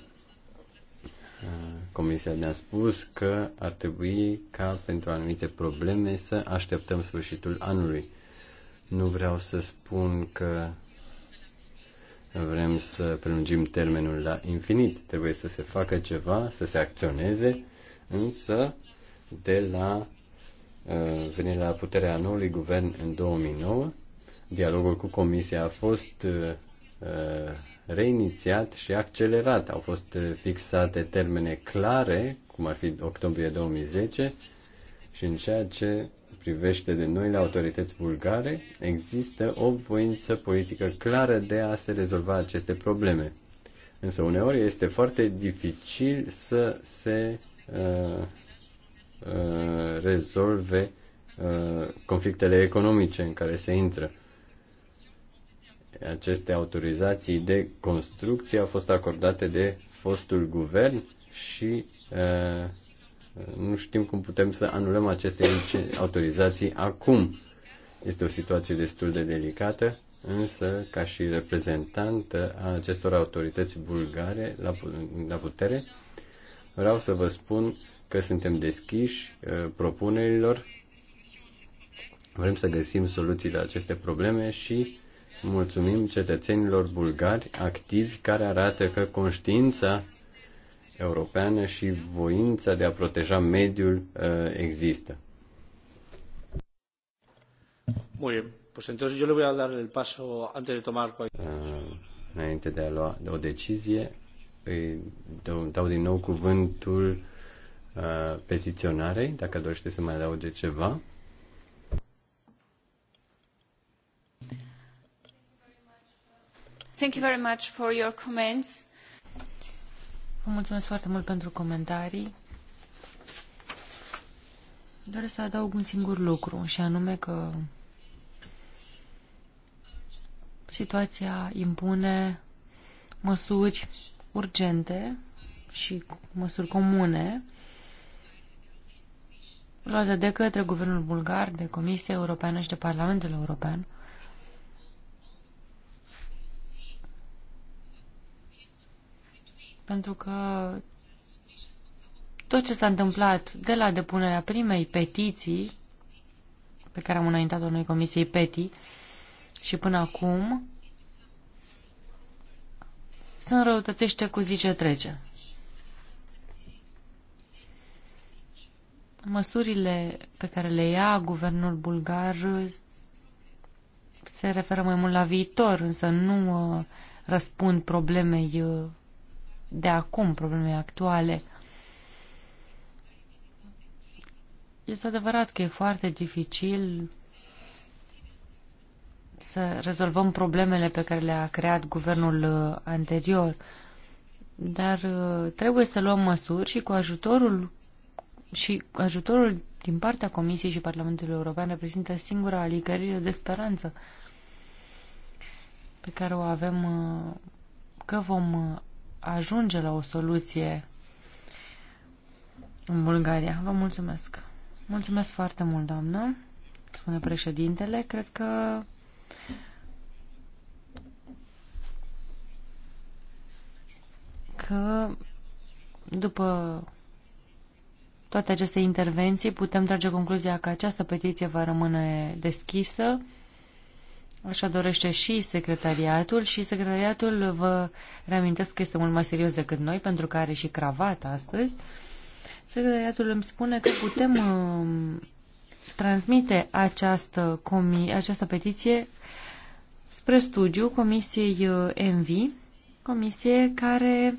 Comisia ne-a spus că ar trebui ca pentru anumite probleme să așteptăm sfârșitul anului. Nu vreau să spun că vrem să prelungim termenul la infinit. Trebuie să se facă ceva, să se acționeze, însă de la Uh, venirea la puterea noului guvern în 2009. Dialogul cu Comisia a fost uh, uh, reinițiat și accelerat. Au fost fixate termene clare, cum ar fi octombrie 2010, și în ceea ce privește de noi la autorități bulgare, există o voință politică clară de a se rezolva aceste probleme. Însă uneori este foarte dificil să se uh, Uh, rezolve uh, conflictele economice în care se intră. Aceste autorizații de construcție au fost acordate de fostul guvern și uh, nu știm cum putem să anulăm aceste autorizații acum. Este o situație destul de delicată, însă, ca și reprezentant al acestor autorități bulgare la putere, vreau să vă spun că suntem deschiși uh, propunerilor. Vrem să găsim soluții la aceste probleme și mulțumim cetățenilor bulgari activi care arată că conștiința europeană și voința de a proteja mediul uh, există. Muy bien. Pues entonces yo le voy a dar el paso antes de tomar cualquier... Uh, înainte de a lua o decizie, îi dau, dau din nou cuvântul Uh, petiționarei, dacă dorește să mai adauge ceva. Thank you very much for your comments. Vă mulțumesc foarte mult pentru comentarii. Doresc să adaug un singur lucru și anume că situația impune măsuri urgente și măsuri comune luată de către Guvernul Bulgar, de Comisia Europeană și de Parlamentul European, pentru că tot ce s-a întâmplat de la depunerea primei petiții pe care am înaintat-o noi Comisiei PETI și până acum se înrăutățește cu zi ce trece. măsurile pe care le ia guvernul bulgar se referă mai mult la viitor, însă nu uh, răspund problemei uh, de acum, problemei actuale. Este adevărat că e foarte dificil să rezolvăm problemele pe care le-a creat guvernul uh, anterior, dar trebuie să luăm măsuri și cu ajutorul și ajutorul din partea Comisiei și Parlamentului European reprezintă singura alicărire de speranță pe care o avem uh, că vom uh, ajunge la o soluție în Bulgaria. Vă mulțumesc. Mulțumesc foarte mult, doamnă, spune președintele. Cred că că după toate aceste intervenții, putem trage concluzia că această petiție va rămâne deschisă. Așa dorește și secretariatul și secretariatul vă reamintesc că este mult mai serios decât noi pentru că are și cravat astăzi. Secretariatul îmi spune că putem uh, transmite această, comi această petiție spre studiu Comisiei uh, Envi, comisie care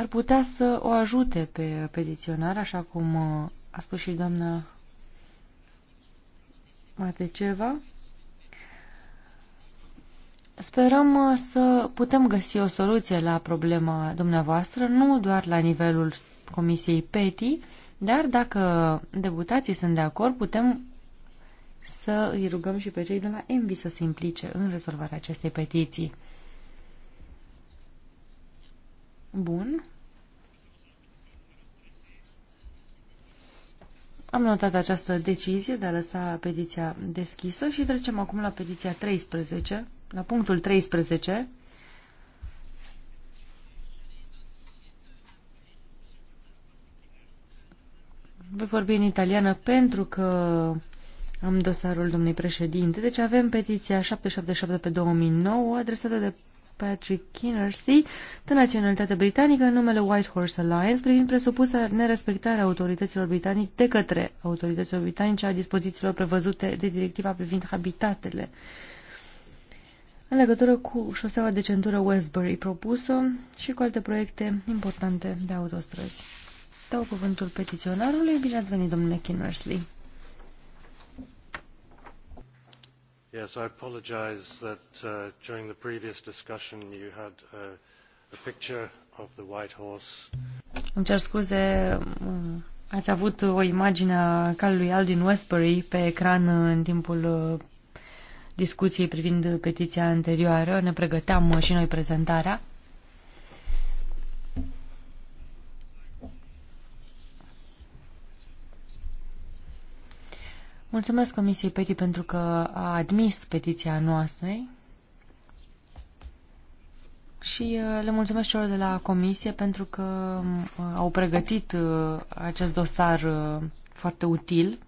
ar putea să o ajute pe petiționar, așa cum uh, a spus și doamna Mateceva. Sperăm uh, să putem găsi o soluție la problema dumneavoastră, nu doar la nivelul Comisiei PETI, dar dacă deputații sunt de acord, putem să îi rugăm și pe cei de la ENVI să se implice în rezolvarea acestei petiții. Bun. Am notat această decizie de a lăsa petiția deschisă și trecem acum la petiția 13, la punctul 13. Voi vorbi în italiană pentru că am dosarul domnului președinte. Deci avem petiția 777 pe 2009 adresată de Patrick Kinnersey, de naționalitate britanică, în numele Horse Alliance, privind presupusa nerespectarea autorităților britanice de către autorităților britanice a dispozițiilor prevăzute de directiva privind habitatele. În legătură cu șoseaua de centură Westbury propusă și cu alte proiecte importante de autostrăzi. Dau cuvântul petiționarului. Bine ați venit, domnule Kinnersley. Yes, I apologize that uh, during the previous discussion you had a, uh, a picture of the White Horse. Îmi cer scuze, um, ați avut o imagine a calului al Westbury pe ecran în timpul uh, discuției privind petiția anterioară. Ne pregăteam și noi prezentarea. Mulțumesc Comisiei Peti pentru că a admis petiția noastră și uh, le mulțumesc celor de la Comisie pentru că uh, au pregătit uh, acest dosar foarte util.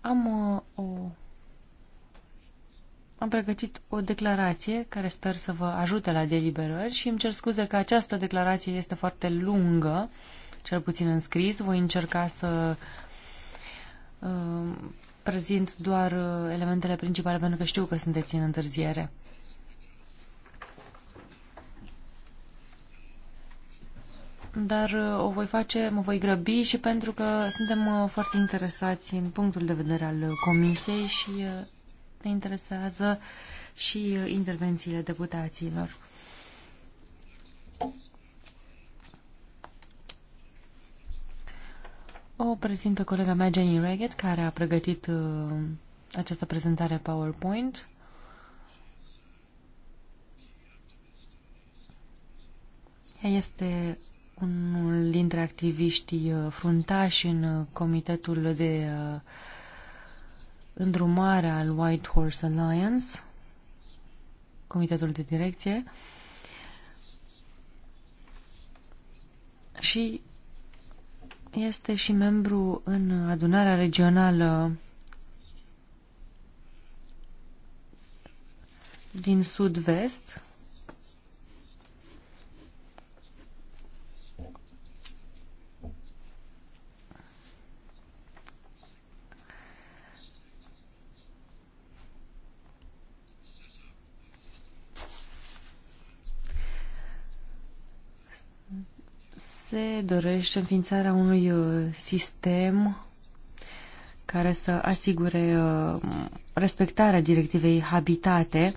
Am o am pregătit o declarație care sper să vă ajute la deliberări și îmi cer scuze că această declarație este foarte lungă, cel puțin înscris. Voi încerca să Ehm, prezint doar uh, elementele principale pentru că știu că sunteți în întârziere. Dar uh, o voi face, mă voi grăbi și pentru că suntem uh, foarte interesați în punctul de vedere al Comisiei și ne interesează și intervențiile deputaților. O prezint pe colega mea, Jenny Raggett, care a pregătit uh, această prezentare PowerPoint. Ea este unul dintre activiștii uh, fruntași în uh, comitetul de uh, îndrumare al White Horse Alliance, comitetul de direcție, și este și membru în adunarea regională din sud-vest, se dorește înființarea unui uh, sistem care să asigure uh, respectarea directivei Habitate.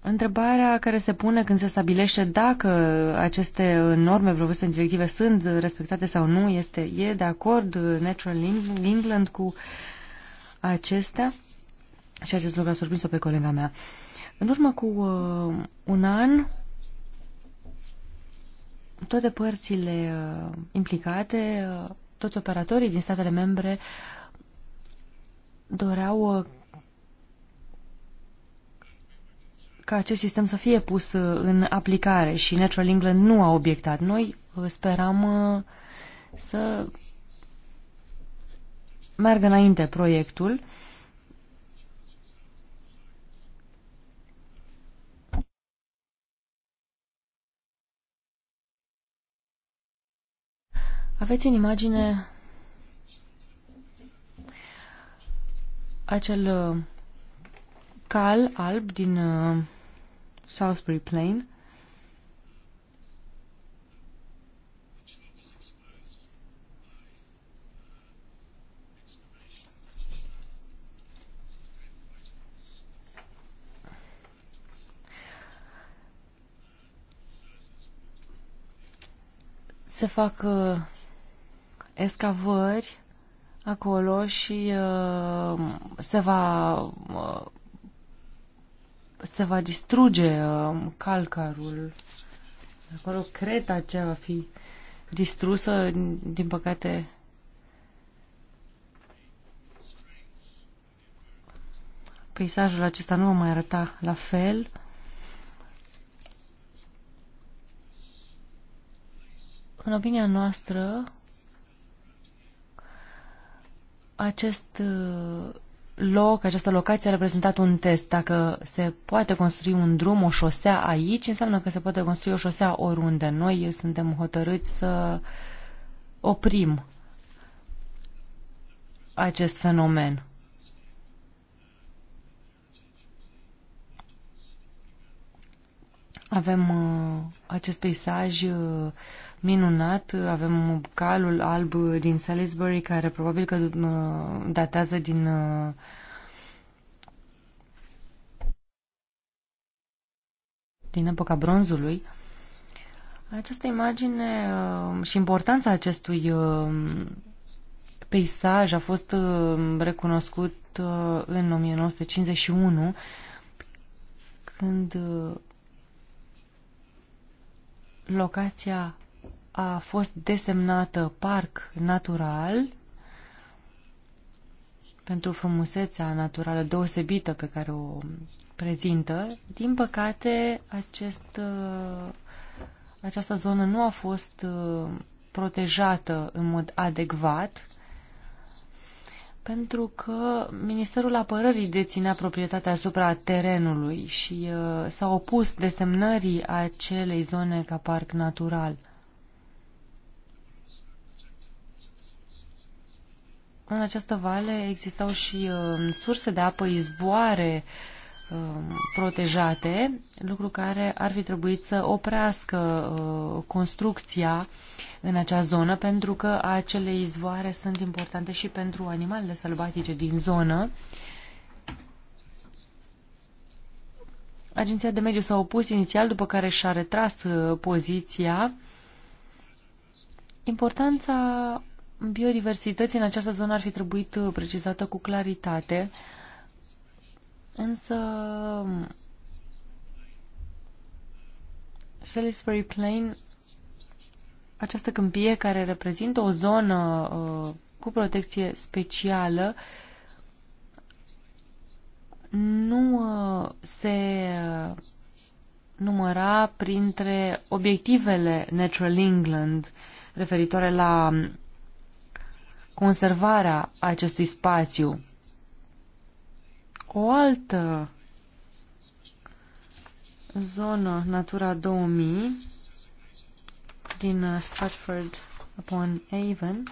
Întrebarea care se pune când se stabilește dacă aceste norme propuse în directive sunt respectate sau nu este e de acord uh, Natural England cu acestea? Și acest lucru a surprins-o pe colega mea. În urmă cu uh, un an, toate părțile uh, implicate, uh, toți operatorii din statele membre doreau uh, ca acest sistem să fie pus în aplicare și Natural England nu a obiectat. Noi speram să meargă înainte proiectul Aveți în imagine acel uh, cal alb din uh, Salisbury Plain se fac uh, escavări acolo și uh, se va uh, se va distruge uh, calcarul acolo creta ce va fi distrusă din păcate peisajul acesta nu va mai arăta la fel în opinia noastră acest uh, loc, această locație a reprezentat un test. Dacă se poate construi un drum, o șosea aici, înseamnă că se poate construi o șosea oriunde. Noi suntem hotărâți să oprim acest fenomen. Avem uh, acest peisaj uh, minunat. Avem calul alb din Salisbury, care probabil că uh, datează din uh, din epoca bronzului. Această imagine uh, și importanța acestui peisaj a fost recunoscut în 1951 când locația a fost desemnată parc natural pentru frumusețea naturală deosebită pe care o prezintă. Din păcate, acest, uh, această zonă nu a fost uh, protejată în mod adecvat pentru că Ministerul Apărării deținea proprietatea asupra terenului și uh, s-a opus desemnării acelei zone ca parc natural. în această vale existau și uh, surse de apă, izvoare uh, protejate, lucru care ar fi trebuit să oprească uh, construcția în acea zonă, pentru că acele izvoare sunt importante și pentru animalele sălbatice din zonă. Agenția de Mediu s-a opus inițial, după care și-a retras uh, poziția. Importanța biodiversității în această zonă ar fi trebuit uh, precizată cu claritate, însă um, Salisbury Plain, această câmpie care reprezintă o zonă uh, cu protecție specială, nu uh, se uh, număra printre obiectivele Natural England referitoare la um, conservarea acestui spațiu. O altă zonă Natura 2000 din Stratford upon Avon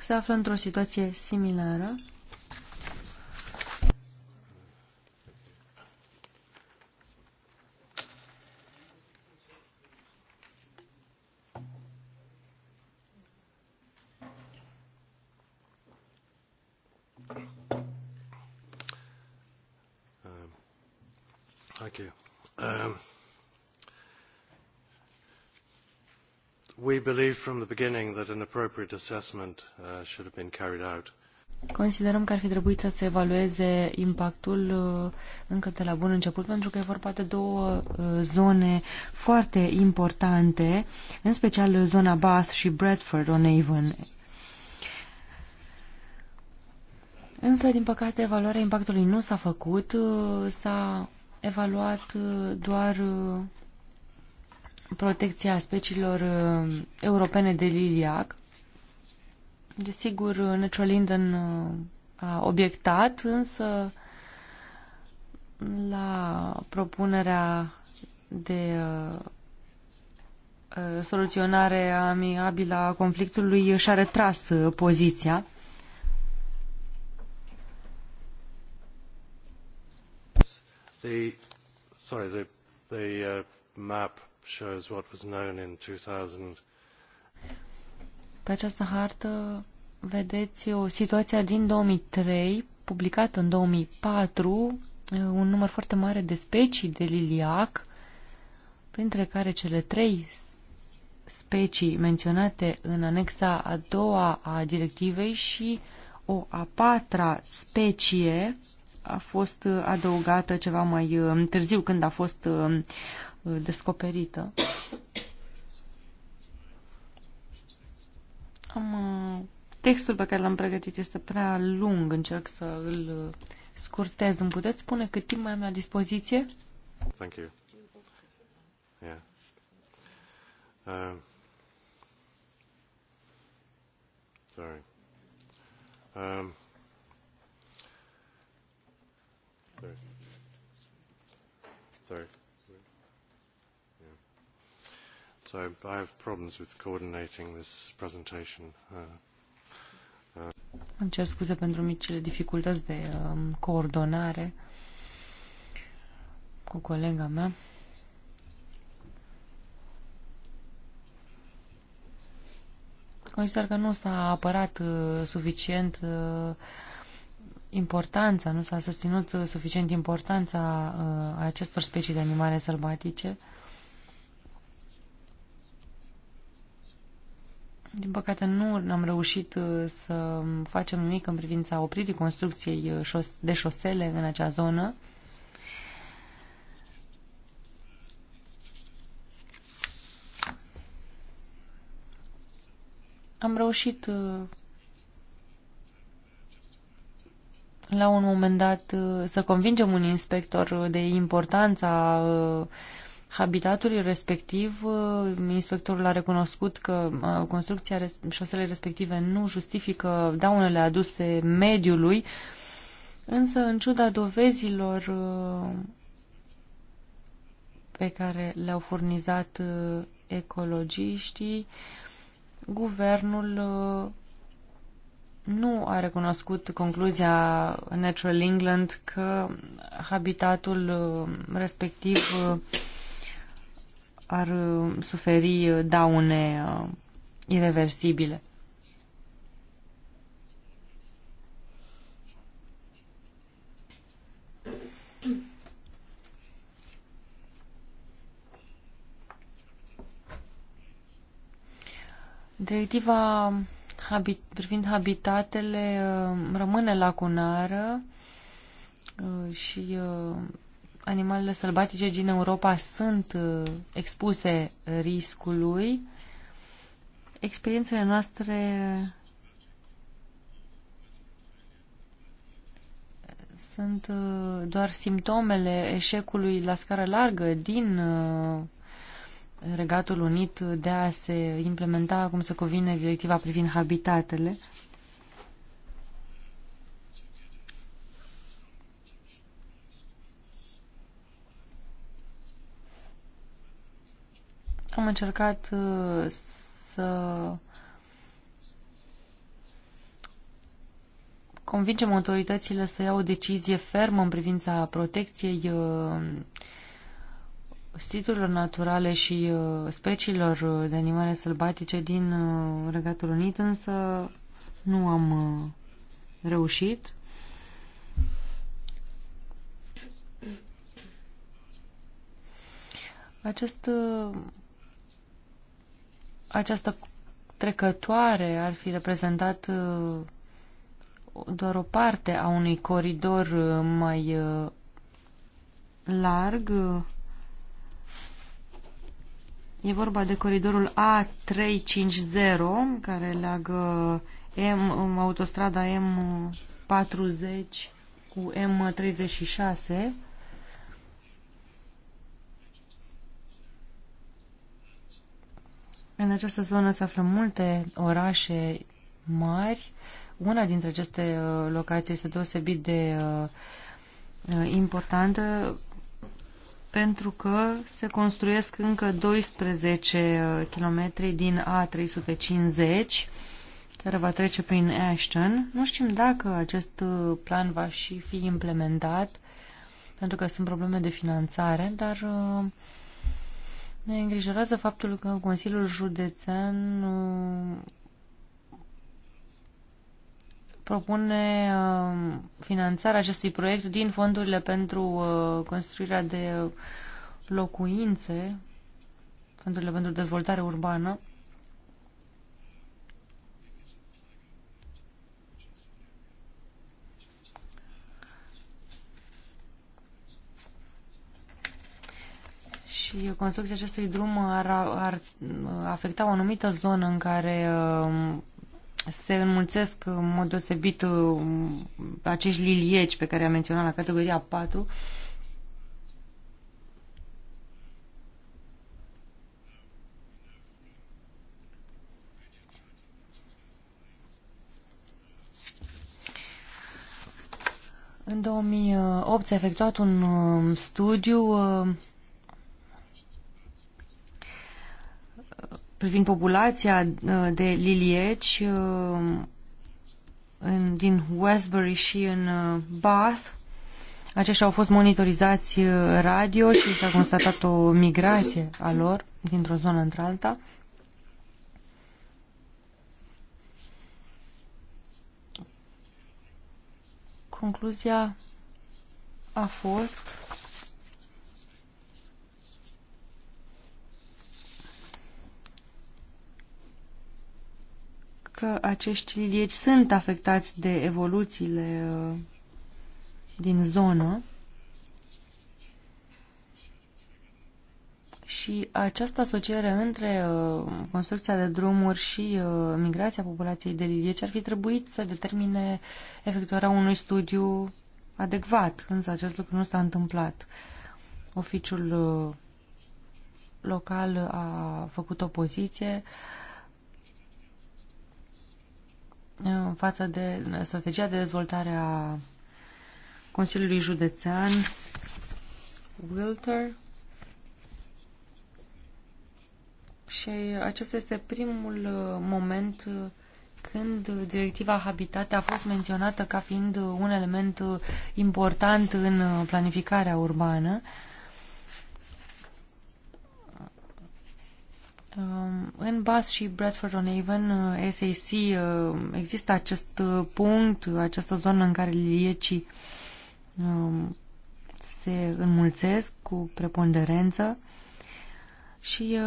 se află într-o situație similară. Thank you. Um, we believe from the beginning that an appropriate assessment uh, should have been carried out. Considerăm că ar fi trebuit să se evalueze impactul uh, încă de la bun început, pentru că e vorba de două uh, zone foarte importante, în special zona Bath și Bradford-on-Avon. Însă, din păcate, evaluarea impactului nu s-a făcut, uh, s-a evaluat uh, doar uh, protecția speciilor uh, europene de liliac. Desigur, Necrolinden a obiectat, însă la propunerea de soluționare amiabilă a conflictului și-a retras poziția. The, uh, map shows what was known in 2000. Pe această hartă vedeți o situație din 2003, publicată în 2004, uh, un număr foarte mare de specii de liliac, printre care cele trei specii menționate în anexa a doua a directivei și o a patra specie a fost adăugată ceva mai um, târziu când a fost um, descoperită. Am, uh, textul pe care l-am pregătit este prea lung, încerc să îl uh, scurtez. Îmi puteți spune cât timp mai am la dispoziție? Thank you. Yeah. Uh, sorry. Um, Sorry. Sorry. Yeah. So I have problems with coordinating this presentation. Uh, uh. Îmi cer scuze pentru micile dificultăți de um, coordonare cu colega mea. Consider că nu s-a apărat uh, suficient uh, importanța, nu s-a susținut suficient importanța uh, acestor specii de animale sălbatice. Din păcate nu am reușit uh, să facem nimic în privința opririi construcției uh, de șosele în acea zonă. Am reușit uh, la un moment dat uh, să convingem un inspector de importanța uh, habitatului respectiv. Uh, inspectorul a recunoscut că construcția șoselei respective nu justifică daunele aduse mediului, însă în ciuda dovezilor pe care le-au furnizat ecologiștii, guvernul nu a recunoscut concluzia Natural England că habitatul uh, respectiv uh, ar uh, suferi daune irreversibile. Directiva habit, privind habitatele uh, rămâne lacunară uh, și uh, animalele sălbatice din Europa sunt expuse riscului. Experiențele noastre sunt doar simptomele eșecului la scară largă din Regatul Unit de a se implementa, cum se cuvine, directiva privind habitatele. Am încercat uh, să convingem autoritățile să ia o decizie fermă în privința protecției uh, siturilor naturale și uh, speciilor uh, de animale sălbatice din uh, Regatul Unit, însă nu am reușit. Acest, această trecătoare ar fi reprezentat doar o parte a unui coridor mai larg E vorba de coridorul A350 care leagă M, autostrada M40 cu M36. În această zonă se află multe orașe mari. Una dintre aceste uh, locații este deosebit de uh, uh, importantă pentru că se construiesc încă 12 uh, km din A350 care va trece prin Ashton. Nu știm dacă acest uh, plan va și fi implementat pentru că sunt probleme de finanțare, dar uh, ne îngrijorează faptul că Consiliul Județean propune um, finanțarea acestui proiect din fondurile pentru uh, construirea de locuințe, fondurile pentru dezvoltare urbană. Și construcția acestui drum ar, ar afecta o anumită zonă în care um, se înmulțesc în mod deosebit uh, acești lilieci pe care am menționat la categoria 4. În 2008 s-a efectuat un um, studiu uh, privind populația uh, de lilieci uh, în, din Westbury și în uh, Bath. Aceștia au fost monitorizați radio și s-a constatat o migrație a lor dintr-o zonă într-alta. Concluzia a fost că acești lilieci sunt afectați de evoluțiile uh, din zonă și această asociere între uh, construcția de drumuri și uh, migrația populației de lilieci ar fi trebuit să determine efectuarea unui studiu adecvat, însă acest lucru nu s-a întâmplat. Oficiul local a făcut opoziție poziție față de strategia de dezvoltare a Consiliului Județean Wilter și acesta este primul uh, moment uh, când directiva Habitat a fost menționată ca fiind un element uh, important în planificarea urbană. Uh, Um, în Bas și Bradford-on-Avon, uh, SAC, uh, există acest uh, punct, această zonă în care liliecii um, se înmulțesc cu preponderență și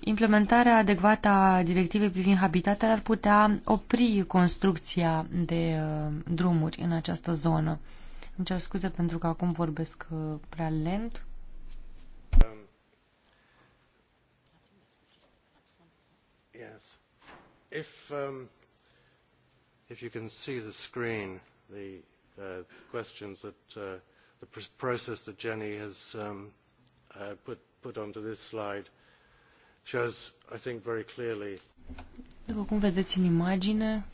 implementarea adecvată a directivei privind habitatele ar putea opri construcția de drumuri în această zonă. Îmi cer scuze pentru că acum vorbesc prea lent. If, um, if you can see the screen, the uh, questions that uh, the pr process that Jenny has um, uh, put, put onto this slide shows, I think, very clearly. După cum vedeți în imagine,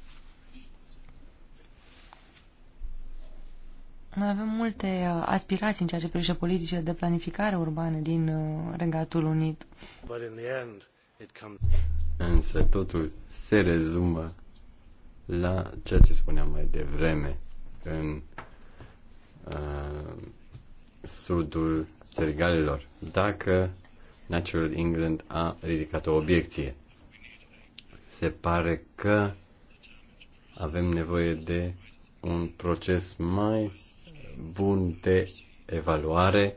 Noi avem multe uh, aspirații în ceea ce privește politicile de planificare urbană din uh, Regatul Unit. Însă totul se rezumă la ceea ce spuneam mai devreme în uh, sudul țărigalilor. Dacă Natural England a ridicat o obiecție. Se pare că avem nevoie de un proces mai bun de evaluare.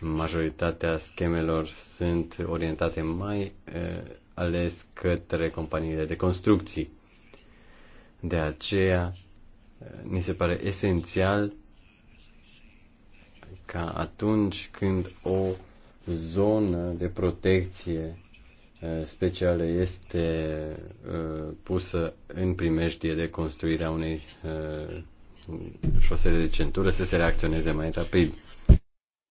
Majoritatea schemelor sunt orientate mai uh, ales către companiile de construcții. De aceea, ni se pare esențial ca atunci când o zonă de protecție eh, specială este eh, pusă în primejdie de construirea unei eh, șosele de centură să se reacționeze mai rapid.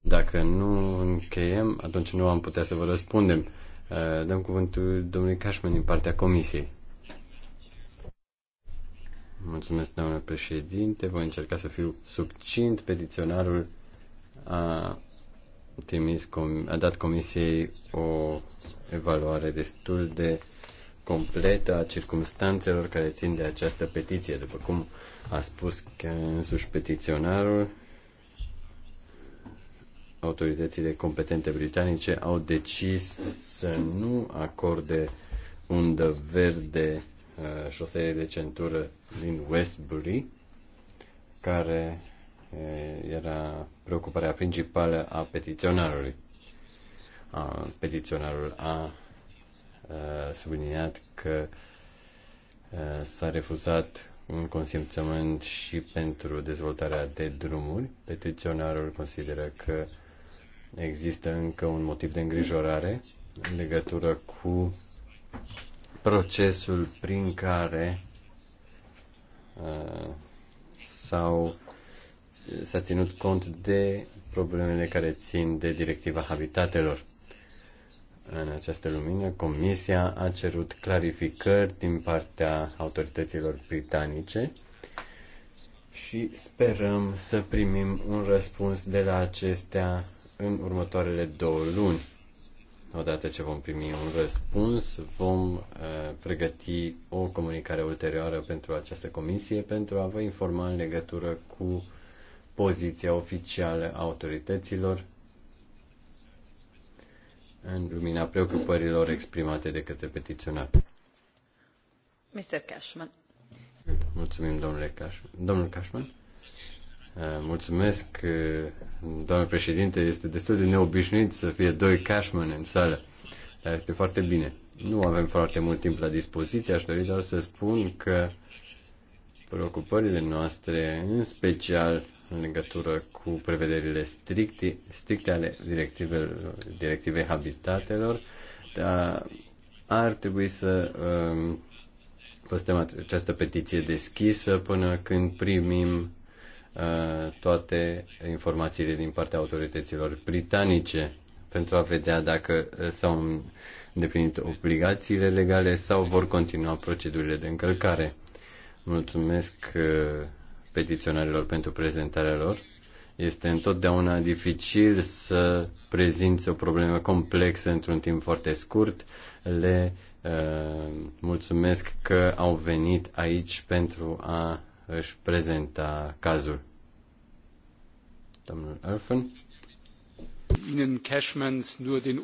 Dacă nu încheiem, atunci nu am putea să vă răspundem. Eh, dăm cuvântul domnului Cașman din partea comisiei. Mulțumesc, domnule președinte. Voi încerca să fiu succint. Petiționarul a, trimis, a dat comisiei o evaluare destul de completă a circumstanțelor care țin de această petiție, după cum a spus însuși petiționarul autoritățile competente britanice au decis să nu acorde undă verde uh, șoselei de centură din Westbury, care uh, era preocuparea principală a petiționarului. A, petiționarul a, a uh, subliniat că s-a refuzat un consimțământ și pentru dezvoltarea de drumuri. Petiționarul consideră că Există încă un motiv de îngrijorare în legătură cu procesul prin care uh, sau s-a ținut cont de problemele care țin de directiva habitatelor. În această lumină, Comisia a cerut clarificări din partea autorităților britanice și sperăm să primim un răspuns de la acestea în următoarele două luni. Odată ce vom primi un răspuns, vom uh, pregăti o comunicare ulterioară pentru această comisie pentru a vă informa în legătură cu poziția oficială a autorităților în lumina preocupărilor exprimate de către petiționar. Mr. Cashman. Mulțumim, domnule Cashman. Domnul Cashman. Eh, mulțumesc, eh, doamnă președinte. Este destul de neobișnuit să fie doi cashman în sală. Dar este foarte bine. Nu avem foarte mult timp la dispoziție. Aș dori doar să spun că preocupările noastre, în special în legătură cu prevederile stricte, stricte ale directivei habitatelor, dar ar trebui să um, ehm, păstăm această petiție deschisă până când primim Uh, toate informațiile din partea autorităților britanice pentru a vedea dacă uh, s-au îndeplinit obligațiile legale sau vor continua procedurile de încălcare. Mulțumesc uh, petiționarilor pentru prezentarea lor. Este întotdeauna dificil să prezinți o problemă complexă într-un timp foarte scurt. Le uh, mulțumesc că au venit aici pentru a își prezenta cazul. Domnul Elfen. Ihnen Cashmans nur den...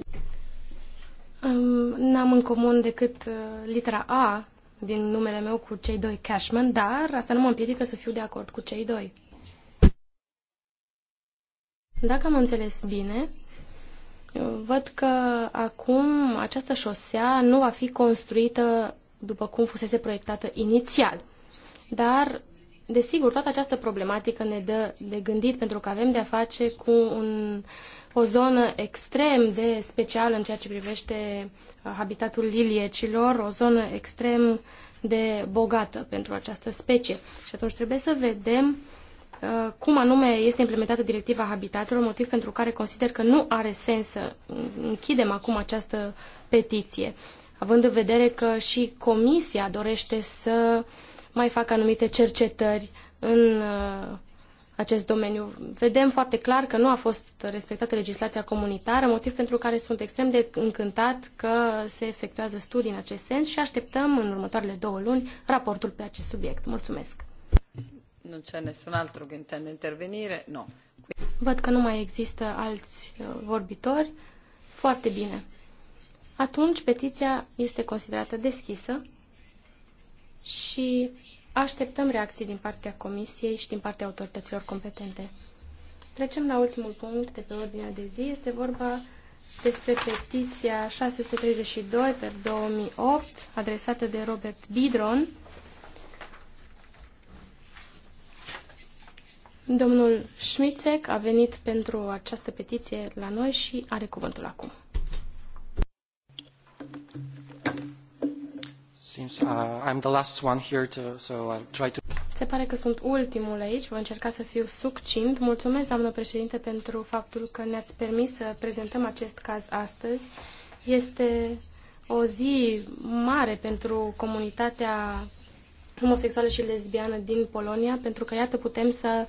N-am în comun decât uh, litera A din numele meu cu cei doi Cashman, dar asta nu mă împiedică să fiu de acord cu cei doi. Dacă am înțeles bine, văd că acum această șosea nu va fi construită după cum fusese proiectată inițial. Dar Desigur, toată această problematică ne dă de gândit pentru că avem de-a face cu un, o zonă extrem de specială în ceea ce privește uh, habitatul liliecilor, o zonă extrem de bogată pentru această specie. Și atunci trebuie să vedem uh, cum anume este implementată directiva habitatelor, motiv pentru care consider că nu are sens să închidem acum această petiție, având în vedere că și Comisia dorește să uh, mai fac anumite cercetări în uh, acest domeniu. Vedem foarte clar că nu a fost respectată legislația comunitară, motiv pentru care sunt extrem de încântat că se efectuează studii în acest sens și așteptăm în următoarele două luni raportul pe acest subiect. Mulțumesc! Nu c'è nessun altro che intende intervenire? No. Văd că nu mai există alți uh, vorbitori. Foarte bine. Atunci petiția este considerată deschisă și Așteptăm reacții din partea Comisiei și din partea autorităților competente. Trecem la ultimul punct de pe ordinea de zi. Este vorba despre petiția 632 per 2008, adresată de Robert Bidron. Domnul Schmitzek a venit pentru această petiție la noi și are cuvântul acum. uh, I'm the last one here, to, so I'll try to... Se pare că sunt ultimul aici, voi încerca să fiu succint. Mulțumesc, doamnă președinte, pentru faptul că ne-ați permis să prezentăm acest caz astăzi. Este o zi mare pentru comunitatea homosexuală și lesbiană din Polonia, pentru că, iată, putem să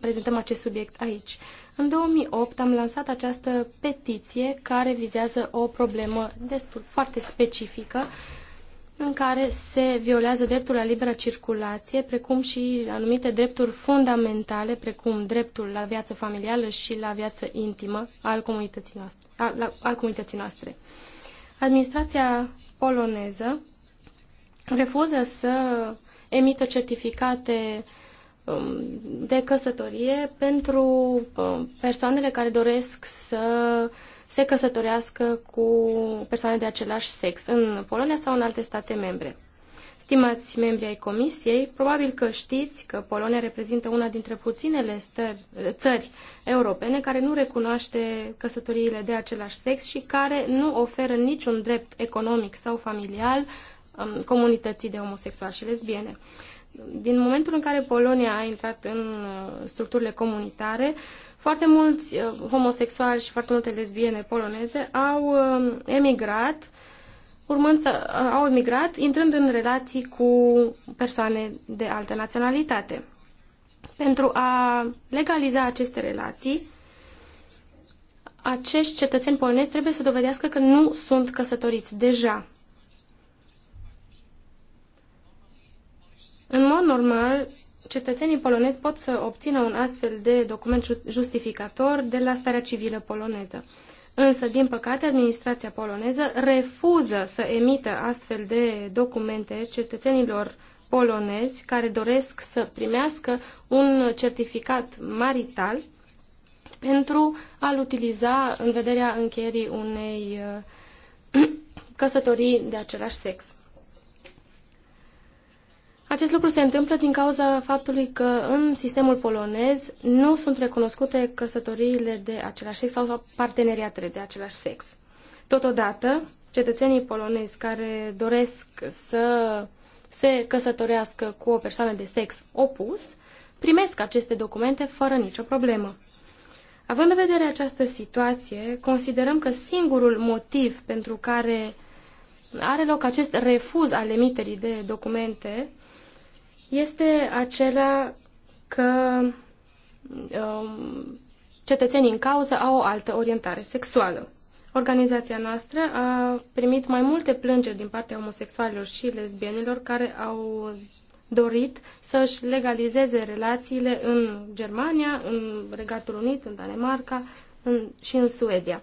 prezentăm acest subiect aici. În 2008 am lansat această petiție care vizează o problemă destul foarte specifică în care se violează dreptul la liberă circulație, precum și anumite drepturi fundamentale, precum dreptul la viață familială și la viață intimă al comunității noastre. La, la, al comunității noastre. Administrația poloneză refuză să emită certificate um, de căsătorie pentru um, persoanele care doresc să se căsătorească cu persoane de același sex în Polonia sau în alte state membre. Stimați membri ai Comisiei, probabil că știți că Polonia reprezintă una dintre puținele stări, țări europene care nu recunoaște căsătoriile de același sex și care nu oferă niciun drept economic sau familial um, comunității de homosexuali și lesbiene. Din momentul în care Polonia a intrat în uh, structurile comunitare, foarte mulți uh, homosexuali și foarte multe lesbiene poloneze au uh, emigrat, urmând să, uh, au emigrat intrând în relații cu persoane de altă naționalitate. Pentru a legaliza aceste relații, acești cetățeni polonezi trebuie să dovedească că nu sunt căsătoriți deja. În mod normal, cetățenii polonezi pot să obțină un astfel de document justificator de la starea civilă poloneză. Însă, din păcate, administrația poloneză refuză să emită astfel de documente cetățenilor polonezi care doresc să primească un certificat marital pentru a-l utiliza în vederea încheierii unei uh, căsătorii de același sex. Acest lucru se întâmplă din cauza faptului că în sistemul polonez nu sunt recunoscute căsătoriile de același sex sau parteneriatele de același sex. Totodată, cetățenii polonezi care doresc să se căsătorească cu o persoană de sex opus primesc aceste documente fără nicio problemă. Având în vedere această situație, considerăm că singurul motiv pentru care are loc acest refuz al emiterii de documente este acela că um, cetățenii în cauză au o altă orientare sexuală. Organizația noastră a primit mai multe plângeri din partea homosexualilor și lesbienilor care au dorit să-și legalizeze relațiile în Germania, în Regatul Unit, în Danemarca în, și în Suedia.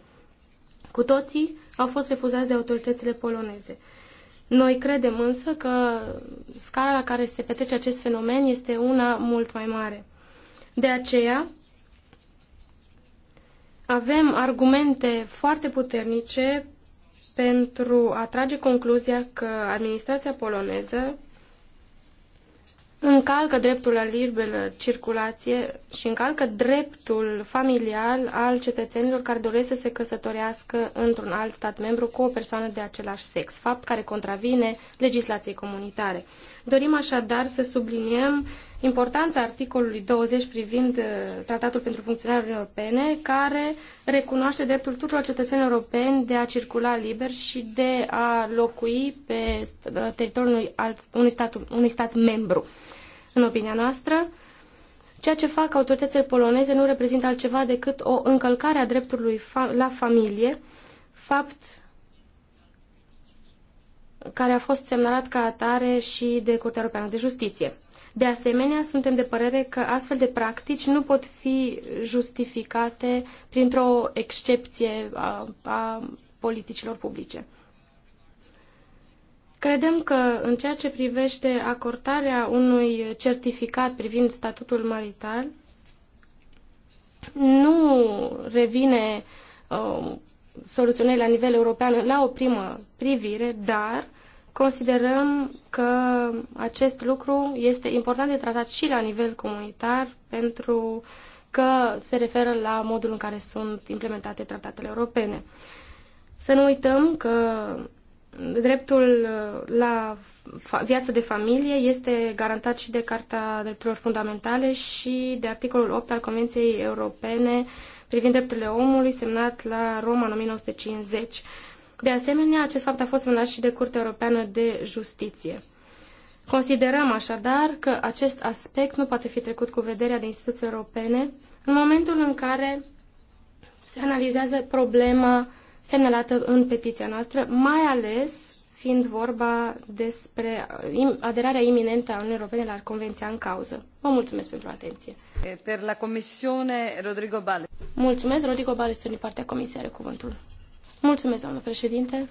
Cu toții au fost refuzați de autoritățile poloneze. Noi credem însă că scara la care se petrece acest fenomen este una mult mai mare. De aceea, avem argumente foarte puternice pentru a trage concluzia că administrația poloneză încalcă dreptul la liberă circulație și încalcă dreptul familial al cetățenilor care doresc să se căsătorească într-un alt stat membru cu o persoană de același sex, fapt care contravine legislației comunitare. Dorim așadar să subliniem importanța articolului 20 privind uh, Tratatul pentru Funcționarea Uniunii Europene, care recunoaște dreptul tuturor cetățenilor europeni de a circula liber și de a locui pe uh, teritoriul unui, alt, unui, stat, unui stat membru. În opinia noastră, Ceea ce fac autoritățile poloneze nu reprezintă altceva decât o încălcare a dreptului fa la familie, fapt care a fost semnalat ca atare și de Curtea Europeană de Justiție. De asemenea, suntem de părere că astfel de practici nu pot fi justificate printr-o excepție a, a politicilor publice. Credem că în ceea ce privește acordarea unui certificat privind statutul marital, nu revine uh, um, soluționării la nivel european la o primă privire, dar uh, Considerăm că acest lucru este important de tratat și la nivel comunitar pentru că se referă la modul în care sunt implementate tratatele europene. Să nu uităm că dreptul uh, la viață de familie este garantat și de Carta Drepturilor Fundamentale și de articolul 8 al Convenției Europene privind drepturile omului semnat la Roma în 1950. De asemenea, acest fapt a fost semnat și de Curtea Europeană de Justiție. Considerăm așadar că acest aspect nu poate fi trecut cu vederea de instituții europene în momentul în care se analizează problema semnalată în petiția noastră, mai ales fiind vorba despre aderarea iminentă a Uniunii Europene la Convenția în cauză. Vă mulțumesc pentru atenție. Per la Comisiune, Rodrigo Bale. Mulțumesc, Rodrigo Bale, din partea Comisiei, are cuvântul. Mulțumesc, doamnă președinte.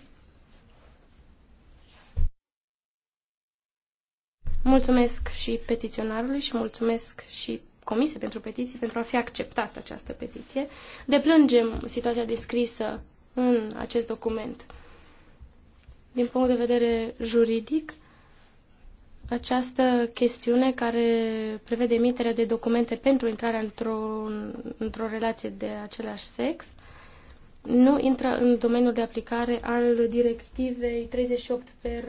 Mulțumesc și petiționarului și mulțumesc și comisiei pentru Petiții pentru a fi acceptată această petiție. Deplângem situația descrisă în acest document. Din punct de vedere juridic, această chestiune care prevede emiterea de documente pentru intrarea într-o într, într -o relație de același sex nu intră în domeniul de aplicare al directivei 38 per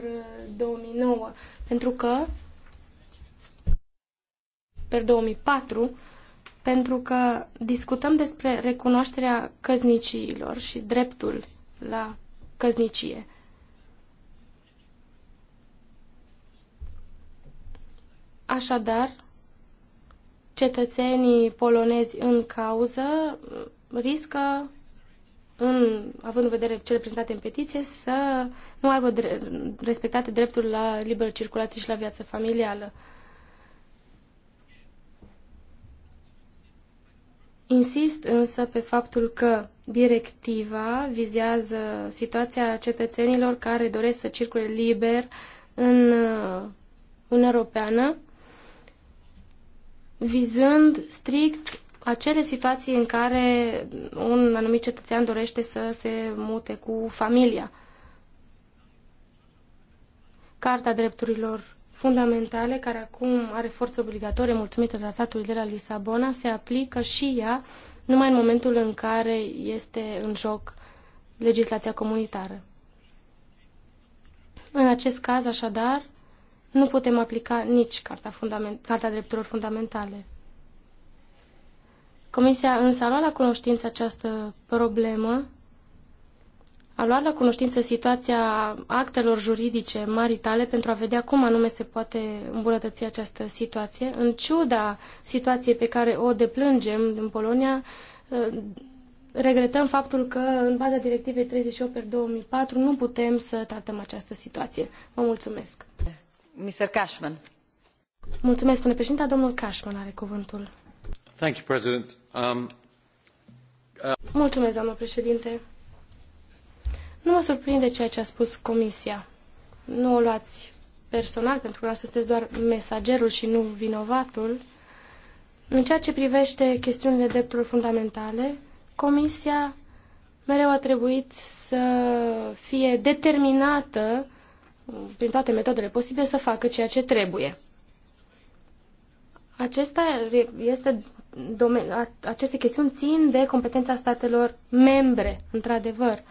2009, uh, pentru că per 2004, pentru că discutăm despre recunoașterea căzniciilor și dreptul la căznicie. Așadar, cetățenii polonezi în cauză riscă în, având în vedere cele prezentate în petiție, să nu aibă dre respectate dreptul la liberă circulație și la viață familială. Insist însă pe faptul că directiva vizează situația cetățenilor care doresc să circule liber în uh, Uniunea Europeană, vizând strict acele situații în care un anumit cetățean dorește să se mute cu familia. Carta drepturilor fundamentale, care acum are forță obligatorie mulțumită tratatului de la Lisabona, se aplică și ea numai în momentul în care este în joc legislația comunitară. În acest caz, așadar, nu putem aplica nici Carta, Fundament- Carta Drepturilor Fundamentale. Comisia însă a luat la cunoștință această problemă, a luat la cunoștință situația actelor juridice maritale pentru a vedea cum anume se poate îmbunătăți această situație. În ciuda situației pe care o deplângem din Polonia, eh, regretăm faptul că în baza directivei 38 per 2004 nu putem să tratăm această situație. Vă mulțumesc. Mr. Cashman. Mulțumesc, domnule președinte. Domnul Cashman are cuvântul. Thank you, President. Um, uh, Mulțumesc, doamnă președinte. Nu mă surprinde ceea ce a spus Comisia. Nu o luați personal, pentru că sunteți doar mesagerul și nu vinovatul. În ceea ce privește chestiunile drepturilor fundamentale, Comisia mereu a trebuit să fie determinată, prin toate metodele posibile, să facă ceea ce trebuie. Acesta este aceste chestiuni țin de competența statelor membre, într-adevăr.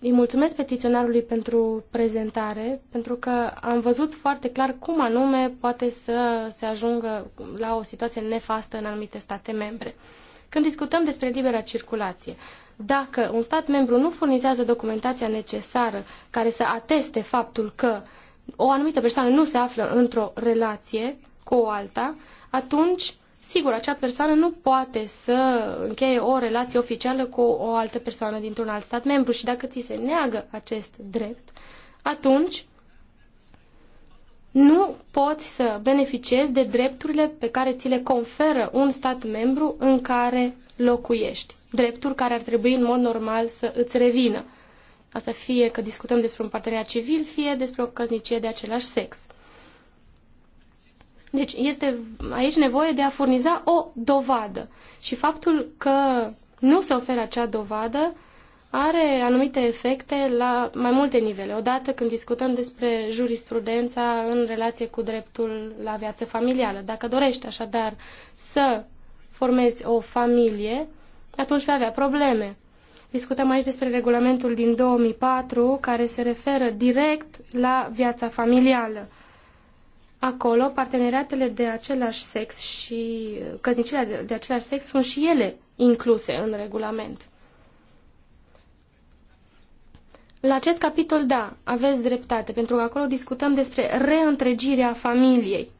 Îi mulțumesc petiționarului pentru prezentare, pentru că am văzut foarte clar cum anume poate să se ajungă la o situație nefastă în anumite state membre. Când discutăm despre libera circulație, dacă un stat membru nu furnizează documentația necesară care să ateste faptul că o anumită persoană nu se află într-o relație cu o alta, atunci sigur, acea persoană nu poate să încheie o relație oficială cu o altă persoană dintr-un alt stat membru și dacă ți se neagă acest drept, atunci nu poți să beneficiezi de drepturile pe care ți le conferă un stat membru în care locuiești. Drepturi care ar trebui în mod normal să îți revină. Asta fie că discutăm despre un parteneriat civil, fie despre o căsnicie de același sex. Deci este aici nevoie de a furniza o dovadă. Și faptul că nu se oferă acea dovadă are anumite efecte la mai multe nivele. Odată când discutăm despre jurisprudența în relație cu dreptul la viață familială. Dacă dorești așadar să formezi o familie, atunci vei avea probleme. Discutăm aici despre regulamentul din 2004 care se referă direct la viața familială acolo parteneriatele de același sex și căsnicile de același sex sunt și ele incluse în regulament. La acest capitol, da, aveți dreptate, pentru că acolo discutăm despre reîntregirea familiei.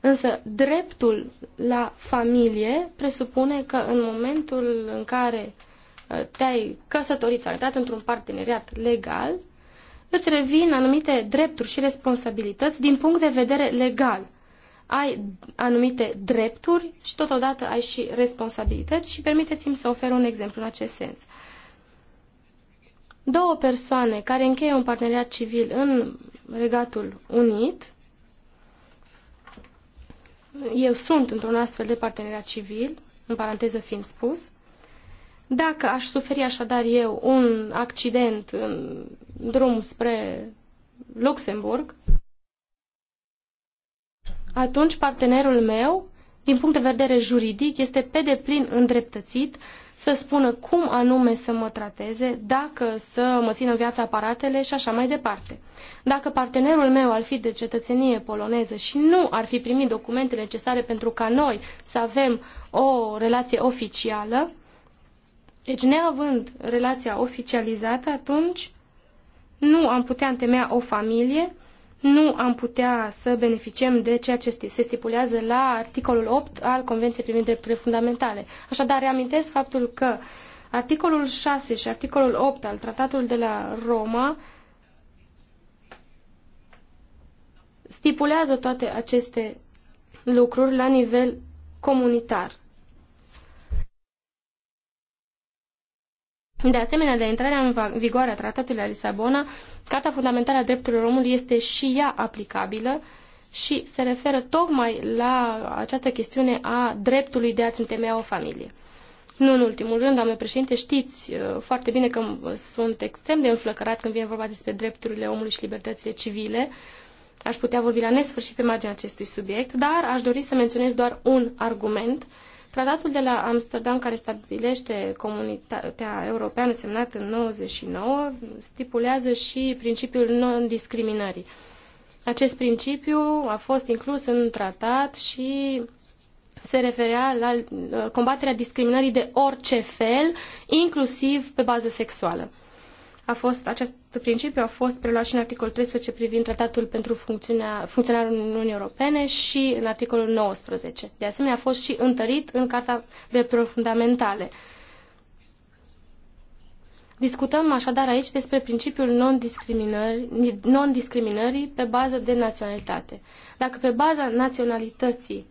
Însă dreptul la familie presupune că în momentul în care uh, te-ai căsătorit, ai intrat într-un parteneriat legal, îți revin anumite drepturi și responsabilități din punct de vedere legal. Ai anumite drepturi și totodată ai și responsabilități și permiteți-mi să ofer un exemplu în acest sens. Două persoane care încheie un parteneriat civil în Regatul Unit, eu sunt într-un astfel de parteneriat civil, în paranteză fiind spus, dacă aș suferi așadar eu un accident în drum spre Luxemburg, atunci partenerul meu, din punct de vedere juridic, este pe deplin îndreptățit să spună cum anume să mă trateze, dacă să mă țină viața aparatele și așa mai departe. Dacă partenerul meu ar fi de cetățenie poloneză și nu ar fi primit documentele necesare pentru ca noi să avem o relație oficială, deci, neavând relația oficializată, atunci nu am putea întemeia o familie, nu am putea să beneficiem de ceea ce se stipulează la articolul 8 al Convenției privind drepturile fundamentale. Așadar, reamintesc faptul că articolul 6 și articolul 8 al Tratatului de la Roma stipulează toate aceste lucruri la nivel comunitar. De asemenea, de intrarea în vigoare a Tratatului la Lisabona, Carta Fundamentală a Drepturilor Omului este și ea aplicabilă și se referă tocmai la această chestiune a dreptului de a-ți întemeia o familie. Nu în ultimul rând, doamne președinte, știți uh, foarte bine că sunt extrem de înflăcărat când vine vorba despre drepturile omului și libertățile civile. Aș putea vorbi la nesfârșit pe marginea acestui subiect, dar aș dori să menționez doar un argument uh, Tratatul de la Amsterdam care stabilește comunitatea europeană semnat în 99 stipulează și principiul non-discriminării. Acest principiu a fost inclus în tratat și se referea la uh, combaterea discriminării de orice fel, inclusiv pe bază sexuală a fost, acest principiu a fost preluat și în articolul 13 privind tratatul pentru funcționarul Uniunii Europene și în articolul 19. De asemenea, a fost și întărit în Carta Drepturilor Fundamentale. Discutăm așadar aici despre principiul non-discriminării, non-discriminării pe bază de naționalitate. Dacă pe baza naționalității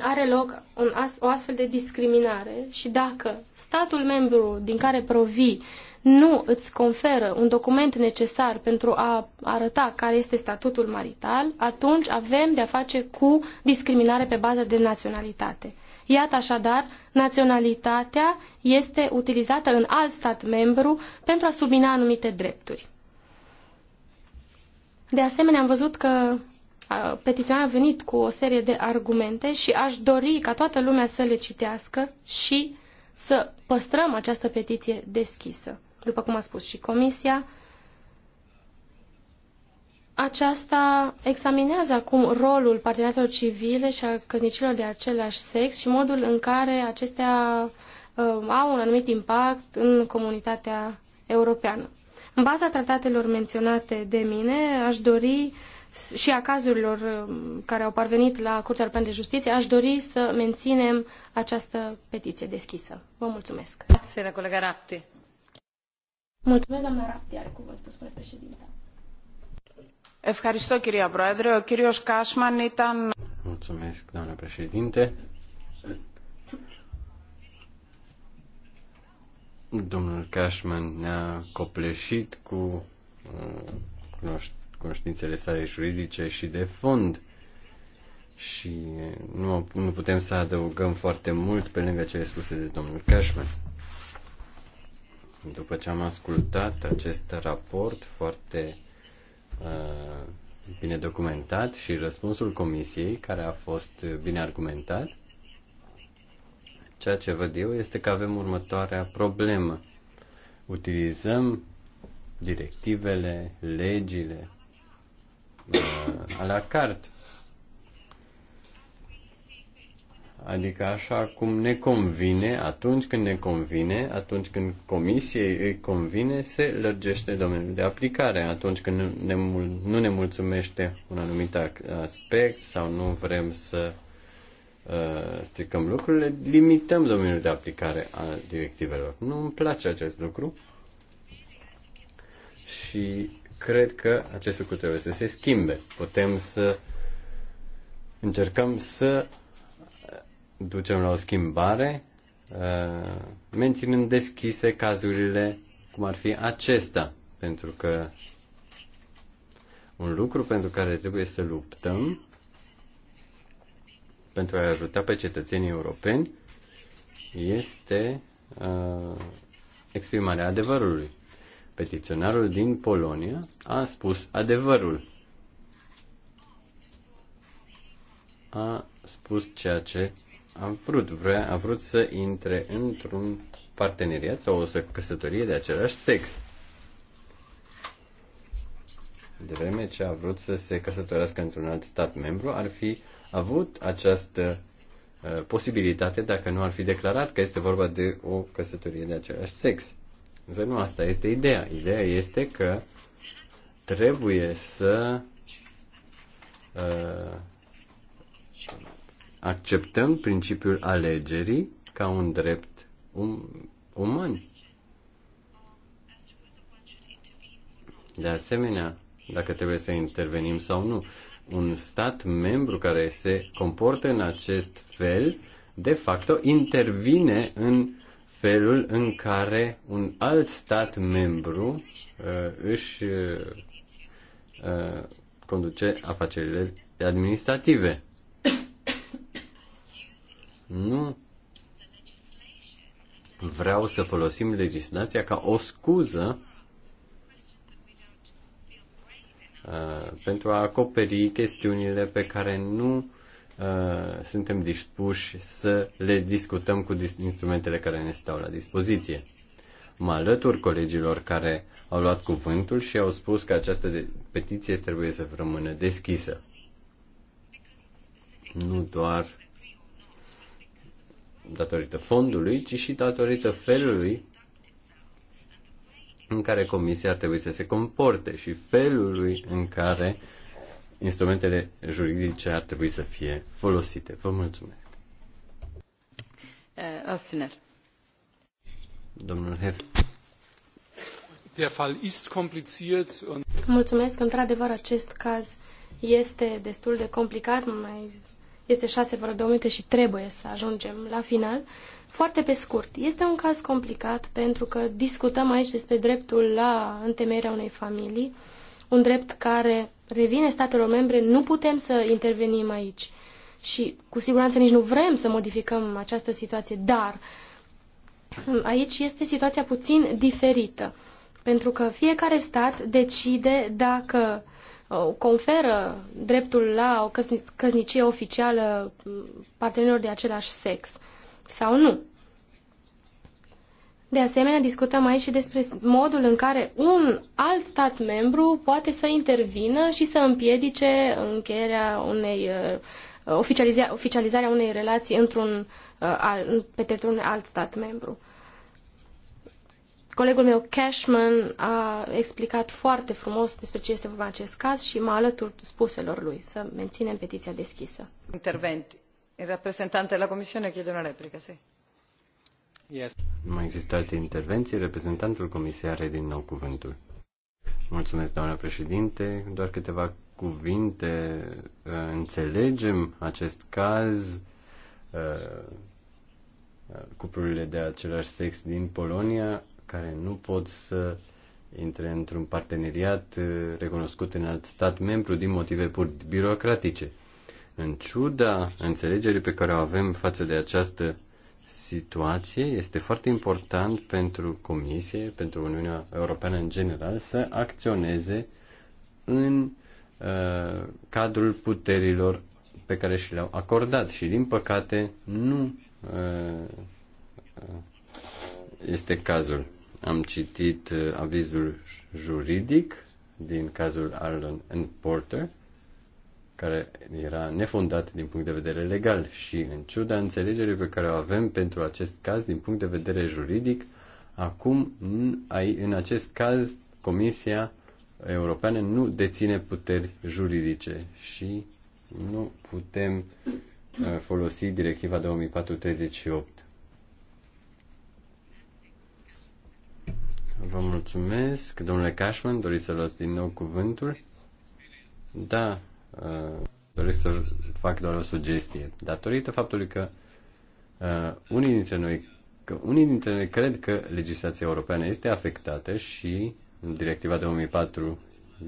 are loc un, o astfel de discriminare și dacă statul membru din care provii nu îți conferă un document necesar pentru a arăta care este statutul marital, atunci avem de-a face cu discriminare pe bază de naționalitate. Iată așadar, naționalitatea este utilizată în alt stat membru pentru a submina anumite drepturi. De asemenea, am văzut că petiționarul a venit cu o serie de argumente și aș dori ca toată lumea să le citească și să păstrăm această petiție deschisă după cum a spus și Comisia, aceasta examinează acum rolul parteneriatelor civile și a căsnicilor de același sex și modul în care acestea uh, au un anumit impact în comunitatea europeană. În baza tratatelor menționate de mine, aș dori și a cazurilor uh, care au parvenit la Curtea Europeană de Justiție, aș dori să menținem această petiție deschisă. Vă mulțumesc. Grazie, colega Mulțumesc, Ευχαριστώ κυρία Πρόεδρε. Ο κύριος Κάσμαν ήταν... doamnă președinte. Domnul Cashman ne-a copleșit cu uh, cunoștințele sale juridice și de fond și nu, nu putem să adăugăm foarte mult pe lângă cele spuse de domnul Cashman. După ce am ascultat acest raport foarte uh, bine documentat și răspunsul comisiei, care a fost bine argumentat, ceea ce văd eu este că avem următoarea problemă. Utilizăm directivele, legile uh, a la carte Adică așa cum ne convine, atunci când ne convine, atunci când comisiei îi convine, se lărgește domeniul de aplicare. Atunci când ne, nu ne mulțumește un anumit aspect sau nu vrem să uh, stricăm lucrurile, limităm domeniul de aplicare a directivelor. Nu îmi place acest lucru și cred că acest lucru trebuie să se schimbe. Putem să încercăm să ducem la o schimbare, uh, menținând deschise cazurile cum ar fi acesta, pentru că un lucru pentru care trebuie să luptăm pentru a ajuta pe cetățenii europeni este uh, exprimarea adevărului. Petiționarul din Polonia a spus adevărul. A spus ceea ce a vrut, vrea, a vrut să intre într-un parteneriat sau o să căsătorie de același sex. De vreme ce a vrut să se căsătorească într-un alt stat membru, ar fi avut această uh, posibilitate dacă nu ar fi declarat că este vorba de o căsătorie de același sex. Însă nu asta este ideea. Ideea este că trebuie să uh, acceptăm principiul alegerii ca un drept um- uman. De asemenea, dacă trebuie să intervenim sau nu, un stat membru care se comportă în acest fel, de facto, intervine în felul în care un alt stat membru uh, își uh, uh conduce afacerile administrative. Nu vreau să folosim legislația ca o scuză uh, pentru a acoperi chestiunile pe care nu uh, suntem dispuși să le discutăm cu instrumentele care ne stau la dispoziție. Mă alătur colegilor care au luat cuvântul și au spus că această petiție trebuie să rămână deschisă. Nu doar datorită fondului, ci și datorită felului în care comisia ar trebui să se comporte și felului în care instrumentele juridice ar trebui să fie folosite. Vă mulțumesc. Eh, Öffner. Domnul Hef. Der Fall ist kompliziert und Mulțumesc, într-adevăr acest caz este destul de complicat, mai este 6 fără 2 minute și trebuie să ajungem la final. Foarte pe scurt, este un caz complicat pentru că discutăm aici despre dreptul la întemeierea unei familii, un drept care revine statelor membre, nu putem să intervenim aici. Și cu siguranță nici nu vrem să modificăm această situație, dar aici este situația puțin diferită, pentru că fiecare stat decide dacă Uh, conferă dreptul la o căsnicie oficială mm, partenerilor de același sex sau nu. De asemenea, discutăm aici și despre modul în care un alt stat membru poate să intervină și să împiedice încheierea unei uh, oficializarea unei relații într-un, uh, pe teritoriul unui alt stat membru. Colegul meu Cashman a explicat foarte frumos despre ce este vorba în acest caz și mă alătur spuselor lui să menținem petiția deschisă. Interventi. Reprezentante la Comisiune chiede o replică, sì. Yes. Nu Mai există alte intervenții. Reprezentantul Comisiei are din nou cuvântul. Mulțumesc, doamna președinte. Doar câteva cuvinte. Uh, înțelegem acest caz uh, uh, cuplurile de același sex din Polonia care nu pot să intre într-un parteneriat eh, recunoscut în alt stat membru din motive pur birocratice. În ciuda înțelegerii pe care o avem față de această situație, este foarte important pentru Comisie, pentru Uniunea Europeană în general, să acționeze în uh, cadrul puterilor pe care și le-au acordat și, din păcate, nu uh, este cazul. Am citit uh, avizul juridic din cazul Arlen and Porter, care era nefondat din punct de vedere legal și în ciuda înțelegerii pe care o avem pentru acest caz din punct de vedere juridic, acum în acest caz Comisia Europeană nu deține puteri juridice și nu putem uh, folosi directiva 2438. Vă mulțumesc. Domnule Cashman, doriți să luați din nou cuvântul? Da, uh, doresc să fac doar o sugestie. Datorită faptului că uh, unii dintre noi că unii dintre noi cred că legislația europeană este afectată și directiva 2004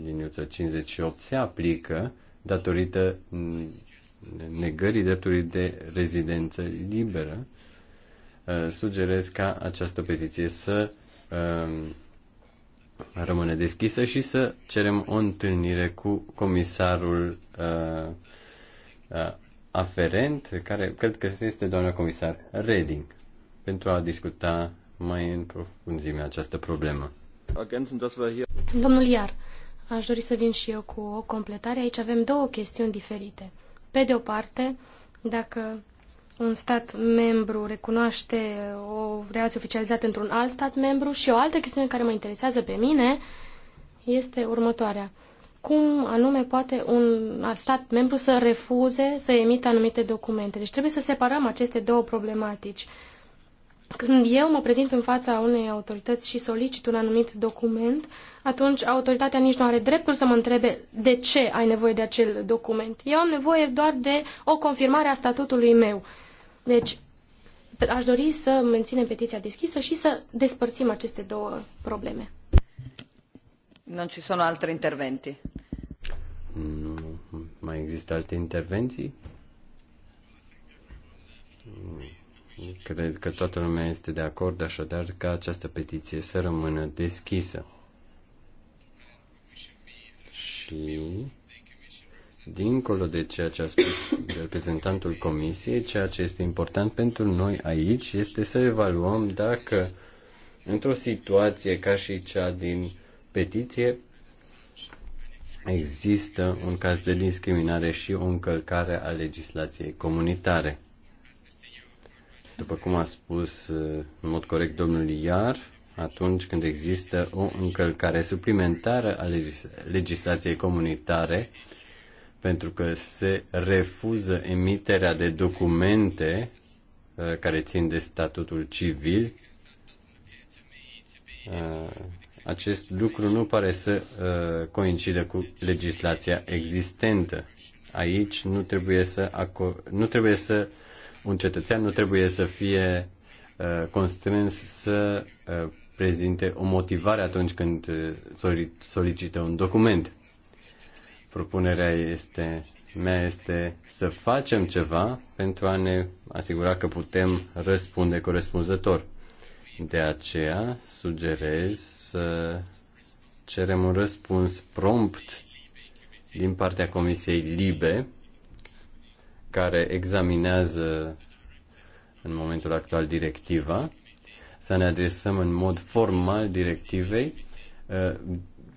din 58 se aplică datorită negării dreptului de rezidență liberă, uh, sugerez ca această petiție să Um, rămâne deschisă și să cerem o întâlnire cu comisarul uh, uh, aferent, care cred că este doamna comisar Reding, pentru a discuta mai în profunzime această problemă. Domnul Iar, aș dori să vin și eu cu o completare. Aici avem două chestiuni diferite. Pe de o parte, dacă un stat membru recunoaște o relație oficializată într-un alt stat membru și o altă chestiune care mă interesează pe mine este următoarea. Cum anume poate un stat membru să refuze să emită anumite documente? Deci trebuie să separăm aceste două problematici. Când eu mă prezint în fața unei autorități și solicit un anumit document, atunci autoritatea nici nu are dreptul să mă întrebe de ce ai nevoie de acel document. Eu am nevoie doar de o confirmare a statutului meu. Deci, aș dori să menținem petiția deschisă și să despărțim aceste două probleme. Nu ci sunt alte intervenții. Nu, nu. Mai există alte intervenții? Cred că toată lumea este de acord, așadar, ca această petiție să rămână deschisă. Și dincolo de ceea ce a spus reprezentantul Comisiei, ceea ce este important pentru noi aici este să evaluăm dacă într-o situație ca și cea din petiție există un caz de discriminare și o încălcare a legislației comunitare. După cum a spus în mod corect domnul Iar, atunci când există o încălcare suplimentară a legislației comunitare, pentru că se refuză emiterea de documente uh, care țin de statutul civil. Uh, acest lucru nu pare să uh, coincide cu legislația existentă. Aici nu trebuie să, nu trebuie să un cetățean nu trebuie să fie constrâns să prezinte o motivare atunci când solicită un document Propunerea este, mea este să facem ceva pentru a ne asigura că putem răspunde corespunzător. De aceea sugerez să cerem un răspuns prompt din partea Comisiei Libe, care examinează în momentul actual directiva, să ne adresăm în mod formal directivei uh,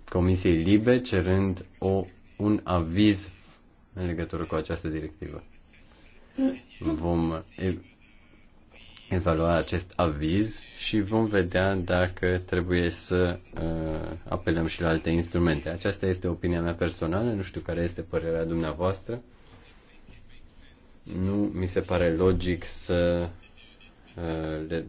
Comisiei Libe, cerând o un aviz în legătură cu această directivă. Vom evalua acest aviz și vom vedea dacă trebuie să uh, apelăm și la alte instrumente. Aceasta este opinia mea personală, nu știu care este părerea dumneavoastră. Nu mi se pare logic să uh, le,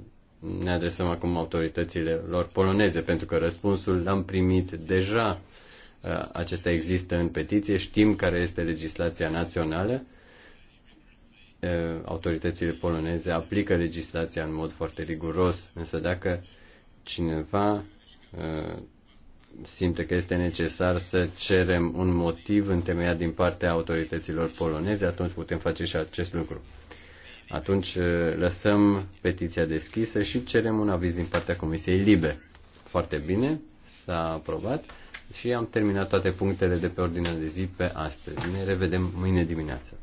ne adresăm acum autoritățile lor poloneze, pentru că răspunsul l-am primit deja uh, Uh, acesta există în petiție, știm care este legislația națională, uh, autoritățile poloneze aplică legislația în mod foarte riguros, însă dacă cineva uh, simte că este necesar să cerem un motiv întemeiat din partea autorităților poloneze, atunci putem face și acest lucru. Atunci lăsăm petiția deschisă și cerem un aviz din partea Comisiei Libe. Foarte bine, s-a aprobat și am terminat toate punctele de pe ordinea de zi pe astăzi. Ne revedem mâine dimineață.